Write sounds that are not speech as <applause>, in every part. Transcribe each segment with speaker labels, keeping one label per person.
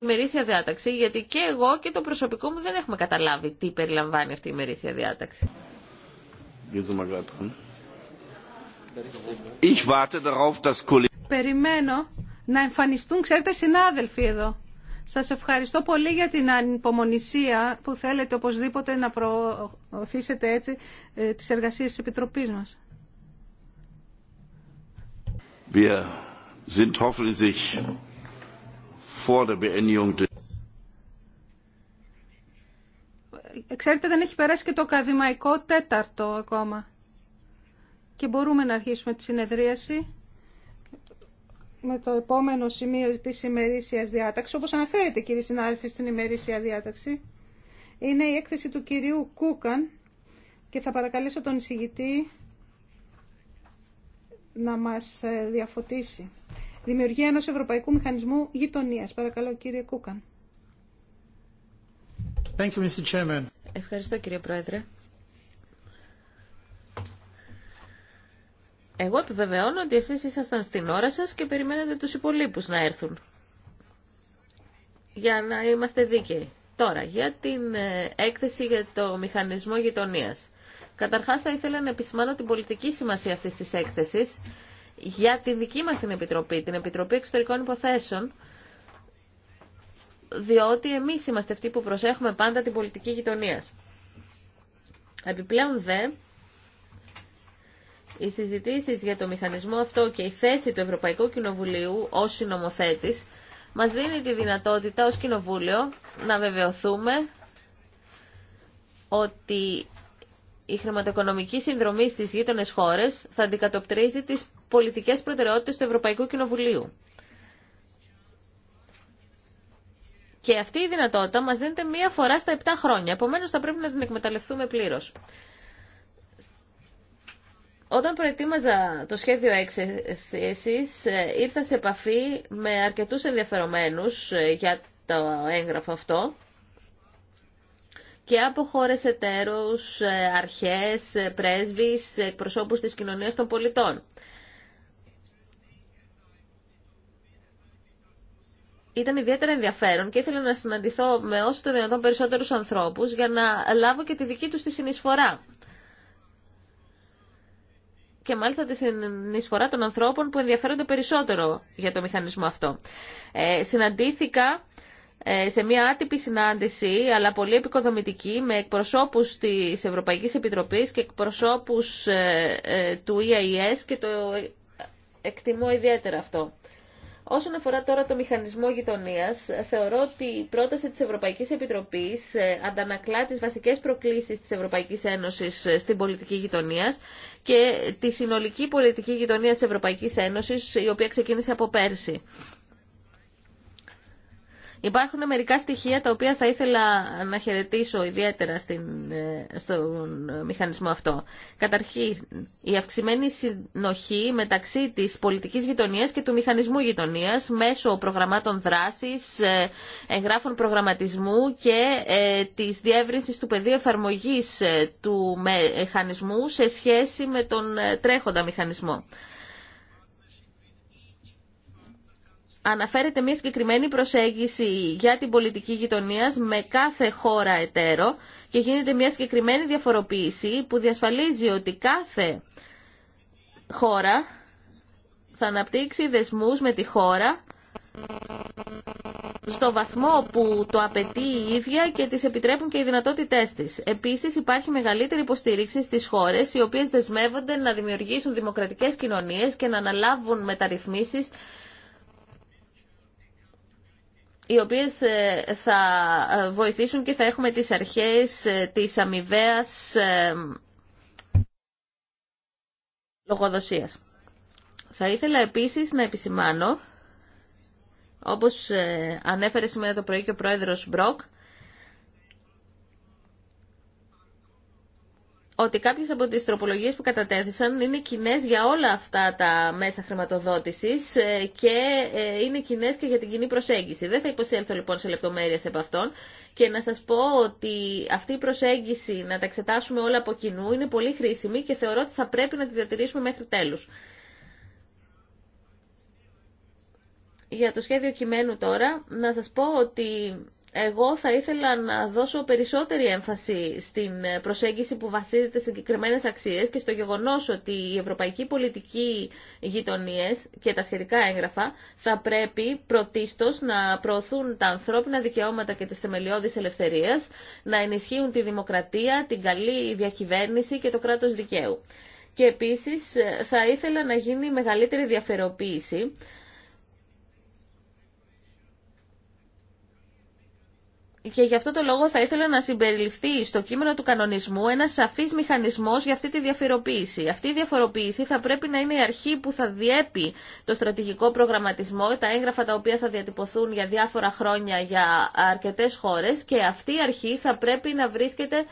Speaker 1: Η ημερήσια διάταξη, γιατί και εγώ και το προσωπικό μου δεν έχουμε καταλάβει τι περιλαμβάνει αυτή η ημερήσια διάταξη.
Speaker 2: Περιμένω να εμφανιστούν, ξέρετε, συνάδελφοι εδώ. Σας ευχαριστώ πολύ για την ανυπομονησία που θέλετε οπωσδήποτε να προωθήσετε έτσι ε, τις εργασίες της Επιτροπής μας. Wir sind vor der Beendigung des Ξέρετε δεν έχει περάσει και το ακαδημαϊκό τέταρτο ακόμα. Και μπορούμε να αρχίσουμε τη συνεδρίαση με το επόμενο σημείο της ημερήσια διάταξη. Όπως αναφέρεται κύριε συνάδελφε, στην ημερήσια διάταξη, είναι η έκθεση του κυρίου Κούκαν και θα παρακαλέσω τον εισηγητή να μας ε, διαφωτίσει δημιουργία ενός Ευρωπαϊκού Μηχανισμού Γειτονίας. Παρακαλώ κύριε
Speaker 1: Κούκαν. Thank you, Mr. Chairman. Ευχαριστώ κύριε Πρόεδρε. Εγώ επιβεβαιώνω ότι εσείς ήσασταν στην ώρα σας και περιμένετε τους υπολείπους να έρθουν. Για να είμαστε δίκαιοι. Τώρα, για την ε, έκθεση για το μηχανισμό γειτονίας. Καταρχάς θα ήθελα να επισημάνω την πολιτική σημασία αυτής της έκθεσης για τη δική μας την Επιτροπή, την Επιτροπή Εξωτερικών Υποθέσεων, διότι εμείς είμαστε αυτοί που προσέχουμε πάντα την πολιτική γειτονία. Επιπλέον δε, οι συζητήσεις για το μηχανισμό αυτό και η θέση του Ευρωπαϊκού Κοινοβουλίου ως συνομοθέτης μας δίνει τη δυνατότητα ως Κοινοβούλιο να βεβαιωθούμε ότι η χρηματοοικονομική συνδρομή στις γείτονες χώρες θα αντικατοπτρίζει τις πολιτικές προτεραιότητες του Ευρωπαϊκού Κοινοβουλίου. Και αυτή η δυνατότητα μας δίνεται μία φορά στα 7 χρόνια, επομένως θα πρέπει να την εκμεταλλευτούμε πλήρως. Όταν προετοίμαζα το σχέδιο έξεσης, ε, ήρθα σε επαφή με αρκετούς ενδιαφερομένους ε, για το έγγραφο αυτό και από χώρες εταίρους, ε, αρχές, πρέσβεις, εκπροσώπους της κοινωνίας των πολιτών. ήταν ιδιαίτερα ενδιαφέρον και ήθελα να συναντηθώ με όσο το δυνατόν περισσότερους ανθρώπους για να λάβω και τη δική τους τη συνεισφορά. Και μάλιστα τη συνεισφορά των ανθρώπων που ενδιαφέρονται περισσότερο για το μηχανισμό αυτό. Ε, συναντήθηκα ε, σε μια άτυπη συνάντηση, αλλά πολύ επικοδομητική, με εκπροσώπους της Ευρωπαϊκής Επιτροπής και εκπροσώπους ε, ε, του EIS και το εκτιμώ ιδιαίτερα αυτό. Όσον αφορά τώρα το μηχανισμό γειτονία, θεωρώ ότι η πρόταση τη Ευρωπαϊκή Επιτροπή ε, αντανακλά τι βασικέ προκλήσει τη Ευρωπαϊκή Ένωση ε, στην πολιτική γειτονία και τη συνολική πολιτική γειτονία τη Ευρωπαϊκή Ένωση, η οποία ξεκίνησε από πέρσι. Υπάρχουν μερικά στοιχεία τα οποία θα ήθελα να χαιρετήσω ιδιαίτερα στην, ε, στον μηχανισμό αυτό. Καταρχήν, η αυξημένη συνοχή μεταξύ της πολιτικής γειτονίας και του μηχανισμού γειτονίας μέσω προγραμμάτων δράσης, ε, εγγράφων προγραμματισμού και ε, της διεύρυνσης του πεδίου εφαρμογής του μηχανισμού σε σχέση με τον τρέχοντα μηχανισμό. αναφέρεται μια συγκεκριμένη προσέγγιση για την πολιτική γειτονία με κάθε χώρα εταίρο και γίνεται μια συγκεκριμένη διαφοροποίηση που διασφαλίζει ότι κάθε χώρα θα αναπτύξει δεσμούς με τη χώρα στο βαθμό που το απαιτεί η ίδια και τις επιτρέπουν και οι δυνατότητές της. Επίσης υπάρχει μεγαλύτερη υποστήριξη στις χώρες οι οποίες δεσμεύονται να δημιουργήσουν δημοκρατικές κοινωνίες και να αναλάβουν μεταρρυθμίσεις οι οποίες ε, θα ε, βοηθήσουν και θα έχουμε τις αρχές ε, της αμοιβαία λογοδοσίας. Θα ήθελα επίσης να επισημάνω, όπως ανέφερε σήμερα το πρωί και ο πρόεδρος Μπροκ, ότι κάποιε από τις τροπολογίες που κατατέθησαν είναι κοινέ για όλα αυτά τα μέσα χρηματοδότησης ε, και ε, είναι κοινέ και για την κοινή προσέγγιση. Δεν θα υποσέλθω λοιπόν σε λεπτομέρειες από αυτόν και να σας πω ότι αυτή η προσέγγιση να τα εξετάσουμε όλα από κοινού είναι πολύ χρήσιμη και θεωρώ ότι θα πρέπει να τη διατηρήσουμε μέχρι τέλους. Για το σχέδιο κειμένου τώρα, να σας πω ότι εγώ θα ήθελα να δώσω περισσότερη έμφαση στην προσέγγιση που βασίζεται σε συγκεκριμένες αξίες και στο γεγονός ότι η ευρωπαϊκή πολιτική γειτονίες και τα σχετικά έγγραφα θα πρέπει πρωτίστως να προωθούν τα ανθρώπινα δικαιώματα και τις θεμελιώδεις ελευθερίες να ενισχύουν τη δημοκρατία, την καλή διακυβέρνηση και το κράτος δικαίου. Και επίσης θα ήθελα να γίνει μεγαλύτερη διαφεροποίηση Και γι' αυτό το λόγο θα ήθελα να συμπεριληφθεί στο κείμενο του κανονισμού ένα σαφή μηχανισμό για αυτή τη διαφοροποίηση. Αυτή η διαφοροποίηση θα πρέπει να είναι η αρχή που θα διέπει το στρατηγικό προγραμματισμό, τα έγγραφα τα οποία θα διατυπωθούν για διάφορα χρόνια για αρκετέ χώρε και αυτή η αρχή θα πρέπει να βρίσκεται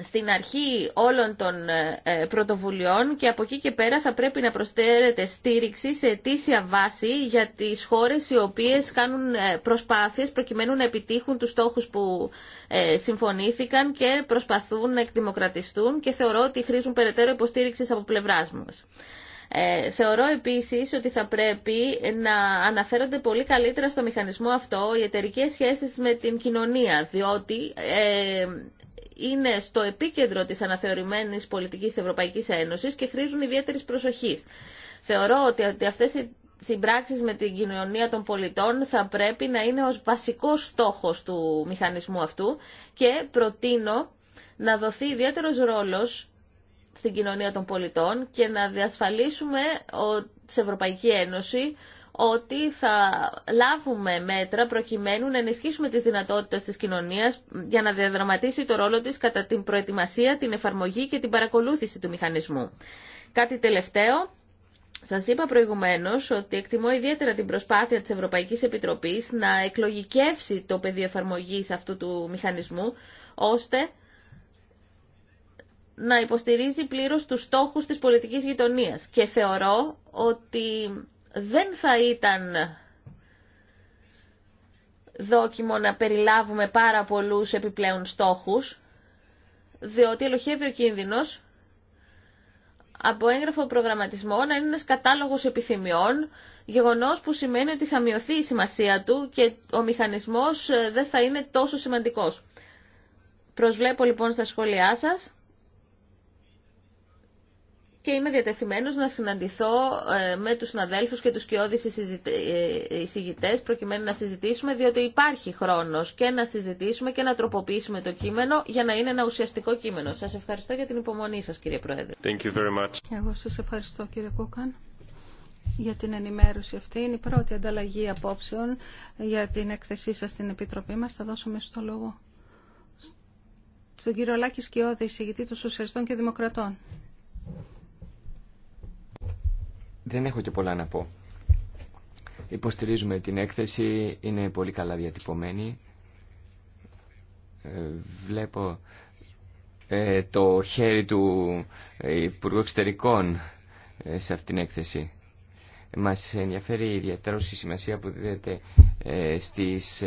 Speaker 1: στην αρχή όλων των ε, ε, πρωτοβουλειών και από εκεί και πέρα θα πρέπει να προσθέρεται στήριξη σε αιτήσια βάση για τις χώρες οι οποίες κάνουν ε, προσπάθειες προκειμένου να επιτύχουν τους στόχους που συμφωνήθηκαν και προσπαθούν να εκδημοκρατιστούν και θεωρώ ότι χρήζουν περαιτέρω υποστήριξη από πλευράς μας. θεωρώ επίσης ότι θα πρέπει να αναφέρονται πολύ καλύτερα στο μηχανισμό αυτό οι εταιρικέ σχέσεις με την κοινωνία, διότι είναι στο επίκεντρο της αναθεωρημένης πολιτικής Ευρωπαϊκής Ένωσης και χρήζουν ιδιαίτερης προσοχής. Θεωρώ ότι αυτές οι συμπράξεις με την κοινωνία των πολιτών θα πρέπει να είναι ως βασικός στόχος του μηχανισμού αυτού και προτείνω να δοθεί ιδιαίτερος ρόλος στην κοινωνία των πολιτών και να διασφαλίσουμε σε Ευρωπαϊκή Ένωση ότι θα λάβουμε μέτρα προκειμένου να ενισχύσουμε τις δυνατότητες της κοινωνίας για να διαδραματίσει το ρόλο της κατά την προετοιμασία, την εφαρμογή και την παρακολούθηση του μηχανισμού. Κάτι τελευταίο, σας είπα προηγουμένως ότι εκτιμώ ιδιαίτερα την προσπάθεια της Ευρωπαϊκής Επιτροπής να εκλογικεύσει το πεδίο εφαρμογής αυτού του μηχανισμού, ώστε να υποστηρίζει πλήρως τους στόχους της πολιτικής γειτονίας. Και θεωρώ ότι δεν θα ήταν δόκιμο να περιλάβουμε πάρα πολλούς επιπλέον στόχους, διότι ελοχεύει ο κίνδυνος από έγγραφο προγραμματισμό να είναι ένας κατάλογος επιθυμιών, γεγονός που σημαίνει ότι θα μειωθεί η σημασία του και ο μηχανισμός ε, δεν θα είναι τόσο σημαντικός. Προσβλέπω λοιπόν στα σχόλιά σας και είμαι διατεθειμένος να συναντηθώ ε, με τους συναδέλφους και τους κοιόδης ε, εισηγητές προκειμένου να συζητήσουμε, διότι υπάρχει χρόνος και να συζητήσουμε και να τροποποιήσουμε το κείμενο για να είναι ένα ουσιαστικό κείμενο. Σας ευχαριστώ για την υπομονή σας κύριε Πρόεδρε.
Speaker 3: Thank you very much.
Speaker 2: Εγώ σας ευχαριστώ κύριε Κούκαν για την ενημέρωση αυτή. Είναι η πρώτη ανταλλαγή απόψεων για την έκθεσή σας στην Επιτροπή μας. Θα δώσουμε στο λόγο στον κύριο Λάκη Σκιώδη, εισηγητή των Σοσιαλιστών και Δημοκρατών.
Speaker 3: Δεν έχω και πολλά να πω. Υποστηρίζουμε την έκθεση, είναι πολύ καλά διατυπωμένη. Ε, βλέπω ε, το χέρι του ε, Υπουργού Εξωτερικών σε αυτήν την έκθεση. Μας ενδιαφέρει ιδιαίτερα η σημασία που δίδεται ε, στις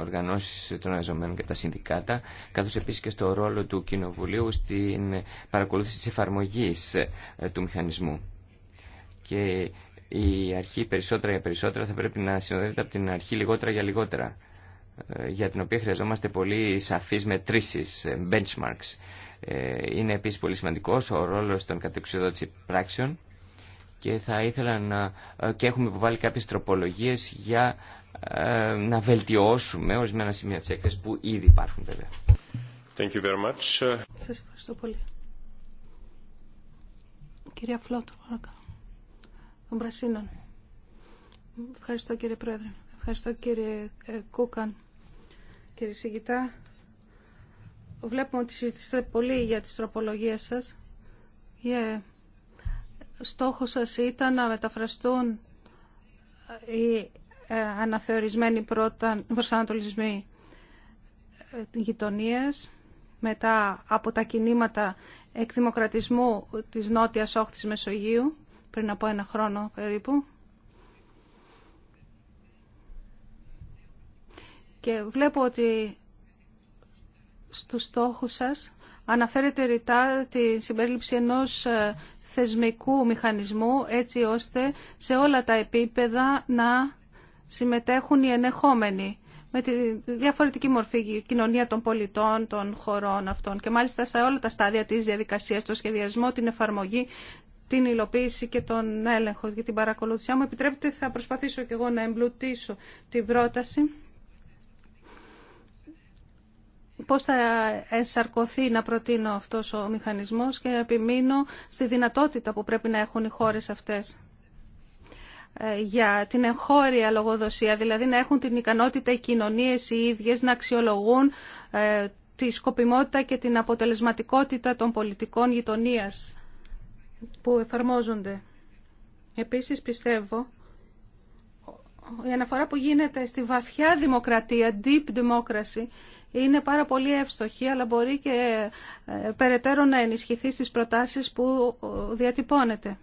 Speaker 3: οργανώσεις των εργαζομένων και τα συνδικάτα, καθώς επίσης και στο ρόλο του Κοινοβουλίου στην παρακολούθηση της εφαρμογής του μηχανισμού και η αρχή περισσότερα για περισσότερα θα πρέπει να συνοδεύεται από την αρχή λιγότερα για λιγότερα ε, για την οποία χρειαζόμαστε πολύ σαφείς μετρήσεις, ε, benchmarks. Ε, είναι επίσης πολύ σημαντικός ο ρόλος των κατεξιοδότηση πράξεων και θα ήθελα να... και έχουμε υποβάλει κάποιες τροπολογίες για να βελτιώσουμε ορισμένα σημεία της έκθεσης που ήδη υπάρχουν βέβαια. Thank you very much. Σας
Speaker 2: ευχαριστώ πολύ. Κυρία παρακαλώ των Πρασίνων. Ευχαριστώ κύριε Πρόεδρε. Ευχαριστώ κύριε ε, Κούκαν. Κύριε Σιγητά, βλέπουμε ότι συζητήσατε πολύ για τις τροπολογίες σας. Yeah. Ε, στόχος σας ήταν να μεταφραστούν οι ε, αναθεωρισμένοι πρώτα προσανατολισμοί γειτονίες μετά από τα κινήματα εκδημοκρατισμού της νότιας όχθης Μεσογείου πριν από ένα χρόνο περίπου. Και βλέπω ότι στους στόχους σας αναφέρεται ρητά τη συμπερίληψη ενός ε, θεσμικού μηχανισμού έτσι ώστε σε όλα τα επίπεδα να συμμετέχουν οι ενεχόμενοι με τη διαφορετική μορφή κοινωνία των πολιτών, των χωρών αυτών και μάλιστα σε όλα τα στάδια της διαδικασίας, το σχεδιασμό, την εφαρμογή, την υλοποίηση και τον έλεγχο για την παρακολούθηση. μου επιτρέπετε θα προσπαθήσω και εγώ να εμπλουτίσω την πρόταση. Πώς θα ενσαρκωθεί να προτείνω αυτός ο μηχανισμός και να επιμείνω στη δυνατότητα που πρέπει να έχουν οι χώρες αυτές ε, για την εγχώρια λογοδοσία, δηλαδή να έχουν την ικανότητα οι κοινωνίες οι ίδιες να αξιολογούν ε, τη σκοπιμότητα και την αποτελεσματικότητα των πολιτικών γειτονίας που εφαρμόζονται. Επίσης πιστεύω η αναφορά που γίνεται στη βαθιά δημοκρατία, deep democracy, είναι πάρα πολύ εύστοχη, αλλά μπορεί και ε, περαιτέρω να ενισχυθεί στις προτάσεις που ε, διατυπώνεται.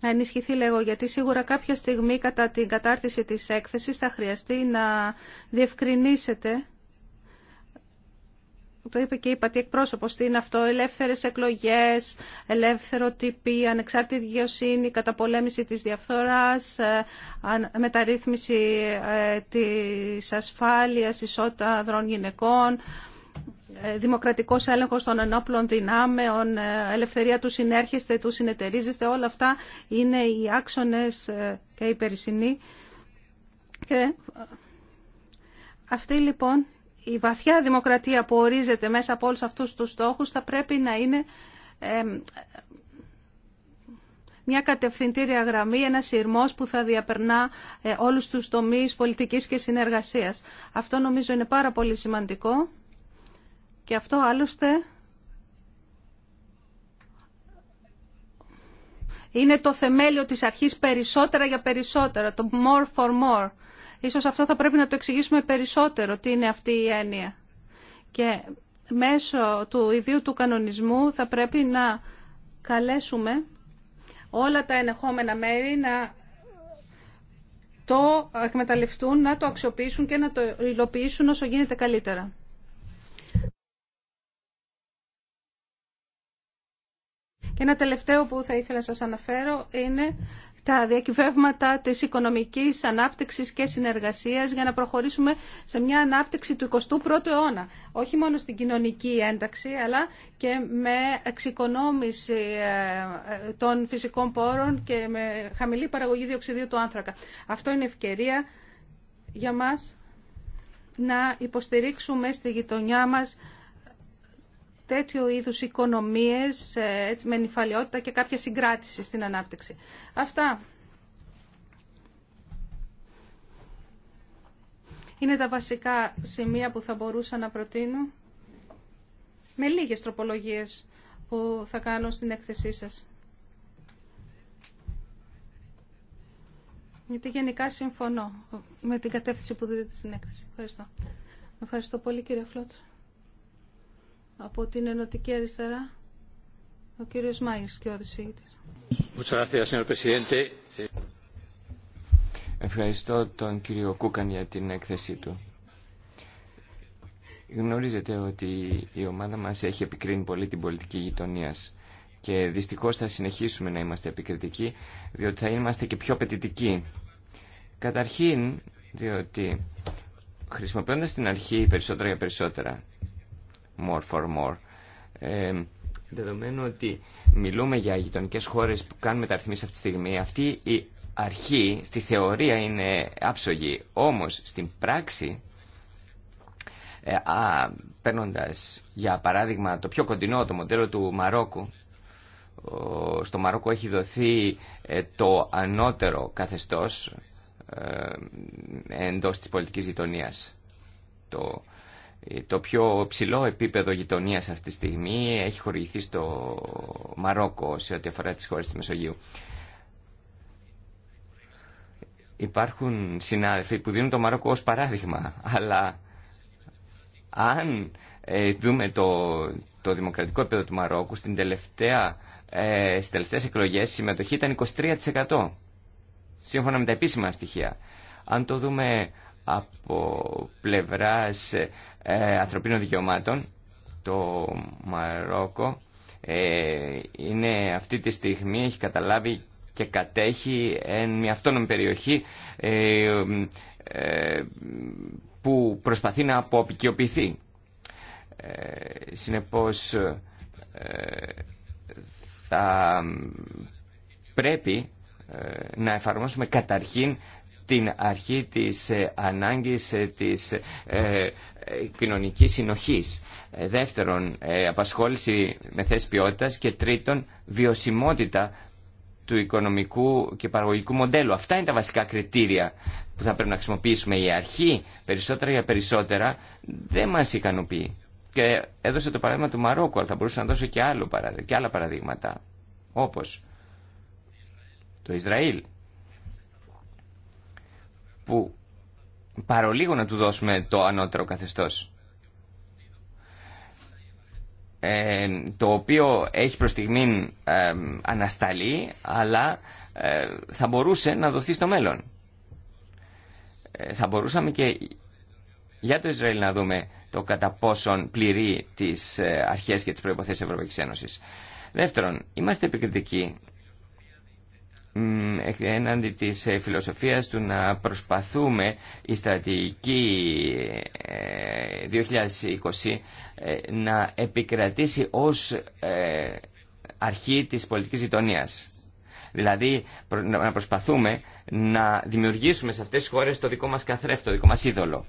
Speaker 2: Να ενισχυθεί λέγω, γιατί σίγουρα κάποια στιγμή κατά την κατάρτιση της έκθεσης θα χρειαστεί να διευκρινίσετε το είπε και η πατή εκπρόσωπο, τι είναι αυτό, Ελεύθερε εκλογές, ελεύθερο τύπη, ανεξάρτητη δικαιοσύνη, καταπολέμηση της διαφθοράς, ε, μεταρρύθμιση ε, της ασφάλεια, ισότητα ανδρών γυναικών, ε, δημοκρατικός έλεγχος των ενόπλων δυνάμεων, ελευθερία του συνέρχεστε, του συνεταιρίζεστε, όλα αυτά είναι οι άξονες και οι περισσυνοί. Και... Αυτή λοιπόν η βαθιά δημοκρατία που ορίζεται μέσα από όλους αυτούς τους στόχους θα πρέπει να είναι μια κατευθυντήρια γραμμή, ένα σειρμός που θα διαπερνά ε, όλους τους τομείς πολιτικής και συνεργασίας. Αυτό νομίζω είναι πάρα πολύ σημαντικό και αυτό άλλωστε είναι το θεμέλιο της αρχής περισσότερα για περισσότερα, το more for more. Ίσως αυτό θα πρέπει να το εξηγήσουμε περισσότερο τι είναι αυτή η έννοια. Και μέσω του ιδίου του κανονισμού θα πρέπει να καλέσουμε όλα τα ενεχόμενα μέρη να το εκμεταλλευτούν, να το αξιοποιήσουν και να το υλοποιήσουν όσο γίνεται καλύτερα. Και ένα τελευταίο που θα ήθελα να σας αναφέρω είναι τα διακυβεύματα της οικονομικής ανάπτυξης και συνεργασίας για να προχωρήσουμε σε μια ανάπτυξη του 21ου αιώνα. Όχι μόνο στην κοινωνική ένταξη, αλλά και με εξοικονόμηση ε, ε, των φυσικών πόρων και με χαμηλή παραγωγή διοξιδίου του άνθρακα. Αυτό είναι ευκαιρία για μας να υποστηρίξουμε στη γειτονιά μας τέτοιου είδους οικονομίες ε, έτσι, με νυφαλιότητα και κάποια συγκράτηση στην ανάπτυξη. Αυτά είναι τα βασικά σημεία που θα μπορούσα να προτείνω με λίγες τροπολογίες που θα κάνω στην έκθεσή σας. Γιατί γενικά συμφωνώ με την κατεύθυνση που δίδεται στην έκθεση. Ευχαριστώ. Ευχαριστώ πολύ κύριε Φλότσο. Από την Ενωτική Αριστερά, ο κύριος Μάγερς και ο Οδησίγητης.
Speaker 3: Ευχαριστώ τον κύριο Κούκαν για την έκθεσή του. Γνωρίζετε ότι η ομάδα μας έχει επικρίνει πολύ την πολιτική γειτονίας και δυστυχώς θα συνεχίσουμε να είμαστε επικριτικοί διότι θα είμαστε και πιο απαιτητικοί. Καταρχήν διότι χρησιμοποιώντας την αρχή περισσότερα για περισσότερα more for more. Ε, δεδομένου ότι μιλούμε για γειτονικέ χώρες που κάνουν μεταρρυθμίσει αυτή τη στιγμή, αυτή η αρχή στη θεωρία είναι άψογη, όμως στην πράξη ε, α, παίρνοντας για παράδειγμα το πιο κοντινό το μοντέλο του Μαρόκου στο Μαρόκο έχει δοθεί ε, το ανώτερο καθεστώς εντός της πολιτικής γειτονίας το ε, το πιο ψηλό επίπεδο γειτονίας αυτή τη στιγμή έχει χορηγηθεί στο Μαρόκο σε ό,τι αφορά τις χώρες της Μεσογείου. Υπάρχουν συνάδελφοι που δίνουν το Μαρόκο ως παράδειγμα, αλλά αν ε, δούμε το, το δημοκρατικό επίπεδο του Μαρόκου, στην τελευταία, ε, στις τελευταίες εκλογές η συμμετοχή ήταν 23%, σύμφωνα με τα επίσημα στοιχεία. Αν το δούμε από πλευράς ε, ανθρωπίνων δικαιωμάτων το Μαρόκο ε, είναι αυτή τη στιγμή έχει καταλάβει και κατέχει εν, μια αυτόνομη περιοχή ε, ε, που προσπαθεί να Ε, Συνεπώς θα πρέπει να εφαρμόσουμε καταρχήν την αρχή της ε, ανάγκης ε, της ε, κοινωνικής συνοχής. Δεύτερον, απασχόληση με θέση ποιότητας και τρίτον, βιωσιμότητα του οικονομικού και παραγωγικού μοντέλου. Αυτά είναι τα βασικά κριτήρια που θα πρέπει να χρησιμοποιήσουμε. Η αρχή, περισσότερα για περισσότερα, δεν μας ικανοποιεί. Και έδωσε το παράδειγμα του Μαρόκου, αλλά θα μπορούσα να δώσω και, άλλο, και άλλα παραδείγματα, όπως το Ισραήλ που παρολίγο να του δώσουμε το ανώτερο καθεστώς. Ε, το οποίο έχει προς στιγμή ε, ανασταλεί αλλά ε, θα μπορούσε να δοθεί στο μέλλον. Θα μπορούσαμε και για το Ισραήλ να δούμε το κατά πόσον πληρεί τις αρχές και τις προϋποθέσεις της Ευρωπαϊκής Ένωσης. Δεύτερον, είμαστε επικριτικοί έναντι της ε, φιλοσοφίας του να προσπαθούμε η στρατηγική 2020 ε, ε, να επικρατήσει ως αρχή της πολιτικής γειτονίας. Δηλαδή να προσπαθούμε να δημιουργήσουμε σε αυτές τις χώρες το δικό μας καθρέφτο, το δικό μας είδωλο.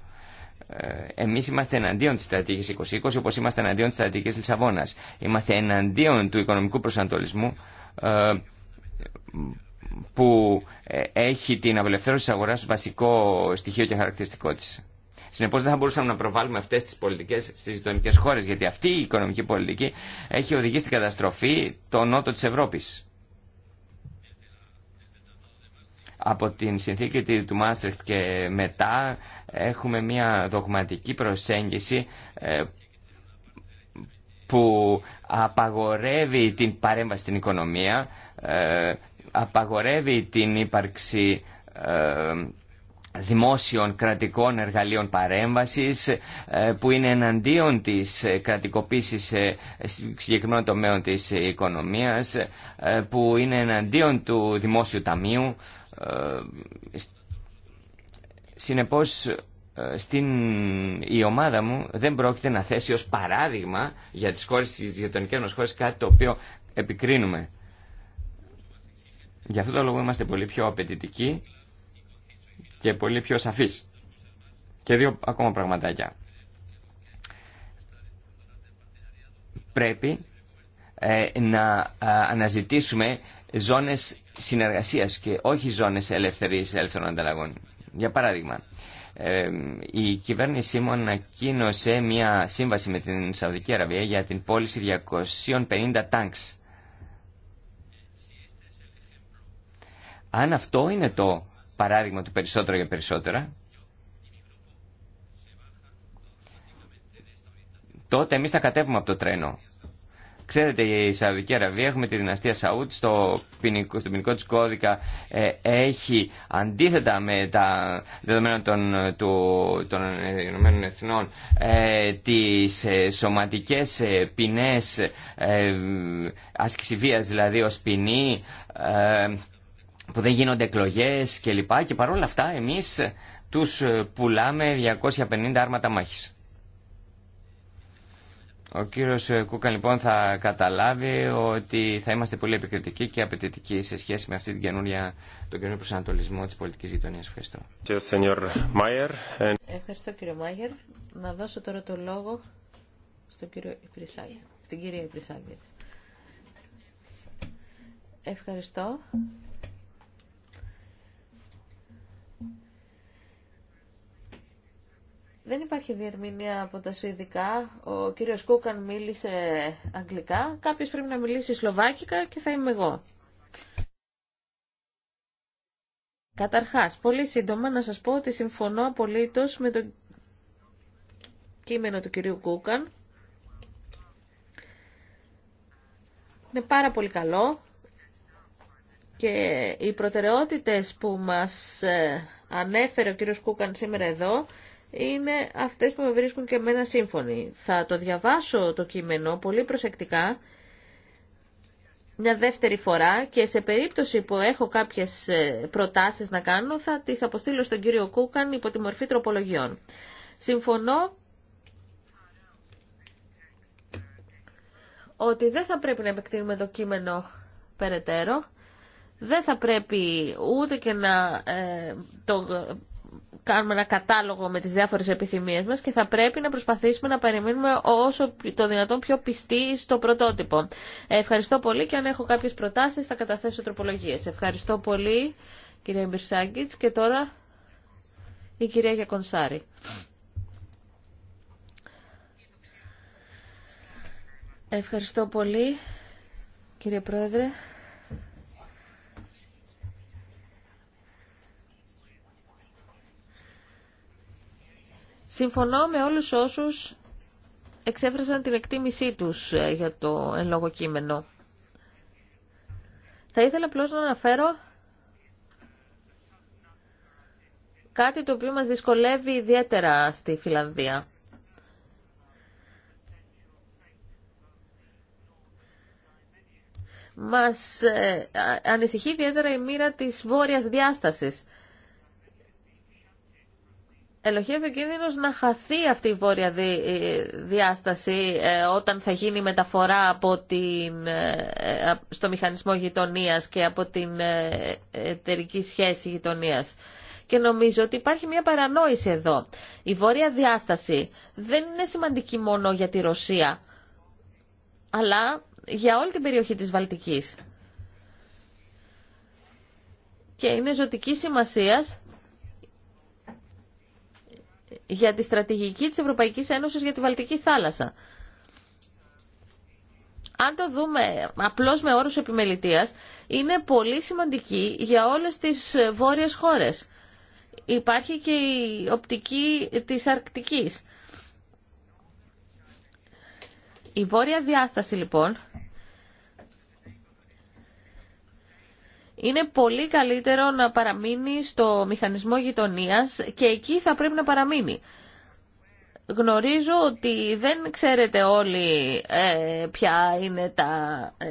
Speaker 3: Εμείς είμαστε εναντίον της στρατηγικής 2020 όπως είμαστε εναντίον της στρατηγικής Λισαβόνας. Είμαστε εναντίον του οικονομικού προσανατολισμού που ε, έχει την απελευθέρωση της αγοράς βασικό στοιχείο και χαρακτηριστικό της. Συνεπώ δεν θα μπορούσαμε να προβάλλουμε αυτέ τι πολιτικέ στι γειτονικέ χώρε, γιατί αυτή η οικονομική πολιτική έχει οδηγήσει στην καταστροφή το νότο τη Ευρώπη. Από την συνθήκη του Μάστρεχτ και μετά έχουμε μια δογματική προσέγγιση ε, που απαγορεύει την παρέμβαση στην οικονομία, ε, απαγορεύει την ύπαρξη ε, δημόσιων κρατικών εργαλείων παρέμβασης ε, που είναι εναντίον της ε, κρατικοποίησης συγκεκριμένων τομέων της οικονομίας που είναι εναντίον του Δημόσιου Ταμείου Συνεπώς στην η ομάδα μου δεν πρόκειται να θέσει ως παράδειγμα για τις χώρες, τις γειτονικές χώρες κάτι το οποίο επικρίνουμε. Γι' αυτό το λόγο είμαστε πολύ πιο απαιτητικοί και πολύ πιο σαφείς. Και δύο ακόμα πραγματάκια. Πρέπει ε, να αναζητήσουμε ζώνες συνεργασίας και όχι ζώνες ελευθερής ελεύθερων ανταλλαγών. Για παράδειγμα, ε, η κυβέρνησή μου ανακοίνωσε μια σύμβαση με την Σαουδική Αραβία για την πώληση 250 τάγκς Αν αυτό είναι το παράδειγμα του περισσότερο για περισσότερα, τότε εμείς θα κατέβουμε από το τρένο. Ξέρετε, η Σαουδική Αραβία, έχουμε τη δυναστεία Σαούτ, στο ποινικό, στο ποινικό της κώδικα ε, έχει αντίθετα με τα δεδομένα των, του, των ε, Ηνωμένων Εθνών ε, τις ε, σωματικές ε, ποινές, δηλαδή ως ποινή, που δεν γίνονται εκλογέ κλπ. Και, και παρόλα αυτά εμείς τους πουλάμε 250 άρματα μάχης. Ο κύριος Κούκα λοιπόν θα καταλάβει ότι θα είμαστε πολύ επικριτικοί και απαιτητικοί σε σχέση με αυτή την καινούρια, τον καινούριο προσανατολισμό της πολιτικής γειτονίας. Ευχαριστώ. Ε,
Speaker 1: Ευχαριστώ κύριο Μάγερ. Να δώσω τώρα το λόγο στον κύριο στην κυρία Υπρισάγια. Ευχαριστώ. Δεν υπάρχει διερμηνία από τα Σουηδικά. Ο κύριος Κούκαν μίλησε αγγλικά. Κάποιος πρέπει να μιλήσει σλοβάκικα και θα είμαι εγώ. Καταρχάς, πολύ σύντομα να σας πω ότι συμφωνώ απολύτως με το κείμενο του κυρίου Κούκαν. Είναι πάρα πολύ καλό και οι προτεραιότητες που μας ε, ανέφερε ο κύριος Κούκαν σήμερα εδώ είναι αυτές που με βρίσκουν και εμένα σύμφωνοι. Θα το διαβάσω το κείμενο πολύ προσεκτικά μια δεύτερη φορά και σε περίπτωση που έχω κάποιες ε, προτάσεις να κάνω θα τις αποστείλω στον κύριο Κούκαν υπό τη μορφή τροπολογιών. Συμφωνώ ότι δεν θα πρέπει να επεκτείνουμε το κείμενο περαιτέρω. Δεν θα πρέπει ούτε και να ε, το κάνουμε ένα κατάλογο με τις διάφορες επιθυμίες μας και θα πρέπει να προσπαθήσουμε να περιμένουμε όσο το δυνατόν πιο πιστοί στο πρωτότυπο. Ευχαριστώ πολύ και αν έχω κάποιες προτάσεις θα καταθέσω τροπολογίες. Ευχαριστώ πολύ κυρία Μπυρσάγκητς και τώρα η κυρία Γιακονσάρη. Ευχαριστώ πολύ κύριε Πρόεδρε. Συμφωνώ με όλους όσους εξέφρασαν την εκτίμησή τους ε, για το εν λόγω κείμενο. Θα ήθελα απλώς να αναφέρω κάτι το οποίο μας δυσκολεύει ιδιαίτερα στη Φιλανδία. Μας ε, ανησυχεί ιδιαίτερα η μοίρα της βόρειας διάστασης ελοχεύει ο κίνδυνο να χαθεί αυτή η βόρεια διάσταση ε, όταν θα γίνει μεταφορά από την, ε, ε, στο μηχανισμό γειτονία και από την εταιρική σχέση γειτονία. Και νομίζω ότι υπάρχει μια παρανόηση εδώ. Η βόρεια διάσταση δεν είναι σημαντική μόνο για τη Ρωσία, αλλά για όλη την περιοχή της Βαλτικής. Και είναι ζωτική σημασίας για τη στρατηγική της Ευρωπαϊκής Ένωσης για τη Βαλτική θάλασσα. Αν το δούμε απλώς με όρους επιμελητείας είναι πολύ σημαντική για όλες τις βόρειες χώρες. Υπάρχει και η οπτική της Αρκτικής. Η βόρεια διάσταση λοιπόν είναι πολύ καλύτερο να παραμείνει στο μηχανισμό γειτονία και εκεί θα πρέπει να παραμείνει. Γνωρίζω ότι δεν ξέρετε όλοι ε, ποια είναι τα, ε,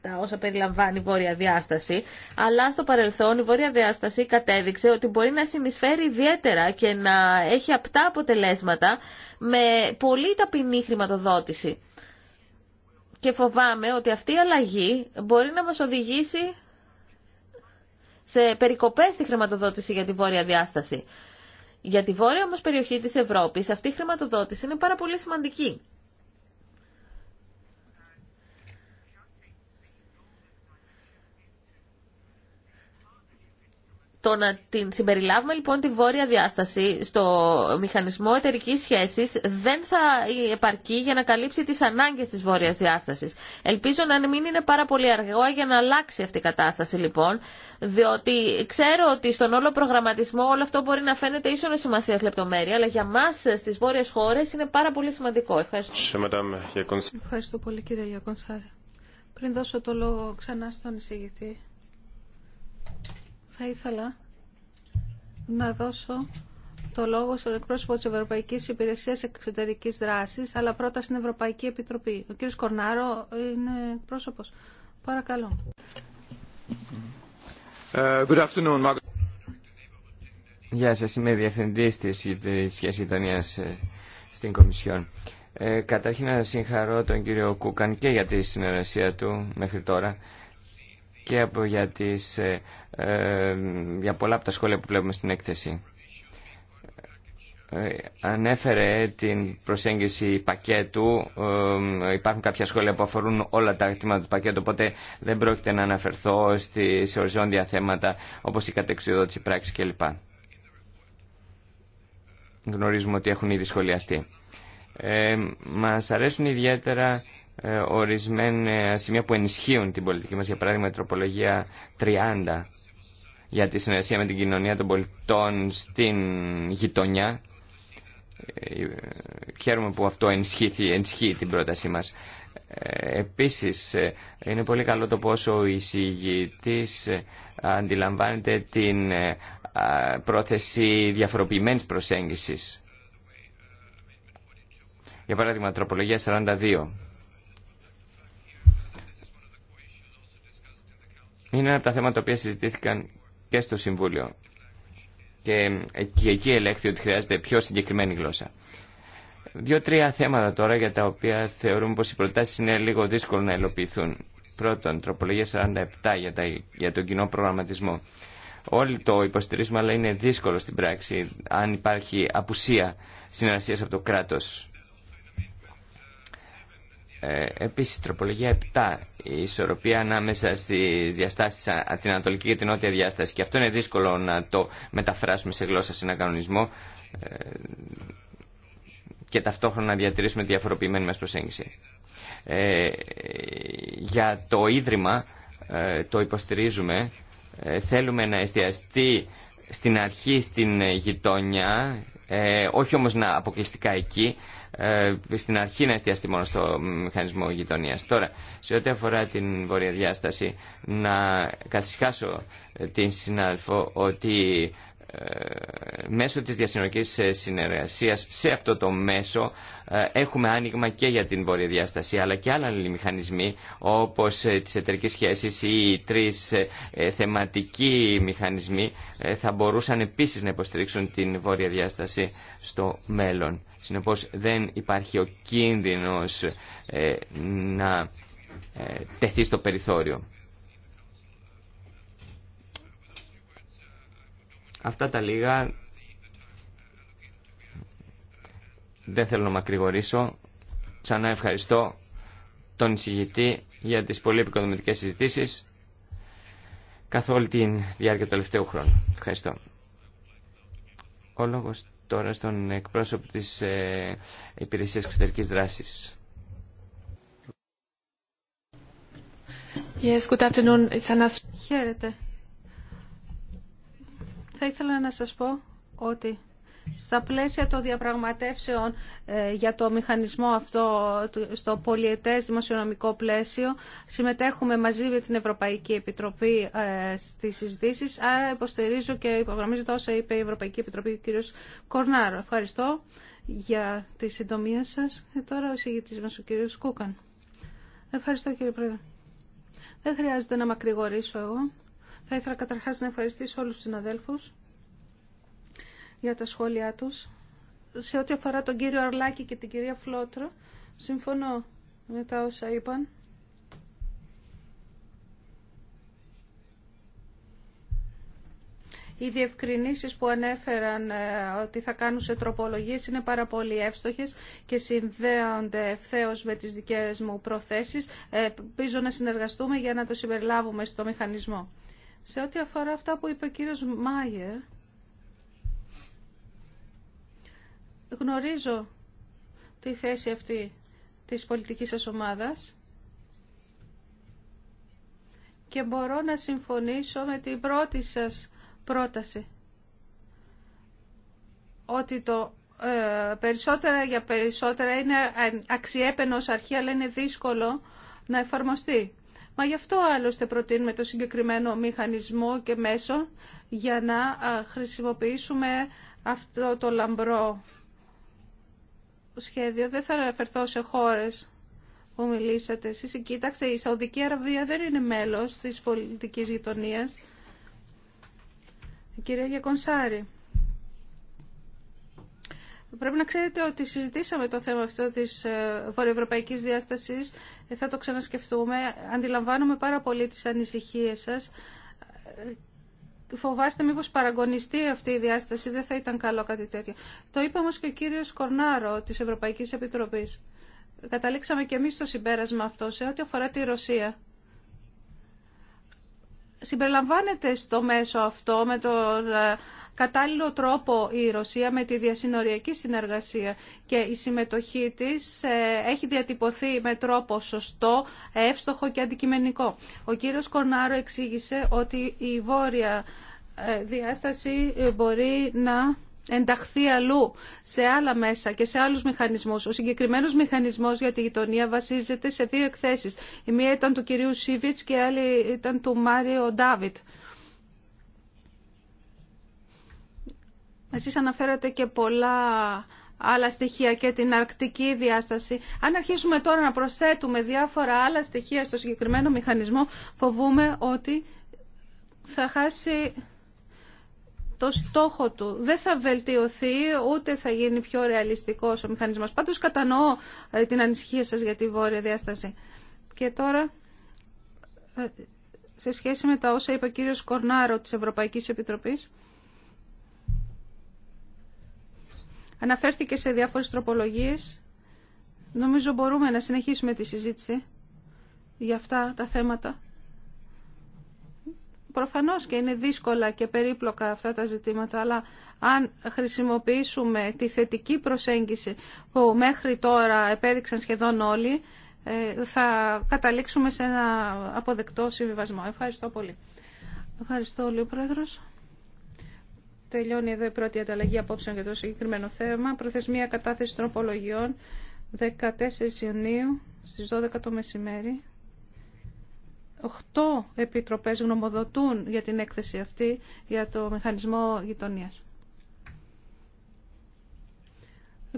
Speaker 1: τα όσα περιλαμβάνει η Βόρεια Διάσταση, αλλά στο παρελθόν η Βόρεια Διάσταση κατέδειξε ότι μπορεί να συνεισφέρει ιδιαίτερα και να έχει απτά αποτελέσματα με πολύ ταπεινή χρηματοδότηση. Και φοβάμαι ότι αυτή η αλλαγή μπορεί να μας οδηγήσει σε περικοπές στη χρηματοδότηση για τη βόρεια διάσταση. Για τη βόρεια όμως περιοχή της Ευρώπης αυτή η χρηματοδότηση είναι πάρα πολύ σημαντική. Το να την συμπεριλάβουμε λοιπόν τη βόρεια διάσταση στο μηχανισμό εταιρική σχέση δεν θα επαρκεί για να καλύψει τι ανάγκε τη βόρεια διάσταση. Ελπίζω να μην είναι πάρα πολύ αργό για να αλλάξει αυτή η κατάσταση λοιπόν, διότι ξέρω ότι στον όλο προγραμματισμό όλο αυτό μπορεί να φαίνεται ίσονο σημασία λεπτομέρεια, αλλά για μα στι βόρειε χώρε είναι πάρα πολύ σημαντικό. Ευχαριστώ.
Speaker 2: Ευχαριστώ πολύ κύριε Γιακονσάρη. Πριν δώσω το λόγο ξανά στον εισηγητή θα ήθελα να δώσω το λόγο στον εκπρόσωπο της Ευρωπαϊκής Υπηρεσίας Εξωτερικής Δράσης, αλλά πρώτα στην Ευρωπαϊκή Επιτροπή. Ο κύριος Κορνάρο είναι εκπρόσωπος. Παρακαλώ.
Speaker 3: Ε, good afternoon, Γεια σας, είμαι διευθυντής της σχέσης Ιτανίας ε, στην Κομισιόν. Ε, καταρχήν να συγχαρώ τον κύριο Κούκαν και για τη συνεργασία του μέχρι τώρα και από για, ε, ε, για πολλά από τα σχόλια που βλέπουμε στην έκθεση. Ε, ανέφερε την προσέγγιση πακέτου. Υπάρχουν κάποια σχόλια που αφορούν όλα τα ακτήματα του πακέτου, οπότε δεν πρόκειται να αναφερθώ σε οριζόντια θέματα όπως η κατεξουδότηση πράξη κλπ. Γνωρίζουμε ότι έχουν ήδη σχολιαστεί. Ε, μας αρέσουν ιδιαίτερα ε, ορισμένα σημεία που ενισχύουν την πολιτική μας, για παράδειγμα η τροπολογία 30 για τη συνεργασία με την κοινωνία των πολιτών στην γειτονιά. Ε, χαίρομαι που αυτό ενισχύει, ενισχύει την πρότασή μας. Ε, επίσης, είναι πολύ καλό το πόσο ο εισηγητής αντιλαμβάνεται την πρόθεση διαφοροποιημένης προσέγγισης. Για παράδειγμα, τροπολογία 42 είναι ένα από τα θέματα τα οποία συζητήθηκαν και στο Συμβούλιο. Και εκεί, εκεί ελέγχθη ότι χρειάζεται πιο συγκεκριμένη γλώσσα. Δύο-τρία θέματα τώρα για τα οποία θεωρούμε πως οι προτάσεις είναι λίγο δύσκολο να ελοπιθούν. Πρώτον, τροπολογία 47 για, τα, για τον κοινό προγραμματισμό. Όλοι το υποστηρίζουμε, αλλά είναι δύσκολο στην πράξη αν υπάρχει απουσία συνεργασία από το κράτος ε, επίσης, τροπολογία 7, η ισορροπία ανάμεσα στις διαστάσεις, την ανατολική και την νότια διάσταση. Και αυτό είναι δύσκολο να το μεταφράσουμε σε γλώσσα σε ένα κανονισμό ε, και ταυτόχρονα να διατηρήσουμε διαφοροποιημένη μας προσέγγιση. Ε, για το Ίδρυμα ε, το υποστηρίζουμε. Θέλουμε να εστιαστεί στην αρχή στην ε, γειτόνια, ε, όχι όμως να αποκλειστικά εκεί, ε, στην αρχή να εστιαστεί μόνο στο μηχανισμό γειτονίας. Τώρα, σε ό,τι αφορά την βορειοδιάσταση, να καθισχάσω την συνάδελφο ότι μέσω της διασυνορικής ε, συνεργασίας σε αυτό το μέσο ε, έχουμε άνοιγμα και για την βόρεια διάσταση αλλά και άλλα μηχανισμοί όπως ε, τις εταιρικές σχέσεις ή οι τρεις θεματικοί μηχανισμοί θα μπορούσαν επίσης να υποστηρίξουν την βόρεια διάσταση στο μέλλον. Συνεπώς δεν υπάρχει ο κίνδυνος να τεθεί στο περιθώριο. Αυτά τα λίγα δεν θέλω να μακρηγορήσω. Ξανά ευχαριστώ τον εισηγητή για τις πολύ επικοδομητικές συζητήσεις καθ' όλη τη διάρκεια του τελευταίου χρόνου. Ευχαριστώ. Ο λόγος τώρα στον εκπρόσωπο της ε, Υπηρεσίας Εξωτερικής Δράσης.
Speaker 2: Yes, good afternoon. It's Χαίρετε. Θα ήθελα να σας πω ότι στα πλαίσια των διαπραγματεύσεων ε, για το μηχανισμό αυτό στο πολιετές δημοσιονομικό πλαίσιο συμμετέχουμε μαζί με την Ευρωπαϊκή Επιτροπή ε, στις συζητήσεις άρα υποστηρίζω και υπογραμμίζω τα όσα είπε η Ευρωπαϊκή Επιτροπή ο κ. Κορνάρο. Ευχαριστώ για τη συντομία σας και ε, τώρα ο συγητής μας ο κ. Κούκαν. Ευχαριστώ κύριε Πρόεδρε. Δεν χρειάζεται να μακρηγορήσω εγώ. Θα ήθελα καταρχάς να ευχαριστήσω όλους τους συναδέλφους για τα σχόλιά τους. Σε ό,τι αφορά τον κύριο Αρλάκη και την κυρία Φλότρο, συμφωνώ με τα όσα είπαν. Οι διευκρινήσεις που ανέφεραν ε, ότι θα κάνουν σε τροπολογίες είναι πάρα πολύ εύστοχες και συνδέονται ευθέω με τις δικές μου προθέσεις. Ε, ελπίζω να συνεργαστούμε για να το συμπεριλάβουμε στο μηχανισμό. Σε ό,τι αφορά αυτά που είπε ο κύριος Μάιερ, γνωρίζω τη θέση αυτή της πολιτικής σας ομάδας και μπορώ να συμφωνήσω με την πρώτη σας πρόταση ότι το ε, περισσότερα για περισσότερα είναι ε, αξιέπαινος αρχή αλλά είναι δύσκολο να εφαρμοστεί. Μα γι' αυτό άλλωστε προτείνουμε το συγκεκριμένο μηχανισμό και μέσο για να χρησιμοποιήσουμε αυτό το λαμπρό σχέδιο. Δεν θα αναφερθώ σε χώρες που μιλήσατε εσείς. Κοίταξε, η Σαουδική Αραβία δεν είναι μέλος της πολιτικής γειτονίας. Η κυρία Γιακονσάρη. Πρέπει να ξέρετε ότι συζητήσαμε το θέμα αυτό της ε, βορειοευρωπαϊκής διάστασης ε, θα το ξανασκεφτούμε. Αντιλαμβάνομαι πάρα πολύ τις ανησυχίες σας. Ε, φοβάστε μήπως παραγωνιστεί αυτή η διάσταση, δεν θα ήταν καλό κάτι τέτοιο. Το είπε όμως και ο κύριος Κορνάρο της Ευρωπαϊκής Επιτροπής. Καταλήξαμε και εμείς στο συμπέρασμα αυτό σε ό,τι αφορά τη Ρωσία. Συμπεριλαμβάνεται στο μέσο αυτό με το... Ε, κατάλληλο τρόπο η Ρωσία με τη διασυνοριακή συνεργασία και η συμμετοχή της ε, έχει διατυπωθεί με τρόπο σωστό, εύστοχο και αντικειμενικό. Ο κύριος Κορνάρο εξήγησε ότι η βόρεια ε, διάσταση μπορεί να ενταχθεί αλλού σε άλλα μέσα και σε άλλους μηχανισμούς. Ο συγκεκριμένος μηχανισμός για τη γειτονία βασίζεται σε δύο εκθέσεις. Η μία ήταν του κυρίου Σίβιτς και η άλλη ήταν του Μάριο Ντάβιτ. Εσείς αναφέρατε και πολλά άλλα στοιχεία και την αρκτική διάσταση. Αν αρχίσουμε τώρα να προσθέτουμε διάφορα άλλα στοιχεία στο συγκεκριμένο μηχανισμό, φοβούμε ότι θα χάσει το στόχο του. Δεν θα βελτιωθεί, ούτε θα γίνει πιο ρεαλιστικός ο μηχανισμός. Πάντως κατανοώ ε, την ανησυχία σας για τη βόρεια διάσταση. Και τώρα, ε, σε σχέση με τα όσα είπε ο κύριος Κορνάρο της Ευρωπαϊκής Επιτροπής, Αναφέρθηκε σε διάφορες τροπολογίες. Νομίζω μπορούμε να συνεχίσουμε τη συζήτηση για αυτά τα θέματα. Προφανώς και είναι δύσκολα και περίπλοκα αυτά τα ζητήματα, αλλά αν χρησιμοποιήσουμε τη θετική προσέγγιση που μέχρι τώρα επέδειξαν σχεδόν όλοι, ε, θα καταλήξουμε σε ένα αποδεκτό συμβιβασμό. Ευχαριστώ πολύ. Ευχαριστώ, όλοι, Πρόεδρος. Τελειώνει εδώ η πρώτη ανταλλαγή απόψεων για το συγκεκριμένο θέμα. Προθεσμία κατάθεση τροπολογιών 14 Ιουνίου στις 12 το μεσημέρι. Οχτώ επιτροπές γνωμοδοτούν για την έκθεση αυτή για το μηχανισμό γειτονίας.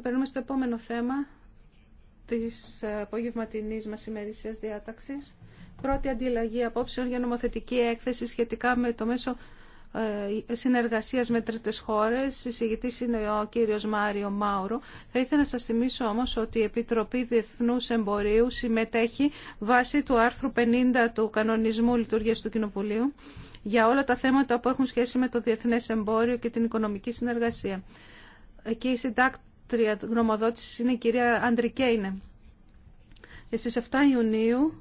Speaker 2: Περνούμε στο επόμενο θέμα της απογευματινής μας ημερησίας διάταξης. Πρώτη αντιλαγή απόψεων για νομοθετική έκθεση σχετικά με το μέσο ε, συνεργασία με τρίτε χώρε, Συγητή είναι ο κύριος Μάριο Μάουρο. Θα ήθελα να σα θυμίσω όμως ότι η Επιτροπή Διεθνούς Εμπορίου συμμετέχει βάσει του άρθρου 50 του Κανονισμού Λειτουργίας του Κοινοβουλίου για όλα τα θέματα που έχουν σχέση με το διεθνές εμπόριο και την οικονομική συνεργασία. Εκεί η συντάκτρια γνωμοδότηση είναι η κυρία Αντρικέινε. Στις 7 Ιουνίου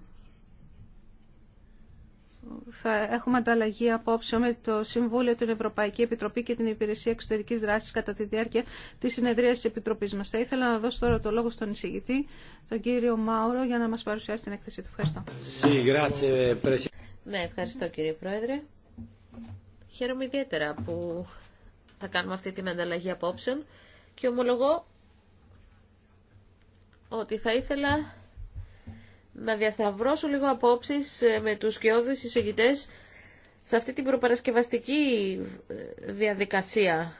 Speaker 2: θα έχουμε ανταλλαγή απόψε με το Συμβούλιο, την Ευρωπαϊκή Επιτροπή και την Υπηρεσία Εξωτερική Δράση κατά τη διάρκεια τη συνεδρία τη Επιτροπή μα. Θα ήθελα να δώσω τώρα το λόγο στον εισηγητή, τον κύριο Μάουρο, για να μα παρουσιάσει την έκθεση του. Ευχαριστώ.
Speaker 1: Ναι, ευχαριστώ κύριε Πρόεδρε. Χαίρομαι ιδιαίτερα που θα κάνουμε αυτή την ανταλλαγή απόψεων και ομολογώ ότι θα ήθελα να διασταυρώσω λίγο απόψεις ε, με τους σκιώδεις εισηγητές σε αυτή την προπαρασκευαστική ε, διαδικασία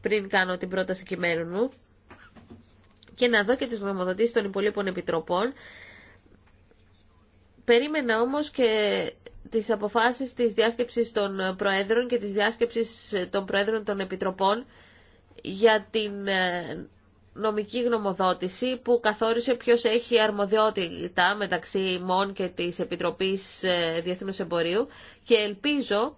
Speaker 1: πριν κάνω την πρόταση κειμένου μου και να δω και τις γνωμοδοτήσεις των υπολείπων επιτροπών. Περίμενα όμως και τις αποφάσεις της διάσκεψης των Προέδρων και της διάσκεψης των Προέδρων των Επιτροπών για την ε, νομική γνωμοδότηση που καθόρισε ποιος έχει αρμοδιότητα μεταξύ ΜΟΝ και της Επιτροπής ε, Διεθνούς Εμπορίου και ελπίζω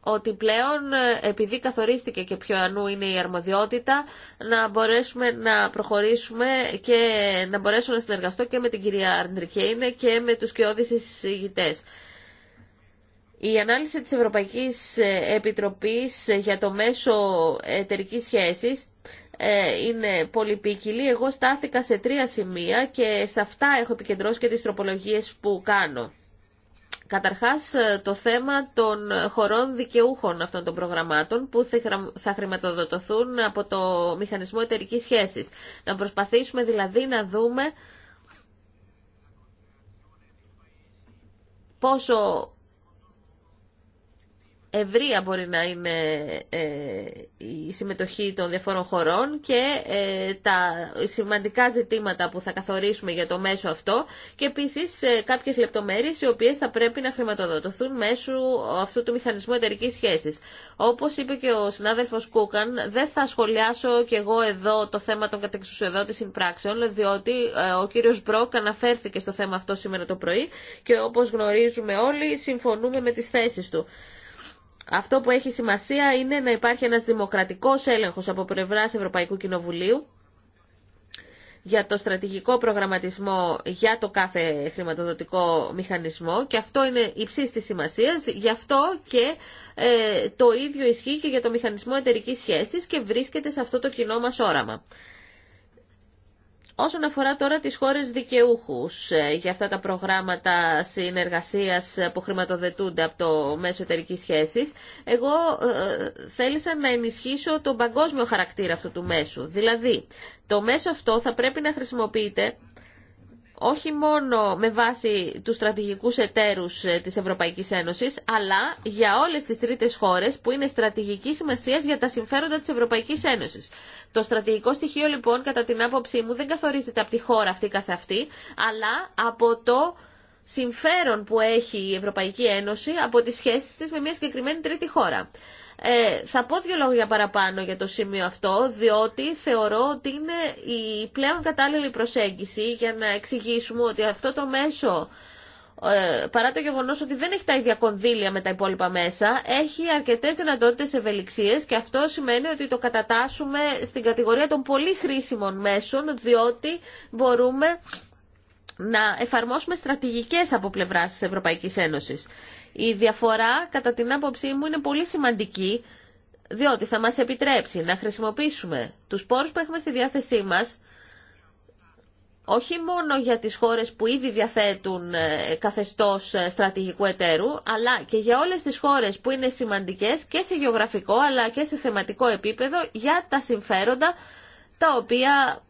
Speaker 1: ότι πλέον ε, επειδή καθορίστηκε και ποιο ανού είναι η αρμοδιότητα να μπορέσουμε να προχωρήσουμε και να μπορέσω να συνεργαστώ και με την κυρία Αρντρικέινε και με τους κοιόδησης εισηγητές. Η ανάλυση της Ευρωπαϊκής ε, Επιτροπής ε, για το μέσο εταιρικής σχέσης ε, είναι πολυπίκυλη. Εγώ στάθηκα σε τρία σημεία και σε αυτά έχω επικεντρώσει και τις τροπολογίες που κάνω. Καταρχάς το θέμα των χωρών δικαιούχων αυτών των προγραμμάτων που θα χρηματοδοτωθούν από το Μηχανισμό Εταιρικής Σχέσης. Να προσπαθήσουμε δηλαδή να δούμε πόσο ευρεία μπορεί να είναι ε, η συμμετοχή των διαφόρων χωρών και ε, τα σημαντικά ζητήματα που θα καθορίσουμε για το μέσο αυτό και επίσης ε, κάποιες λεπτομέρειες οι οποίες θα πρέπει να χρηματοδοτηθούν μέσω αυτού του μηχανισμού εταιρικής σχέσης. Όπως είπε και ο συνάδελφος Κούκαν, δεν θα σχολιάσω και εγώ εδώ το θέμα των κατεξουσιοδότης συμπράξεων, διότι ο κύριος Μπρόκ αναφέρθηκε στο θέμα αυτό σήμερα το πρωί και όπως γνωρίζουμε όλοι συμφωνούμε με τις θέσεις του. Αυτό που έχει σημασία είναι να υπάρχει ένας δημοκρατικός έλεγχος από πλευράς Ευρωπαϊκού Κοινοβουλίου για το στρατηγικό προγραμματισμό για το κάθε χρηματοδοτικό μηχανισμό και αυτό είναι υψής της σημασίας, γι' αυτό και ε, το ίδιο ισχύει και για το μηχανισμό εταιρική σχέσης και βρίσκεται σε αυτό το κοινό μας όραμα. Όσον αφορά τώρα τις χώρες δικαιούχους ε, για αυτά τα προγράμματα συνεργασίας που χρηματοδετούνται από το μέσο εταιρικής σχέσης, εγώ ε, θέλησα να ενισχύσω τον παγκόσμιο χαρακτήρα αυτού του μέσου. Δηλαδή, το μέσο αυτό θα πρέπει να χρησιμοποιείται όχι μόνο με βάση τους στρατηγικούς εταίρους ε, της Ευρωπαϊκής Ένωσης, αλλά για όλες τις τρίτες χώρες που είναι στρατηγική σημασία για τα συμφέροντα της Ευρωπαϊκής Ένωσης. Το στρατηγικό στοιχείο λοιπόν, κατά την άποψή μου, δεν καθορίζεται από τη χώρα αυτή καθ' αλλά από το συμφέρον που έχει η Ευρωπαϊκή Ένωση από τις σχέσεις της με μια συγκεκριμένη τρίτη χώρα. Ε, θα πω δύο λόγια παραπάνω για το σημείο αυτό, διότι θεωρώ ότι είναι η πλέον κατάλληλη προσέγγιση για να εξηγήσουμε ότι αυτό το μέσο ε, παρά το γεγονός ότι δεν έχει τα ίδια κονδύλια με τα υπόλοιπα μέσα, έχει αρκετές δυνατότητες ευελιξίες και αυτό σημαίνει ότι το κατατάσσουμε στην κατηγορία των πολύ χρήσιμων μέσων, διότι μπορούμε να εφαρμόσουμε στρατηγικές από πλευράς της Ευρωπαϊκής Ένωσης. Η διαφορά, κατά την άποψή μου, είναι πολύ σημαντική, διότι θα μας επιτρέψει να χρησιμοποιήσουμε τους πόρους που έχουμε στη διάθεσή μας, όχι μόνο για τις χώρες που ήδη διαθέτουν ε, καθεστώς ε, στρατηγικού εταίρου, αλλά και για όλες τις χώρες που είναι σημαντικές και σε γεωγραφικό αλλά και σε θεματικό επίπεδο για τα συμφέροντα τα οποία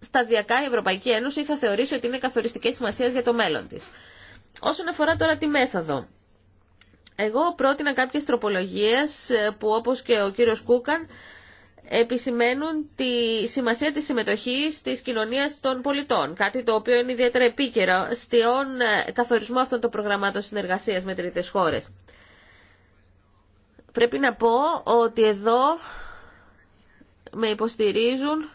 Speaker 1: σταδιακά η Ευρωπαϊκή Ένωση θα θεωρήσει ότι είναι καθοριστικές σημασίες για το μέλλον της. Όσον αφορά τώρα τη μέθοδο, εγώ πρότεινα κάποιες τροπολογίες ε, που όπως και ο κύριος Κούκαν επισημαίνουν τη σημασία της συμμετοχής της κοινωνίας των πολιτών, κάτι το οποίο είναι ιδιαίτερα επίκαιρο στιών ε, καθορισμό αυτών των προγραμμάτων συνεργασίας με τρίτες χώρες. Πρέπει να πω ότι εδώ με υποστηρίζουν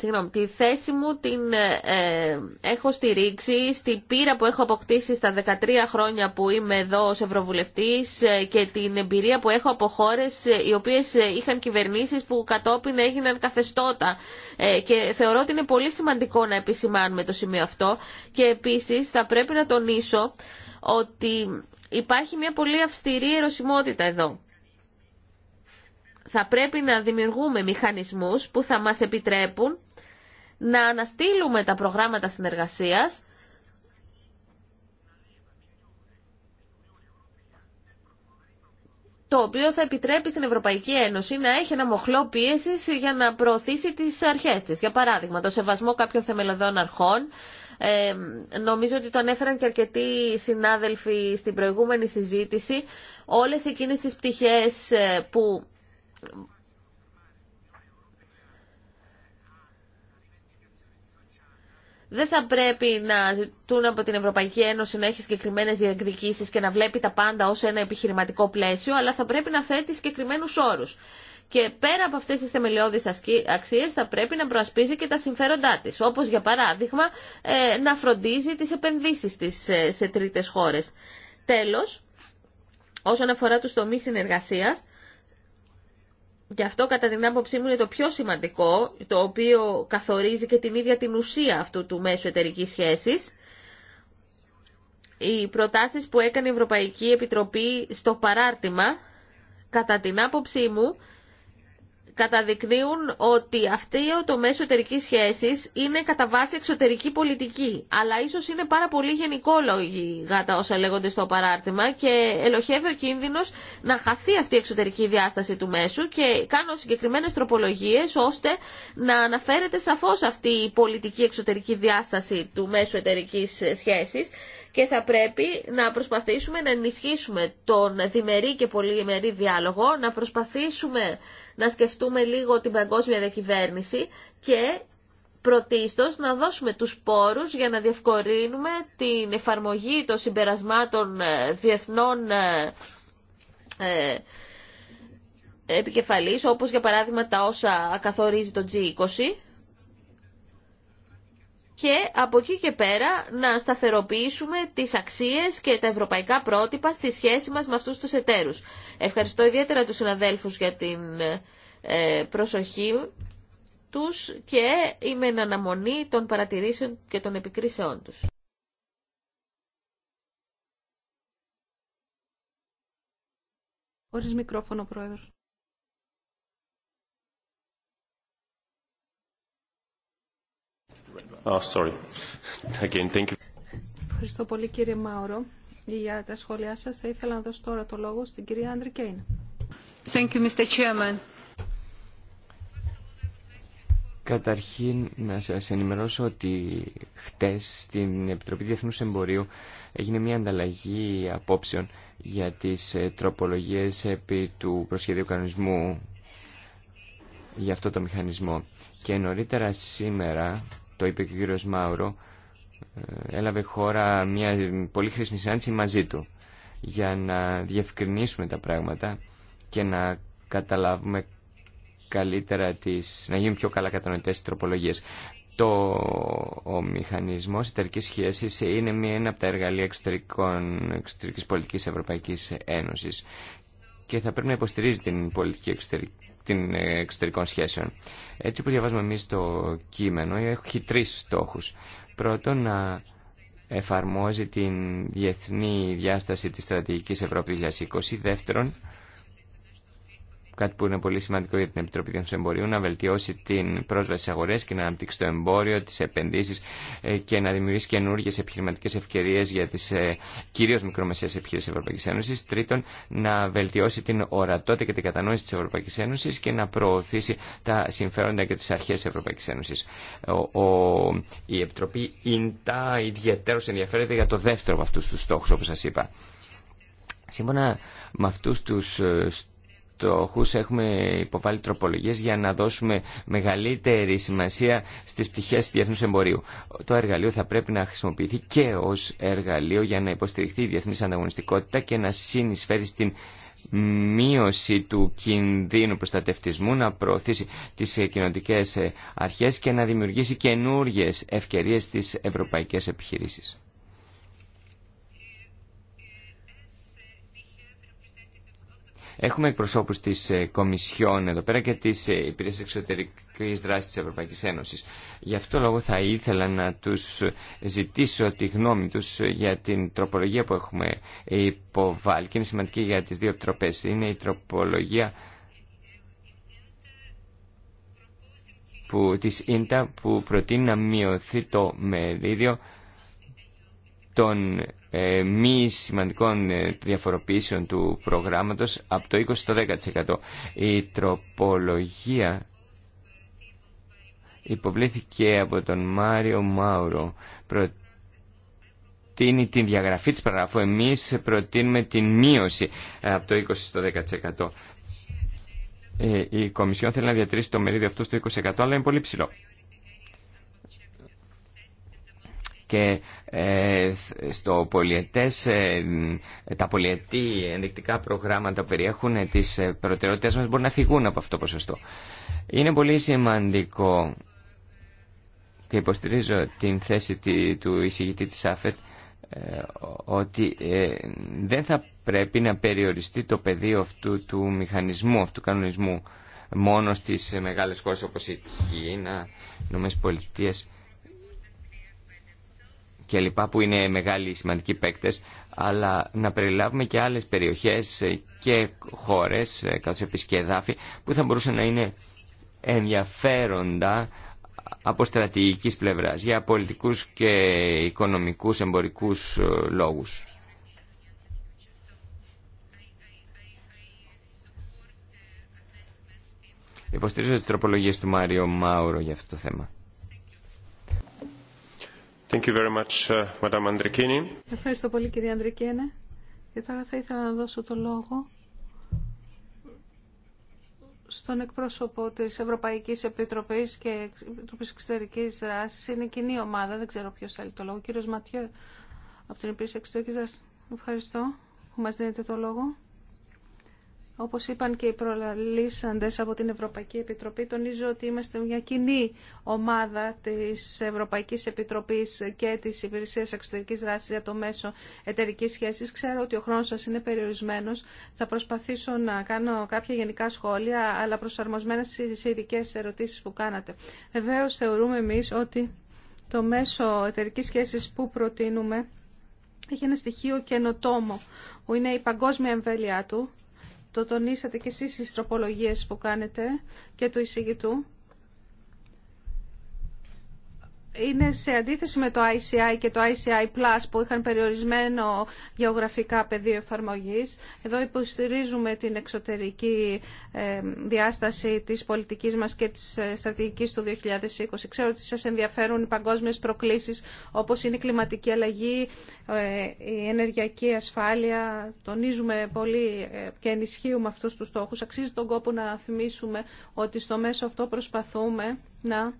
Speaker 1: Συγγνώμη, τη θέση μου την ε, ε, έχω στηρίξει στη πείρα που έχω αποκτήσει στα 13 χρόνια που είμαι εδώ ως Ευρωβουλευτής ε, και την εμπειρία που έχω από χώρες οι οποίες είχαν κυβερνήσεις που κατόπιν έγιναν καθεστώτα και θεωρώ ότι είναι πολύ σημαντικό να επισημάνουμε το σημείο αυτό και επίσης θα πρέπει να τονίσω ότι υπάρχει μια πολύ αυστηρή ερωσιμότητα εδώ θα πρέπει να δημιουργούμε μηχανισμούς που θα μας επιτρέπουν να αναστείλουμε τα προγράμματα συνεργασίας το οποίο θα επιτρέπει στην Ευρωπαϊκή Ένωση να έχει ένα μοχλό πίεση για να προωθήσει τις αρχές της. Για παράδειγμα, το σεβασμό κάποιων θεμελωδών αρχών. Ε, νομίζω ότι το ανέφεραν και αρκετοί συνάδελφοι στην προηγούμενη συζήτηση. Όλες εκείνες τις πτυχές ε, που δεν θα πρέπει να ζητούν από την Ευρωπαϊκή Ένωση να έχει συγκεκριμένε διεκδικήσει και να βλέπει τα πάντα ω ένα επιχειρηματικό πλαίσιο, αλλά θα πρέπει να θέτει συγκεκριμένου όρου. Και πέρα από αυτέ τι θεμελιώδει αξίε, θα πρέπει να προασπίζει και τα συμφέροντά τη. Όπω για παράδειγμα, ε, να φροντίζει τι επενδύσει τη ε, σε τρίτε χώρε. Τέλο, όσον αφορά του τομεί συνεργασία, και αυτό κατά την άποψή μου είναι το πιο σημαντικό, το οποίο καθορίζει και την ίδια την ουσία αυτού του μέσου εταιρική σχέσης. Οι προτάσεις που έκανε η Ευρωπαϊκή Επιτροπή στο παράρτημα, κατά την άποψή μου, καταδεικνύουν ότι αυτή το μέσο εταιρική σχέση είναι κατά βάση εξωτερική πολιτική. Αλλά ίσω είναι πάρα πολύ γενικόλογοι τα όσα λέγονται στο παράρτημα και ελοχεύει ο κίνδυνο να χαθεί αυτή η εξωτερική διάσταση του μέσου και κάνω συγκεκριμένε τροπολογίε, ώστε να αναφέρεται σαφώ αυτή η πολιτική εξωτερική διάσταση του μέσου εταιρική σχέση. και θα πρέπει να προσπαθήσουμε να ενισχύσουμε τον διμερή και πολυμερή διάλογο, να προσπαθήσουμε να σκεφτούμε λίγο την παγκόσμια διακυβέρνηση και πρωτίστως να δώσουμε τους πόρους για να διευκολύνουμε την εφαρμογή των συμπερασμάτων ε, διεθνών ε, ε, επικεφαλής, όπως για παράδειγμα τα όσα καθορίζει το G20, και από εκεί και πέρα να σταθεροποιήσουμε τις αξίες και τα ευρωπαϊκά πρότυπα στη σχέση μας με αυτούς τους εταίρους. Ευχαριστώ ιδιαίτερα τους συναδέλφους για την ε, προσοχή τους και είμαι εν αναμονή των παρατηρήσεων και των επικρίσεών τους. μικρόφωνο,
Speaker 2: Oh, <laughs> Ευχαριστώ πολύ κύριε Μάουρο για τα σχόλιά σας. Θα ήθελα να δώσω τώρα το λόγο στην κυρία Αντρικέιν. Thank you, Mr. Chairman.
Speaker 3: Καταρχήν να σας ενημερώσω ότι χτες στην Επιτροπή Διεθνούς Εμπορίου έγινε μια ανταλλαγή απόψεων για τις ε, τροπολογίες επί του προσχεδίου κανονισμού για αυτό το μηχανισμό. Και νωρίτερα σήμερα το είπε και ο κύριος Μάουρο, ε, έλαβε χώρα μια πολύ χρήσιμη συνάντηση μαζί του για να διευκρινίσουμε τα πράγματα και να καταλάβουμε καλύτερα τις, να γίνουν πιο καλά κατανοητές τροπολογίες. Το, ο μηχανισμός εταιρική σχέση είναι μία, ένα από τα εργαλεία εξωτερικών, εξωτερικής πολιτικής Ευρωπαϊκής Ένωσης και θα πρέπει να υποστηρίζει την πολιτική εξωτερική, την ε, εξωτερικών σχέσεων. Έτσι που διαβάζουμε εμείς το κείμενο, έχει τρεις στόχους. Πρώτον, να εφαρμόζει την διεθνή διάσταση της στρατηγικής Ευρώπη 2020. Δεύτερον, κάτι που είναι πολύ σημαντικό για την Επιτροπή των Εμπορίου, να βελτιώσει την πρόσβαση σε αγορές και να αναπτύξει το εμπόριο, τι επενδύσει ε, και να δημιουργήσει καινούργιε επιχειρηματικέ ευκαιρίε για τι ε, κυρίω μικρομεσαίες επιχειρήσεις τη Ευρωπαϊκής Ένωσης. Τρίτον, να βελτιώσει την ορατότητα και την κατανόηση τη Ευρωπαϊκής Ένωσης και να προωθήσει τα συμφέροντα και τι αρχέ τη Ευρωπαϊκής Ένωσης. η Επιτροπή ΙΝΤΑ ιδιαίτερω ενδιαφέρεται για το δεύτερο από αυτού του στόχου, όπω σα είπα. Σύμφωνα με αυτούς τους ε, στόχους έχουμε υποβάλει τροπολογίες για να δώσουμε μεγαλύτερη σημασία στις πτυχές διεθνούς εμπορίου. Το εργαλείο θα πρέπει να χρησιμοποιηθεί και ως εργαλείο για να υποστηριχθεί η διεθνής ανταγωνιστικότητα και να συνεισφέρει στην μείωση του κινδύνου προστατευτισμού, να προωθήσει τις κοινωτικές αρχές και να δημιουργήσει καινούργιες ευκαιρίες στις ευρωπαϊκές επιχειρήσεις. Έχουμε εκπροσώπους της ε, Κομισιόν εδώ πέρα και της ε, Υπηρεσίας Εξωτερικής Δράσης της Ευρωπαϊκής Ένωσης. Γι' αυτό λόγο θα ήθελα να τους ζητήσω τη γνώμη τους ε, για την τροπολογία που έχουμε υποβάλει και είναι σημαντική για τις δύο τροπές. Είναι η τροπολογία που, της ίντα που προτείνει να μειωθεί το μερίδιο των ε, μη σημαντικών ε, διαφοροποιήσεων του προγράμματος από το 20% στο 10%. Η τροπολογία υποβλήθηκε από τον Μάριο Μάουρο. Προτείνει την διαγραφή της παραγραφού. Εμείς προτείνουμε την μείωση ε, από το 20% στο 10%. Η Κομισιόν θέλει να διατηρήσει το μερίδιο αυτό στο 20% αλλά είναι πολύ ψηλό. και ε, στο ε, τα πολιετή ενδεικτικά προγράμματα που περιέχουν ε, τις προτεραιότητες μας μπορεί να φυγούν από αυτό το ποσοστό. Είναι πολύ σημαντικό και υποστηρίζω την θέση του εισηγητή της ΑΦΕΤ ότι δεν θα πρέπει να περιοριστεί το πεδίο αυτού του μηχανισμού, αυτού του κανονισμού μόνο στις μεγάλες χώρες όπως η Κίνα, νομές πολιτείες και που είναι μεγάλοι σημαντικοί παίκτες αλλά να περιλάβουμε και άλλες περιοχές και χώρες ε, καθώς επίσης και εδάφη που θα μπορούσαν να είναι ενδιαφέροντα από στρατηγική πλευράς για πολιτικούς και οικονομικούς εμπορικούς ε, λόγους. Υποστηρίζω τις τροπολογίες του Μάριο Μάουρο για αυτό το θέμα.
Speaker 2: Uh, Ευχαριστώ πολύ κυρία Ανδρικίνη. Και τώρα θα ήθελα να δώσω το λόγο στον εκπρόσωπο της Ευρωπαϊκής Επιτροπής και Επιτροπής Εξωτερικής Δράσης. Είναι κοινή ομάδα, δεν ξέρω ποιος θέλει το λόγο. Κύριος Ματιέ από την Επιτροπή Εξωτερικής Δράσης. Ευχαριστώ που μας δίνετε το λόγο. Όπως είπαν και οι προλαλήσαντες από την Ευρωπαϊκή Επιτροπή, τονίζω ότι είμαστε μια κοινή ομάδα της Ευρωπαϊκής Επιτροπής και της Υπηρεσίας Εξωτερικής Δράσης για το μέσο εταιρικής σχέσης. Ξέρω ότι ο χρόνος σας είναι περιορισμένος. Θα προσπαθήσω να κάνω κάποια γενικά σχόλια, αλλά προσαρμοσμένα στις ειδικέ ερωτήσεις που κάνατε. Βεβαίω θεωρούμε εμείς ότι το μέσο εταιρικής σχέσης που προτείνουμε έχει ένα στοιχείο καινοτόμο, που είναι η παγκόσμια εμβέλειά του, το τονίσατε και εσείς στις τροπολογίες που κάνετε και του εισηγητού είναι σε αντίθεση με το ICI και το ICI Plus που είχαν περιορισμένο γεωγραφικά πεδίο εφαρμογής. Εδώ υποστηρίζουμε την εξωτερική ε, διάσταση της πολιτικής μας και της ε, στρατηγικής του 2020. Ξέρω ότι σας ενδιαφέρουν οι παγκόσμιες προκλήσεις όπως είναι η κλιματική αλλαγή, ε, η ενεργειακή ασφάλεια. Τονίζουμε πολύ και ενισχύουμε αυτούς τους στόχους. Αξίζει τον κόπο να θυμίσουμε ότι στο μέσο αυτό προσπαθούμε να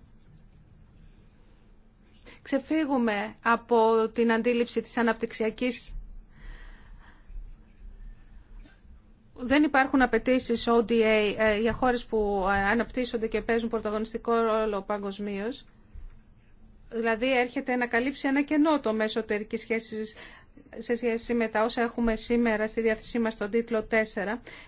Speaker 2: ξεφύγουμε από την αντίληψη της αναπτυξιακής. Δεν υπάρχουν απαιτήσει ODA ε, για χώρες που ε, αναπτύσσονται και παίζουν πρωταγωνιστικό ρόλο παγκοσμίω. Δηλαδή έρχεται να καλύψει ένα κενό το μέσο εταιρικής σε σχέση με τα όσα έχουμε σήμερα στη διάθεσή μας στον τίτλο 4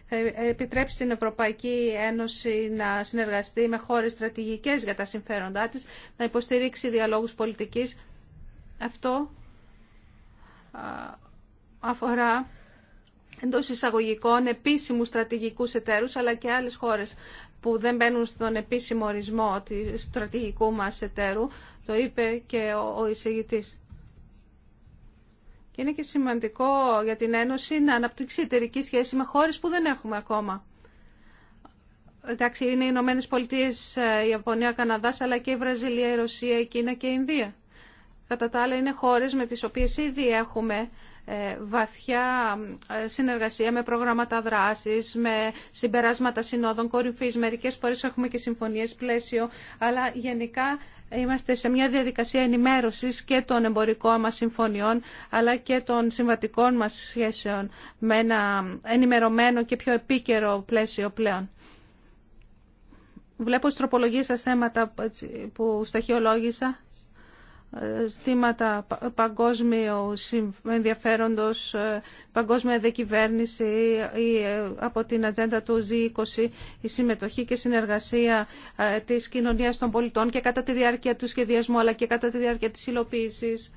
Speaker 2: θα επιτρέψει την Ευρωπαϊκή Ένωση να συνεργαστεί με χώρες στρατηγικές για τα συμφέροντά της, να υποστηρίξει διαλόγους πολιτικής. Αυτό αφορά εντός εισαγωγικών επίσημου στρατηγικούς εταίρους αλλά και άλλες χώρες που δεν μπαίνουν στον επίσημο ορισμό του στρατηγικού μας εταίρου. Το είπε και ο εισηγητής είναι και σημαντικό για την Ένωση να αναπτύξει εταιρική σχέση με χώρες που δεν έχουμε ακόμα. Εντάξει, είναι οι Ηνωμένε Πολιτείε, ε, η Ιαπωνία, ο Καναδάς, αλλά και η Βραζιλία, η Ρωσία, η Κίνα και η Ινδία. Κατά τα άλλα είναι χώρες με τις οποίες ήδη έχουμε ε, βαθιά ε, συνεργασία με προγράμματα δράσης, με συμπεράσματα συνόδων κορυφή. Μερικέ φορέ έχουμε και συμφωνίε, πλαίσιο, αλλά γενικά Είμαστε σε μια διαδικασία ενημέρωσης και των εμπορικών μας συμφωνιών αλλά και των συμβατικών μας σχέσεων με ένα ενημερωμένο και πιο επίκαιρο πλαίσιο πλέον. Βλέπω στροπολογίες σας θέματα που σταχειολόγησα ζητήματα παγκόσμιου ενδιαφέροντος, ε, παγκόσμια δεκυβέρνηση ή ε, από την ατζέντα του G20, η συμμετοχή και συνεργασία ε, της κοινωνίας των πολιτών και κατά τη διάρκεια του σχεδιασμού αλλά και κατά τη διάρκεια της υλοποίησης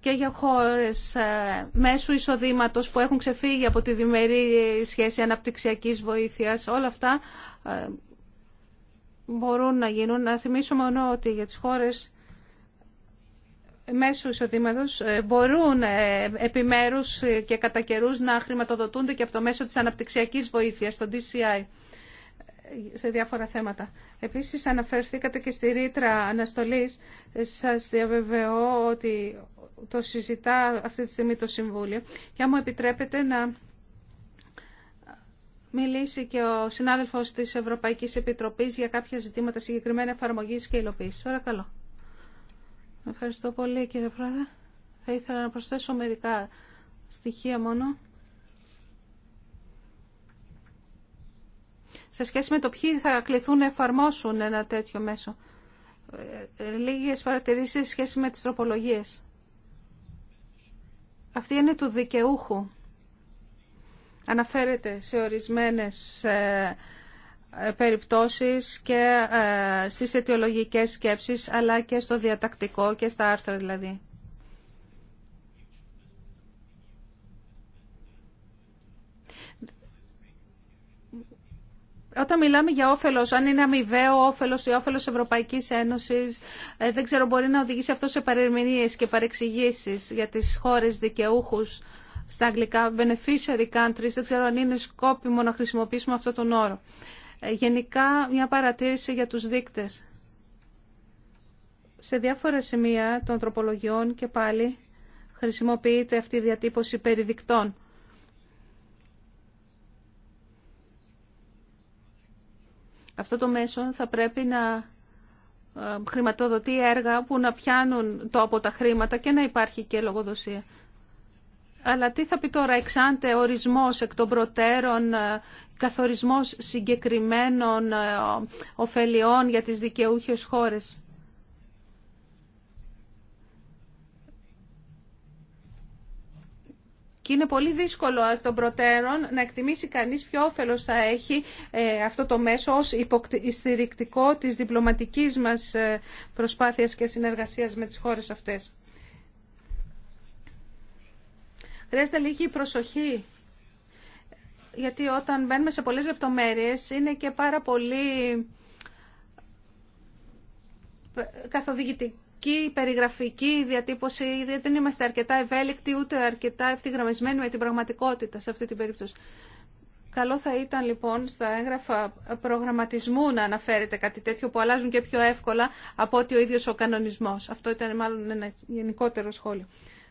Speaker 2: και για χώρες μέσου εισοδήματος που έχουν ξεφύγει από τη διμερή σχέση αναπτυξιακής βοήθειας. Όλα αυτά μπορούν να γίνουν. Να θυμίσω μόνο ότι για τις χώρες μέσου εισοδήματο ε, μπορούν ε, επιμέρους και κατά καιρού να χρηματοδοτούνται και από το μέσο της αναπτυξιακής βοήθειας, το DCI, σε διάφορα θέματα. Επίσης αναφερθήκατε και στη ρήτρα αναστολής. Σας διαβεβαιώ ότι το συζητά αυτή τη στιγμή το Συμβούλιο. Και αν μου επιτρέπετε να μιλήσει και ο συνάδελφος της Ευρωπαϊκής Επιτροπής για κάποια ζητήματα συγκεκριμένα εφαρμογής και υλοποίησης. Παρακαλώ. Ευχαριστώ πολύ κύριε Πρόεδρε. Θα ήθελα να προσθέσω μερικά στοιχεία μόνο. Σε σχέση με το ποιοι θα κληθούν να εφαρμόσουν ένα τέτοιο μέσο. Ε, ε, λίγες παρατηρήσεις σε σχέση με τις τροπολογίες. Αυτή είναι του δικαιούχου αναφέρεται σε ορισμένες ε, περιπτώσεις και ε, στις αιτιολογικές σκέψεις αλλά και στο διατακτικό και στα άρθρα δηλαδή. Όταν μιλάμε για όφελο, αν είναι αμοιβαίο όφελο ή όφελο Ευρωπαϊκή Ένωση, ε, δεν ξέρω, μπορεί να οδηγήσει αυτό σε παρερμηνίες και παρεξηγήσει για τι χώρε δικαιούχου στα αγγλικά beneficiary countries, δεν ξέρω αν είναι σκόπιμο να χρησιμοποιήσουμε αυτό τον όρο. Ε, γενικά μια παρατήρηση για τους δείκτες. Σε διάφορα σημεία των τροπολογιών και πάλι χρησιμοποιείται αυτή η διατύπωση περί δικτών. Αυτό το μέσο θα πρέπει να ε, χρηματοδοτεί έργα που να πιάνουν το από τα χρήματα και να υπάρχει και λογοδοσία. Αλλά τι θα πει τώρα εξάντε ορισμός εκ των προτέρων, ε, καθορισμός συγκεκριμένων ε, ωφελιών για τις δικαιούχες χώρες. Και είναι πολύ δύσκολο εκ των προτέρων να εκτιμήσει κανείς ποιο όφελος θα έχει ε, αυτό το μέσο ως υποστηρικτικό της διπλωματικής μας προσπάθειας και συνεργασίας με τις χώρες αυτές. Χρειάζεται λίγη προσοχή γιατί όταν μπαίνουμε σε πολλές λεπτομέρειες είναι και πάρα πολύ ε, καθοδηγητική, περιγραφική διατύπωση, γιατί δεν είμαστε αρκετά ευέλικτοι ούτε αρκετά ευθυγραμμισμένοι με την πραγματικότητα σε αυτή την περίπτωση. Καλό θα ήταν λοιπόν στα έγγραφα προγραμματισμού να αναφέρεται κάτι τέτοιο που αλλάζουν και πιο εύκολα από ότι ο ίδιος ο κανονισμός. Αυτό ήταν μάλλον ένα γενικότερο σχόλιο.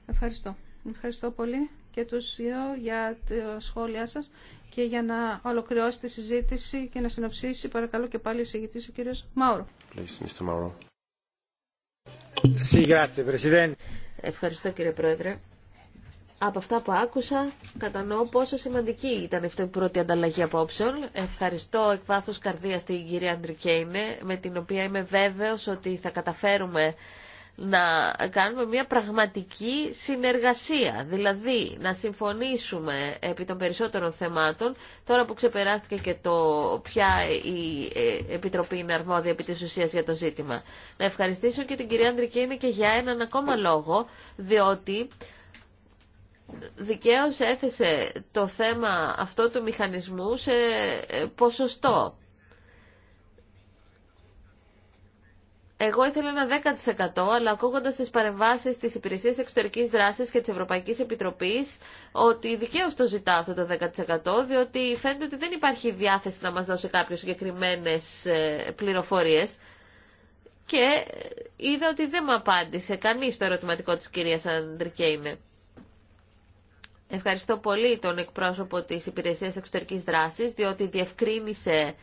Speaker 2: Ευχαριστώ. Ευχαριστώ πολύ και τους δύο για τα σχόλιά σας και για να ολοκληρώσει τη συζήτηση και να συνοψίσει παρακαλώ και πάλι ο συγητής ο κύριος Μάουρο.
Speaker 1: Ευχαριστώ κύριε Πρόεδρε. Από αυτά που άκουσα, κατανοώ πόσο σημαντική ήταν αυτή η πρώτη ανταλλαγή απόψεων. Ευχαριστώ εκ βάθους καρδίας την κυρία Αντρικέινε, με την οποία είμαι βέβαιο ότι θα καταφέρουμε να κάνουμε μια πραγματική συνεργασία, δηλαδή να συμφωνήσουμε επί των περισσότερων θεμάτων, τώρα που ξεπεράστηκε και το ποια η ε, Επιτροπή είναι αρμόδια επί της ουσίας για το ζήτημα. Να ευχαριστήσω και την κυρία Αντρικίνη και για έναν ακόμα λόγο, διότι δικαίως έθεσε το θέμα αυτό του μηχανισμού σε ε, ποσοστό. Εγώ ήθελα ένα 10% αλλά ακούγοντας τις παρεμβάσεις της Υπηρεσίας Εξωτερικής Δράσης και της Ευρωπαϊκής Επιτροπής ότι δικαίως το ζητά αυτό το 10% διότι φαίνεται ότι δεν υπάρχει διάθεση να μας δώσει κάποιο συγκεκριμένες ε, πληροφορίες και ε, είδα ότι δεν μου απάντησε κανείς το ερωτηματικό της κυρίας Αντρικέινε. Ευχαριστώ πολύ τον εκπρόσωπο της Υπηρεσίας Εξωτερικής Δράσης διότι διευκρίνησε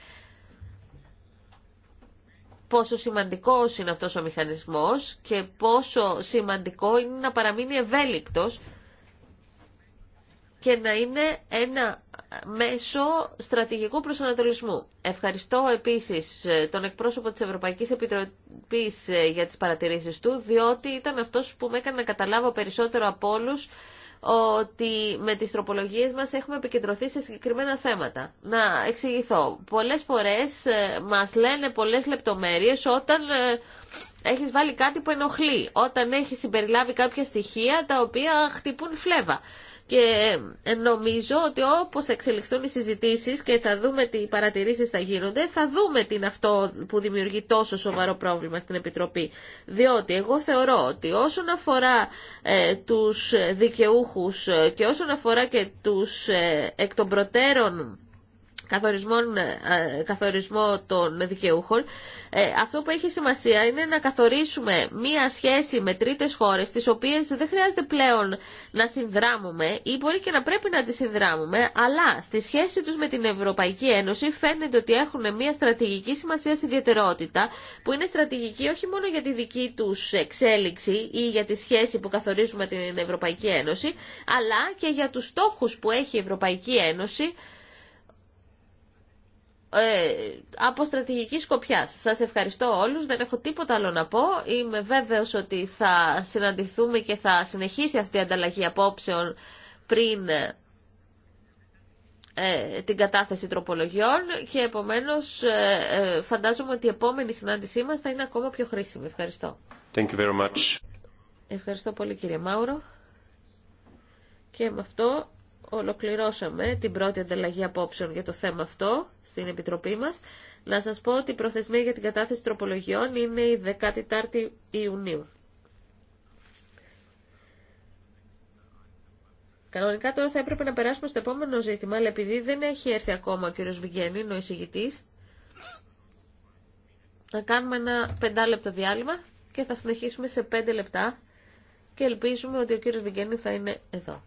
Speaker 1: πόσο σημαντικός είναι αυτός ο μηχανισμός και πόσο σημαντικό είναι να παραμείνει ευέλικτος και να είναι ένα μέσο στρατηγικού προσανατολισμού. Ευχαριστώ επίσης ε, τον εκπρόσωπο της Ευρωπαϊκής Επιτροπής ε, για τις παρατηρήσεις του, διότι ήταν αυτός που με έκανε να καταλάβω περισσότερο από όλους ότι με τις τροπολογίες μας έχουμε επικεντρωθεί σε συγκεκριμένα θέματα. Να εξηγηθώ. Πολλές φορές ε, μας λένε πολλές λεπτομέρειες όταν ε, έχεις βάλει κάτι που ενοχλεί, όταν έχεις συμπεριλάβει κάποια στοιχεία τα οποία χτυπούν φλέβα και ε, νομίζω ότι όπως θα εξελιχθούν οι συζητήσεις και θα δούμε τι παρατηρήσεις θα γίνονται, θα δούμε τι είναι αυτό που δημιουργεί τόσο σοβαρό πρόβλημα στην Επιτροπή. Διότι εγώ θεωρώ ότι όσον αφορά ε, τους δικαιούχους ε, και όσον αφορά και τους ε, εκ των προτέρων ε, καθορισμό των δικαιούχων. Ε, αυτό που έχει σημασία είναι να καθορίσουμε μία σχέση με τρίτες χώρες, τις οποίες δεν χρειάζεται πλέον να συνδράμουμε ή μπορεί και να πρέπει να τις συνδράμουμε, αλλά στη σχέση τους με την Ευρωπαϊκή Ένωση φαίνεται ότι έχουν μία στρατηγική σημασία ιδιαιτερότητα, που είναι στρατηγική όχι μόνο για τη δική τους εξέλιξη ή για τη σχέση που καθορίζουμε την Ευρωπαϊκή Ένωση, αλλά και για τους στόχους που έχει η Ευρωπαϊκή Ένωση ε, από στρατηγική σκοπιά. Σας ευχαριστώ όλους, δεν έχω τίποτα άλλο να πω. Είμαι βέβαιο ότι θα συναντηθούμε και θα συνεχίσει αυτή η ανταλλαγή απόψεων πριν ε, την κατάθεση τροπολογιών και επομένως ε, φαντάζομαι ότι η επόμενη συνάντησή μας θα είναι ακόμα πιο χρήσιμη. Ευχαριστώ.
Speaker 3: Thank you very much.
Speaker 1: Ευχαριστώ πολύ κύριε Μάουρο. Και με αυτό ολοκληρώσαμε την πρώτη ανταλλαγή απόψεων για το θέμα αυτό στην Επιτροπή μας. Να σας πω ότι η προθεσμία για την κατάθεση τροπολογιών είναι η 14η Ιουνίου. Κανονικά τώρα θα έπρεπε να περάσουμε στο επόμενο ζήτημα, αλλά επειδή δεν έχει έρθει ακόμα ο κύριος Βιγγένη, ο εισηγητής, να κάνουμε ένα πεντάλεπτο διάλειμμα και θα συνεχίσουμε σε πέντε λεπτά και ελπίζουμε ότι ο κύριος Βιγγένη θα είναι εδώ.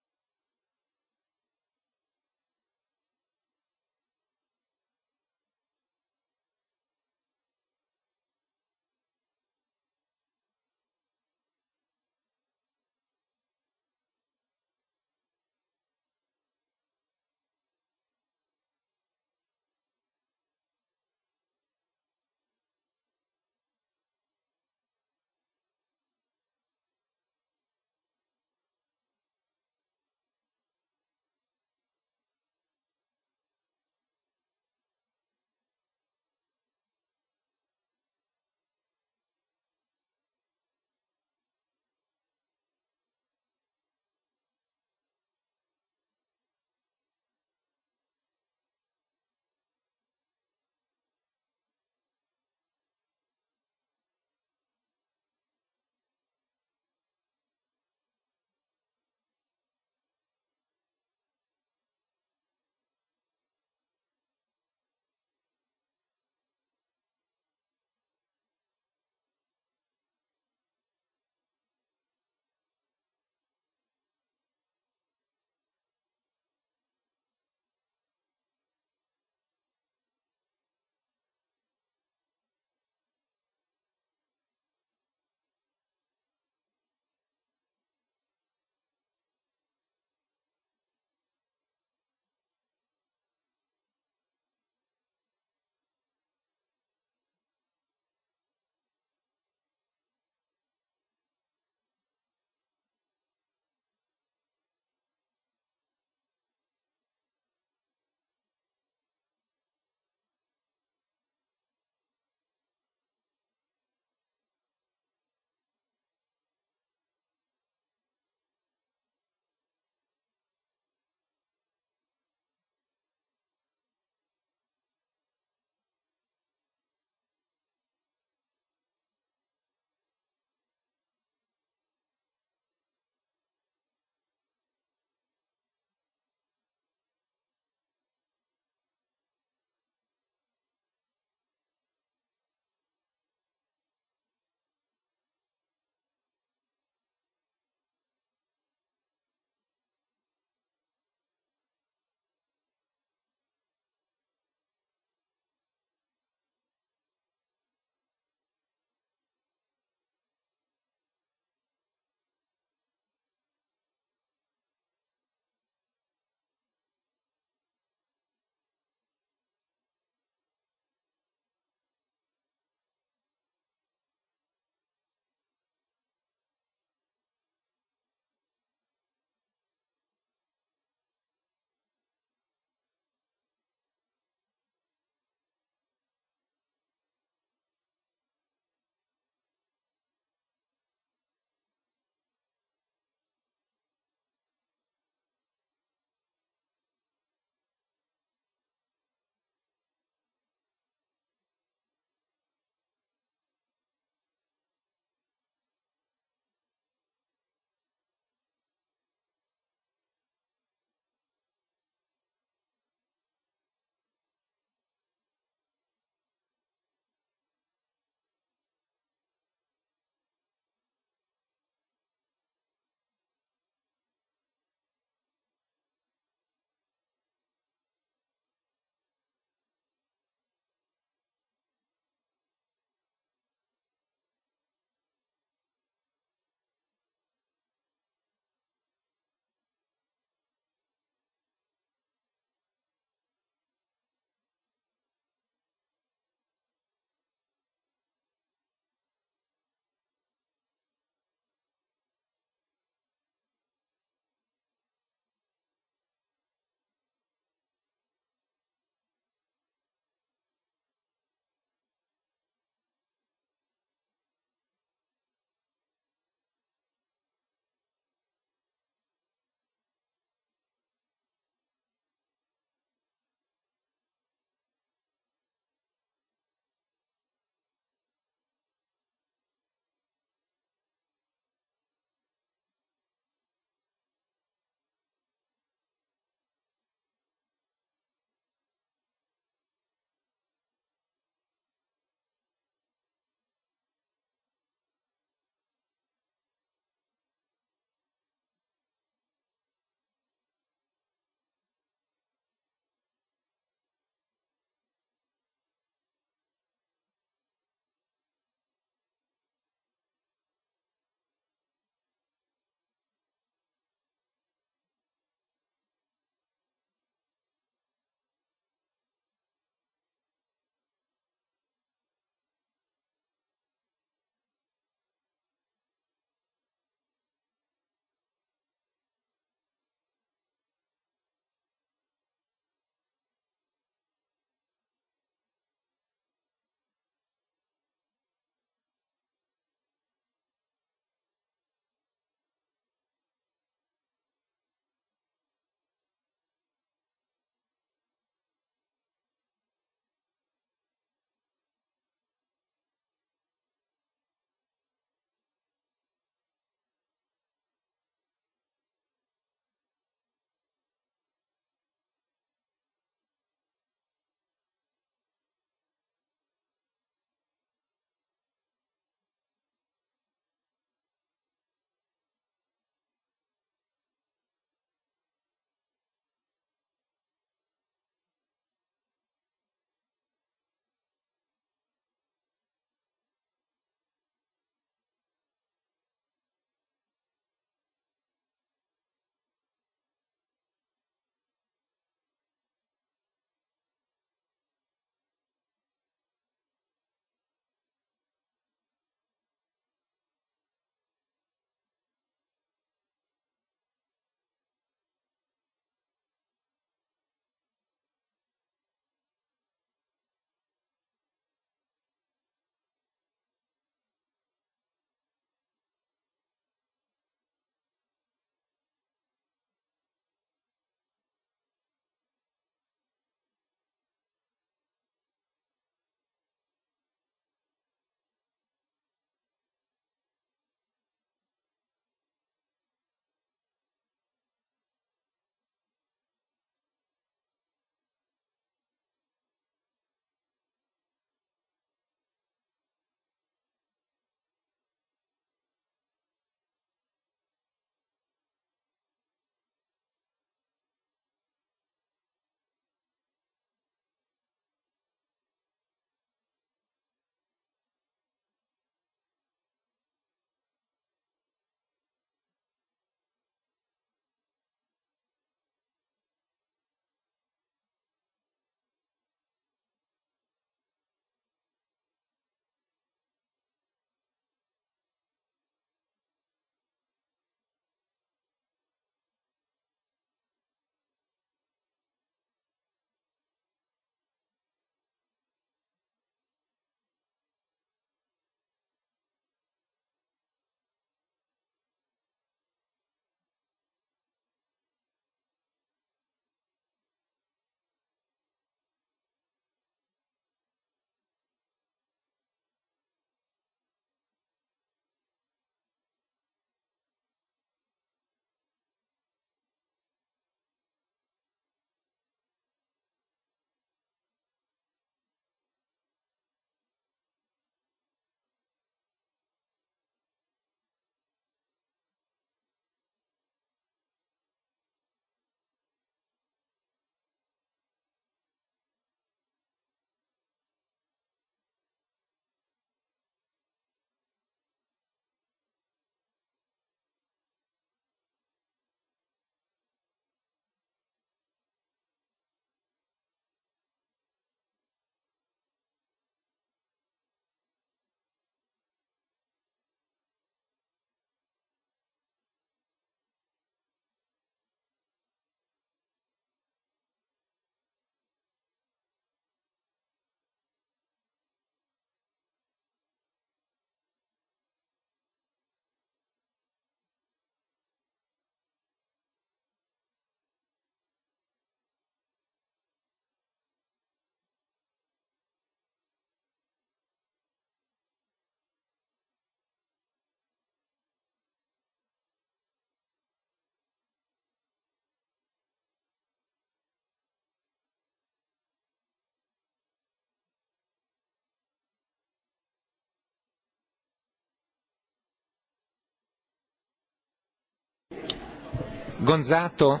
Speaker 3: Gonzato,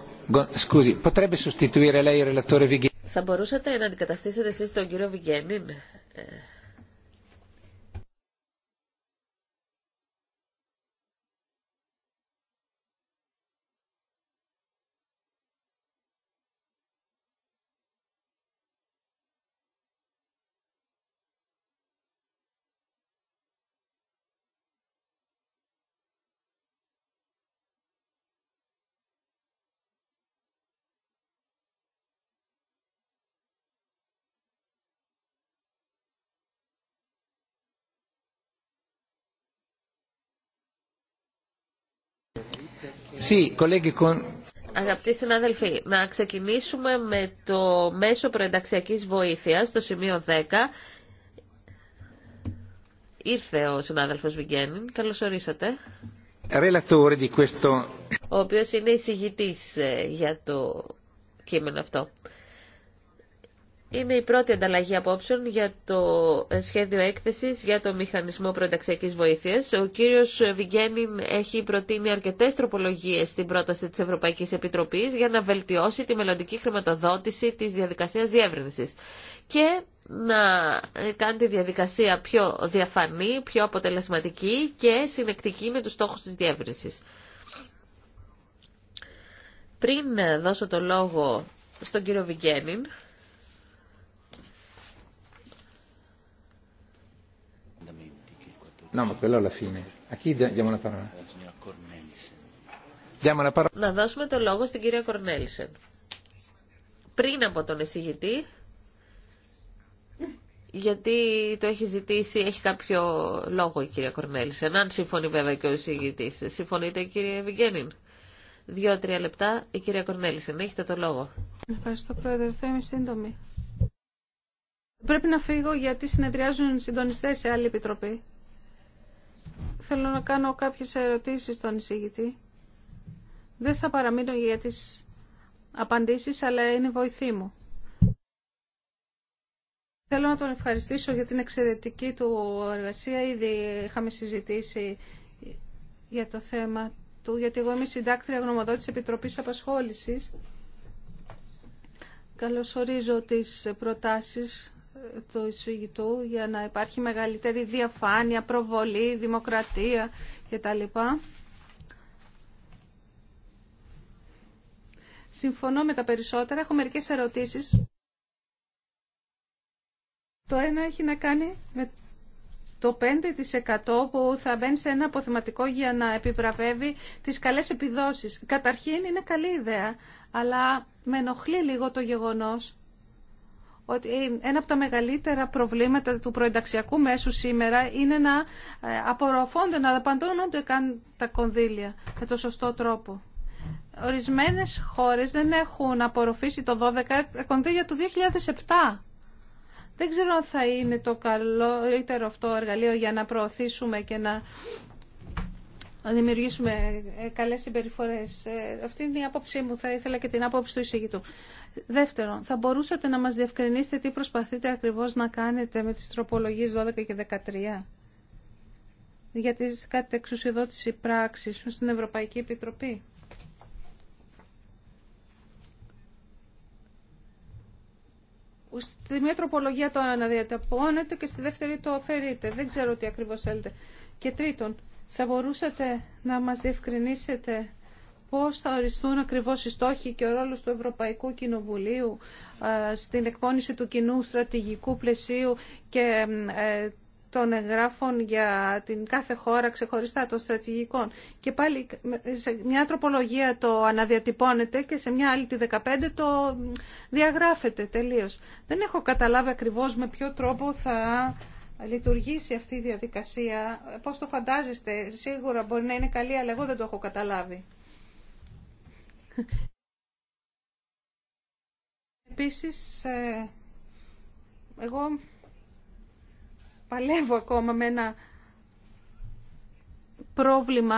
Speaker 3: potrebbe sostituire lei
Speaker 1: Θα μπορούσατε να αντικαταστήσετε εσείς τον κύριο Αγαπητοί συνάδελφοι, να ξεκινήσουμε με το μέσο προενταξιακής βοήθειας, το σημείο 10. Ήρθε ο συνάδελφος Βιγγένιν, καλώς ορίσατε. Ο οποίος είναι εισηγητής ε, για το κείμενο αυτό. Είναι η πρώτη ανταλλαγή απόψεων για το σχέδιο έκθεσης για το μηχανισμό προενταξιακής βοήθειας. Ο κύριος Βιγγένιν έχει προτείνει αρκετέ τροπολογίε στην πρόταση της Ευρωπαϊκής Επιτροπής για να βελτιώσει τη μελλοντική χρηματοδότηση της διαδικασίας διεύρυνσης και να κάνει τη διαδικασία πιο διαφανή, πιο αποτελεσματική και συνεκτική με του στόχου τη διεύρυνση. Πριν δώσω το λόγο στον κύριο Βιγγένιν, Να δώσουμε το λόγο στην κυρία Κορνέλισεν. Πριν από τον εισηγητή, γιατί το έχει ζητήσει, έχει κάποιο λόγο η κυρία Κορνέλισεν, αν συμφωνεί βέβαια και ο εισηγητής. Συμφωνείτε κύριε Βιγγένιν. Δύο-τρία λεπτά, η κυρία Κορνέλισεν, έχετε το λόγο.
Speaker 2: Ευχαριστώ πρόεδρε, θα είμαι σύντομη. Πρέπει να φύγω γιατί συνεδριάζουν συντονιστές σε άλλη επιτροπή. Θέλω να κάνω κάποιες ερωτήσεις στον εισηγητή. Δεν θα παραμείνω για τις απαντήσεις, αλλά είναι βοηθή μου. Θέλω να τον ευχαριστήσω για την εξαιρετική του εργασία. Ήδη είχαμε συζητήσει για το θέμα του, γιατί εγώ είμαι συντάκτρια γνωμοδότης Επιτροπής Απασχόλησης. Καλωσορίζω τις προτάσεις το εισηγητού για να υπάρχει μεγαλύτερη διαφάνεια, προβολή, δημοκρατία κτλ. Συμφωνώ με τα περισσότερα. Έχω μερικές ερωτήσεις. Το ένα έχει να κάνει με το 5% που θα μπαίνει σε ένα αποθεματικό για να επιβραβεύει τις καλές επιδόσεις. Καταρχήν είναι καλή ιδέα, αλλά με ενοχλεί λίγο το γεγονός ότι ένα από τα μεγαλύτερα προβλήματα του προενταξιακού μέσου σήμερα είναι να ε, απορροφώνται, να απαντώνονται καν τα κονδύλια με το σωστό τρόπο. Ορισμένες χώρες δεν έχουν απορροφήσει το 12 κονδύλια του 2007. Δεν ξέρω αν θα είναι το καλύτερο αυτό εργαλείο για να προωθήσουμε και να δημιουργήσουμε ε, καλές συμπεριφορές. Ε, αυτή είναι η άποψή μου. Θα ήθελα και την άποψη του εισηγητού. Δεύτερον, θα μπορούσατε να μας διευκρινίσετε τι προσπαθείτε ακριβώς να κάνετε με τις τροπολογίες 12 και 13 για τις κάτι εξουσιοδότηση πράξης στην Ευρωπαϊκή Επιτροπή. Στη μία τροπολογία το αναδιατεπώνετε και στη δεύτερη το αφαιρείτε. Δεν ξέρω τι ακριβώς θέλετε. Και τρίτον, θα μπορούσατε να μας διευκρινίσετε πώς θα οριστούν ακριβώς οι στόχοι και ο ρόλος του Ευρωπαϊκού Κοινοβουλίου ε, στην εκπόνηση του κοινού στρατηγικού πλαισίου και ε, των εγγράφων για την κάθε χώρα ξεχωριστά των στρατηγικών. Και πάλι σε μια τροπολογία το αναδιατυπώνεται και σε μια άλλη τη 15 το διαγράφεται τελείως. Δεν έχω καταλάβει ακριβώς με ποιο τρόπο θα λειτουργήσει αυτή η διαδικασία. Πώς το φαντάζεστε, σίγουρα μπορεί να είναι καλή, αλλά εγώ δεν το έχω καταλάβει. Επίσης, ε, εγώ παλεύω ακόμα με ένα πρόβλημα.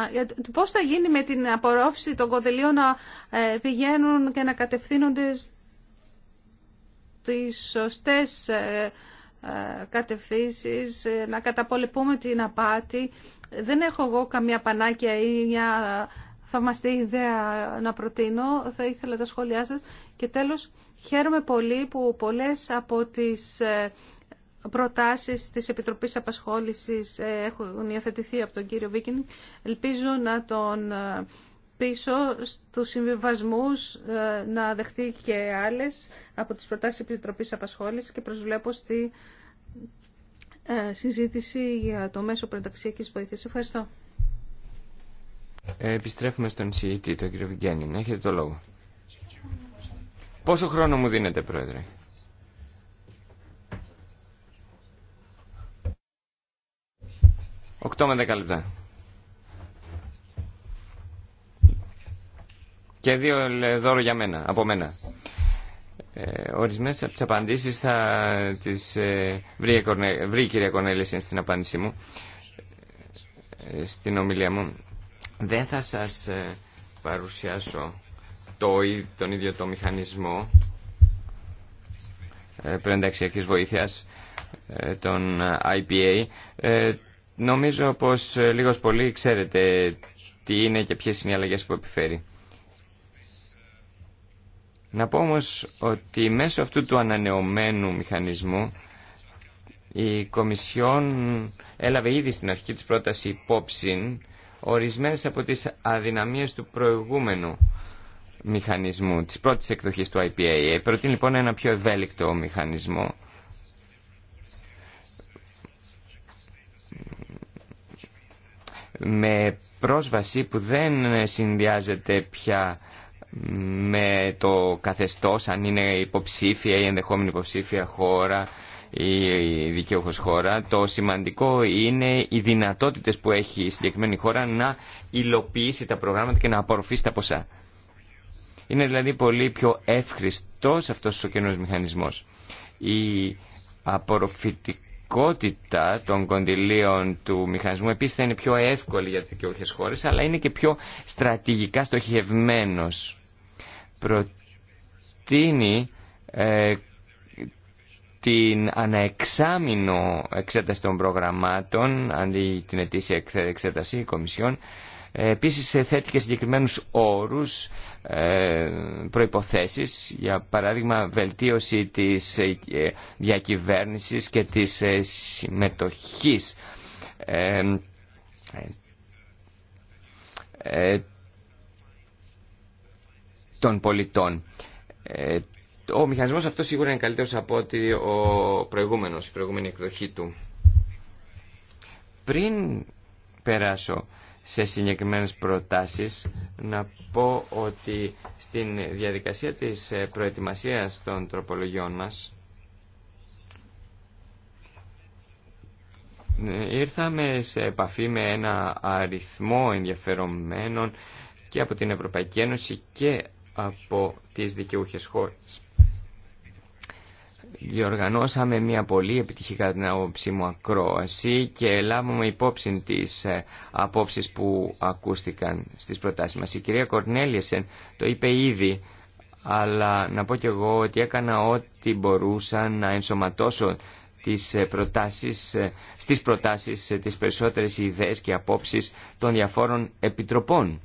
Speaker 2: Πώς θα γίνει με την απορρόφηση των κονδυλίων να ε, πηγαίνουν και να κατευθύνονται στις σωστές ε, κατευθύνσεις, να καταπολεπούμε την απάτη. Δεν έχω εγώ καμία πανάκια ή μια θαυμαστή ιδέα να προτείνω. Θα ήθελα τα σχόλιά σας. Και τέλος, χαίρομαι πολύ που πολλές από τις ε, προτάσεις της Επιτροπής Απασχόλησης ε, έχουν υιοθετηθεί από τον κύριο Βίκιν. Ελπίζω να τον ε, πίσω στους συμβιβασμούς να δεχτεί και άλλες από τις προτάσεις της Επιτροπής Απασχόλησης και προσβλέπω στη συζήτηση για το μέσο πρωταξιακής βοήθειας. Ευχαριστώ.
Speaker 3: Επιστρέφουμε στον συγητή, τον κύριο Βιγγένιν. Έχετε το λόγο. Πόσο χρόνο μου δίνετε, Πρόεδρε. Οκτώ με δέκα λεπτά. Και δύο δώρο για μένα, από μένα. Ε, ορισμένες από τις απαντήσεις θα τις ε, βρει, βρει η κυρία Κορνέλη στην απάντησή μου, ε, στην ομιλία μου. Δεν θα σας ε, παρουσιάσω το, τον ίδιο το μηχανισμό ε, πρενταξιακής βοήθειας ε, των IPA. Νομίζω πως λίγος πολύ ξέρετε τι είναι και ποιες είναι οι αλλαγές που επιφέρει. Να πω όμως ότι μέσω αυτού του ανανεωμένου μηχανισμού η Κομισιόν έλαβε ήδη στην αρχή της πρόταση υπόψη ορισμένες από τις αδυναμίες του προηγούμενου μηχανισμού, της πρώτης εκδοχής του IPA. Προτείνει λοιπόν ένα πιο ευέλικτο μηχανισμό με πρόσβαση που δεν συνδυάζεται πια με το καθεστώς αν είναι υποψήφια ή ενδεχόμενη υποψήφια χώρα η δικαίωχος χώρα. Το σημαντικό είναι οι δυνατότητες που έχει η συγκεκριμένη χώρα να υλοποιήσει τα προγράμματα και να απορροφήσει τα ποσά. Είναι δηλαδή πολύ πιο εύχριστος αυτός ο καινούργιος μηχανισμός. Η απορροφητικότητα των κοντιλίων του μηχανισμού επίσης θα είναι πιο εύκολη για τις δικαιούχες χώρες, αλλά είναι και πιο στρατηγικά στοχευμένος. Προτείνει ε, την αναεξάμεινο εξέταση των προγραμμάτων, αντί την ετήσια εξέταση κομισιών, ε, Επίσης θέτει και συγκεκριμένους όρους, ε, προϋποθέσεις, για παράδειγμα βελτίωση της ε, διακυβέρνησης και της συμμετοχής των πολιτών. Ο μηχανισμός αυτό σίγουρα είναι καλύτερο από ότι ο προηγούμενο, η προηγούμενη εκδοχή του. Πριν περάσω σε συγκεκριμένες προτάσεις, να πω ότι στην διαδικασία της ε, προετοιμασίας των τροπολογιών μας, ε, ήρθαμε σε επαφή με ένα αριθμό ενδιαφερομένων και από την Ευρωπαϊκή Ένωση και από τις δικαιούχες χώρες διοργανώσαμε μια πολύ επιτυχή κατά την άποψή μου ακρόαση και λάβουμε υπόψη τις ε, απόψεις που ακούστηκαν στις προτάσεις μας. Η κυρία Κορνέλιεσεν το είπε ήδη, αλλά να πω κι εγώ ότι έκανα ό,τι μπορούσα να ενσωματώσω τις ε, προτάσεις, ε, στις προτάσεις τις περισσότερες ιδέες και απόψεις των διαφόρων επιτροπών.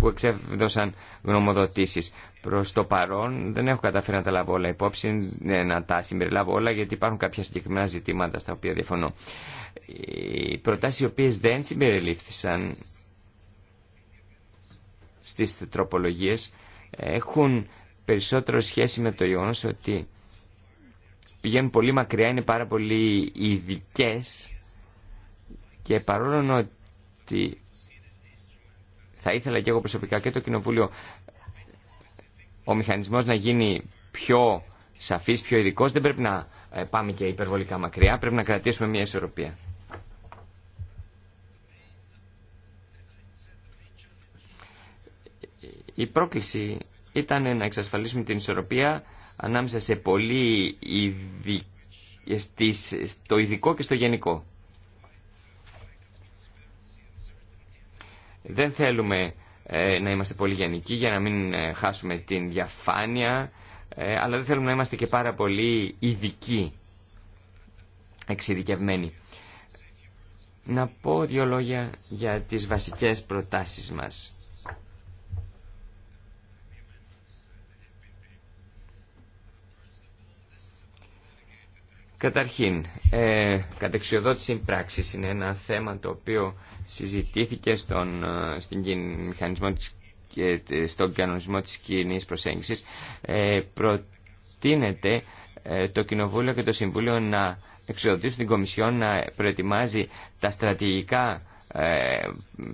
Speaker 3: που εξέδωσαν γνωμοδοτήσεις. Προς το παρόν δεν έχω καταφέρει να τα λάβω όλα υπόψη, ε, να τα συμπεριλάβω όλα, γιατί υπάρχουν κάποια συγκεκριμένα ζητήματα στα οποία διαφωνώ. Οι προτάσεις οι οποίες δεν συμπεριλήφθησαν στις τροπολογίες έχουν περισσότερο σχέση με το γεγονό ότι πηγαίνουν πολύ μακριά, είναι πάρα πολύ ειδικέ και παρόλο ότι θα ήθελα και εγώ προσωπικά και το Κοινοβούλιο ο μηχανισμός να γίνει πιο σαφής, πιο ειδικό. Δεν πρέπει να ε, πάμε και υπερβολικά μακριά, πρέπει να κρατήσουμε μια ισορροπία. Η πρόκληση ήταν να εξασφαλίσουμε την ισορροπία ανάμεσα σε πολύ στο ειδικό και στο γενικό. Δεν θέλουμε ε, να είμαστε πολύ γενικοί για να μην ε, χάσουμε την διαφάνεια, ε, αλλά δεν θέλουμε να είμαστε και πάρα πολύ ειδικοί, εξειδικευμένοι. Να πω δύο λόγια για τις βασικές προτάσεις μας. Καταρχήν, ε, κατεξιοδότηση πράξης είναι ένα θέμα το οποίο συζητήθηκε στον, ε, στην μηχανισμό της, ε, στον κανονισμό της κοινή προσέγγισης. Ε, προτείνεται ε, το Κοινοβούλιο και το Συμβούλιο να εξοδοτήσουν την Κομισιόν να προετοιμάζει τα στρατηγικά,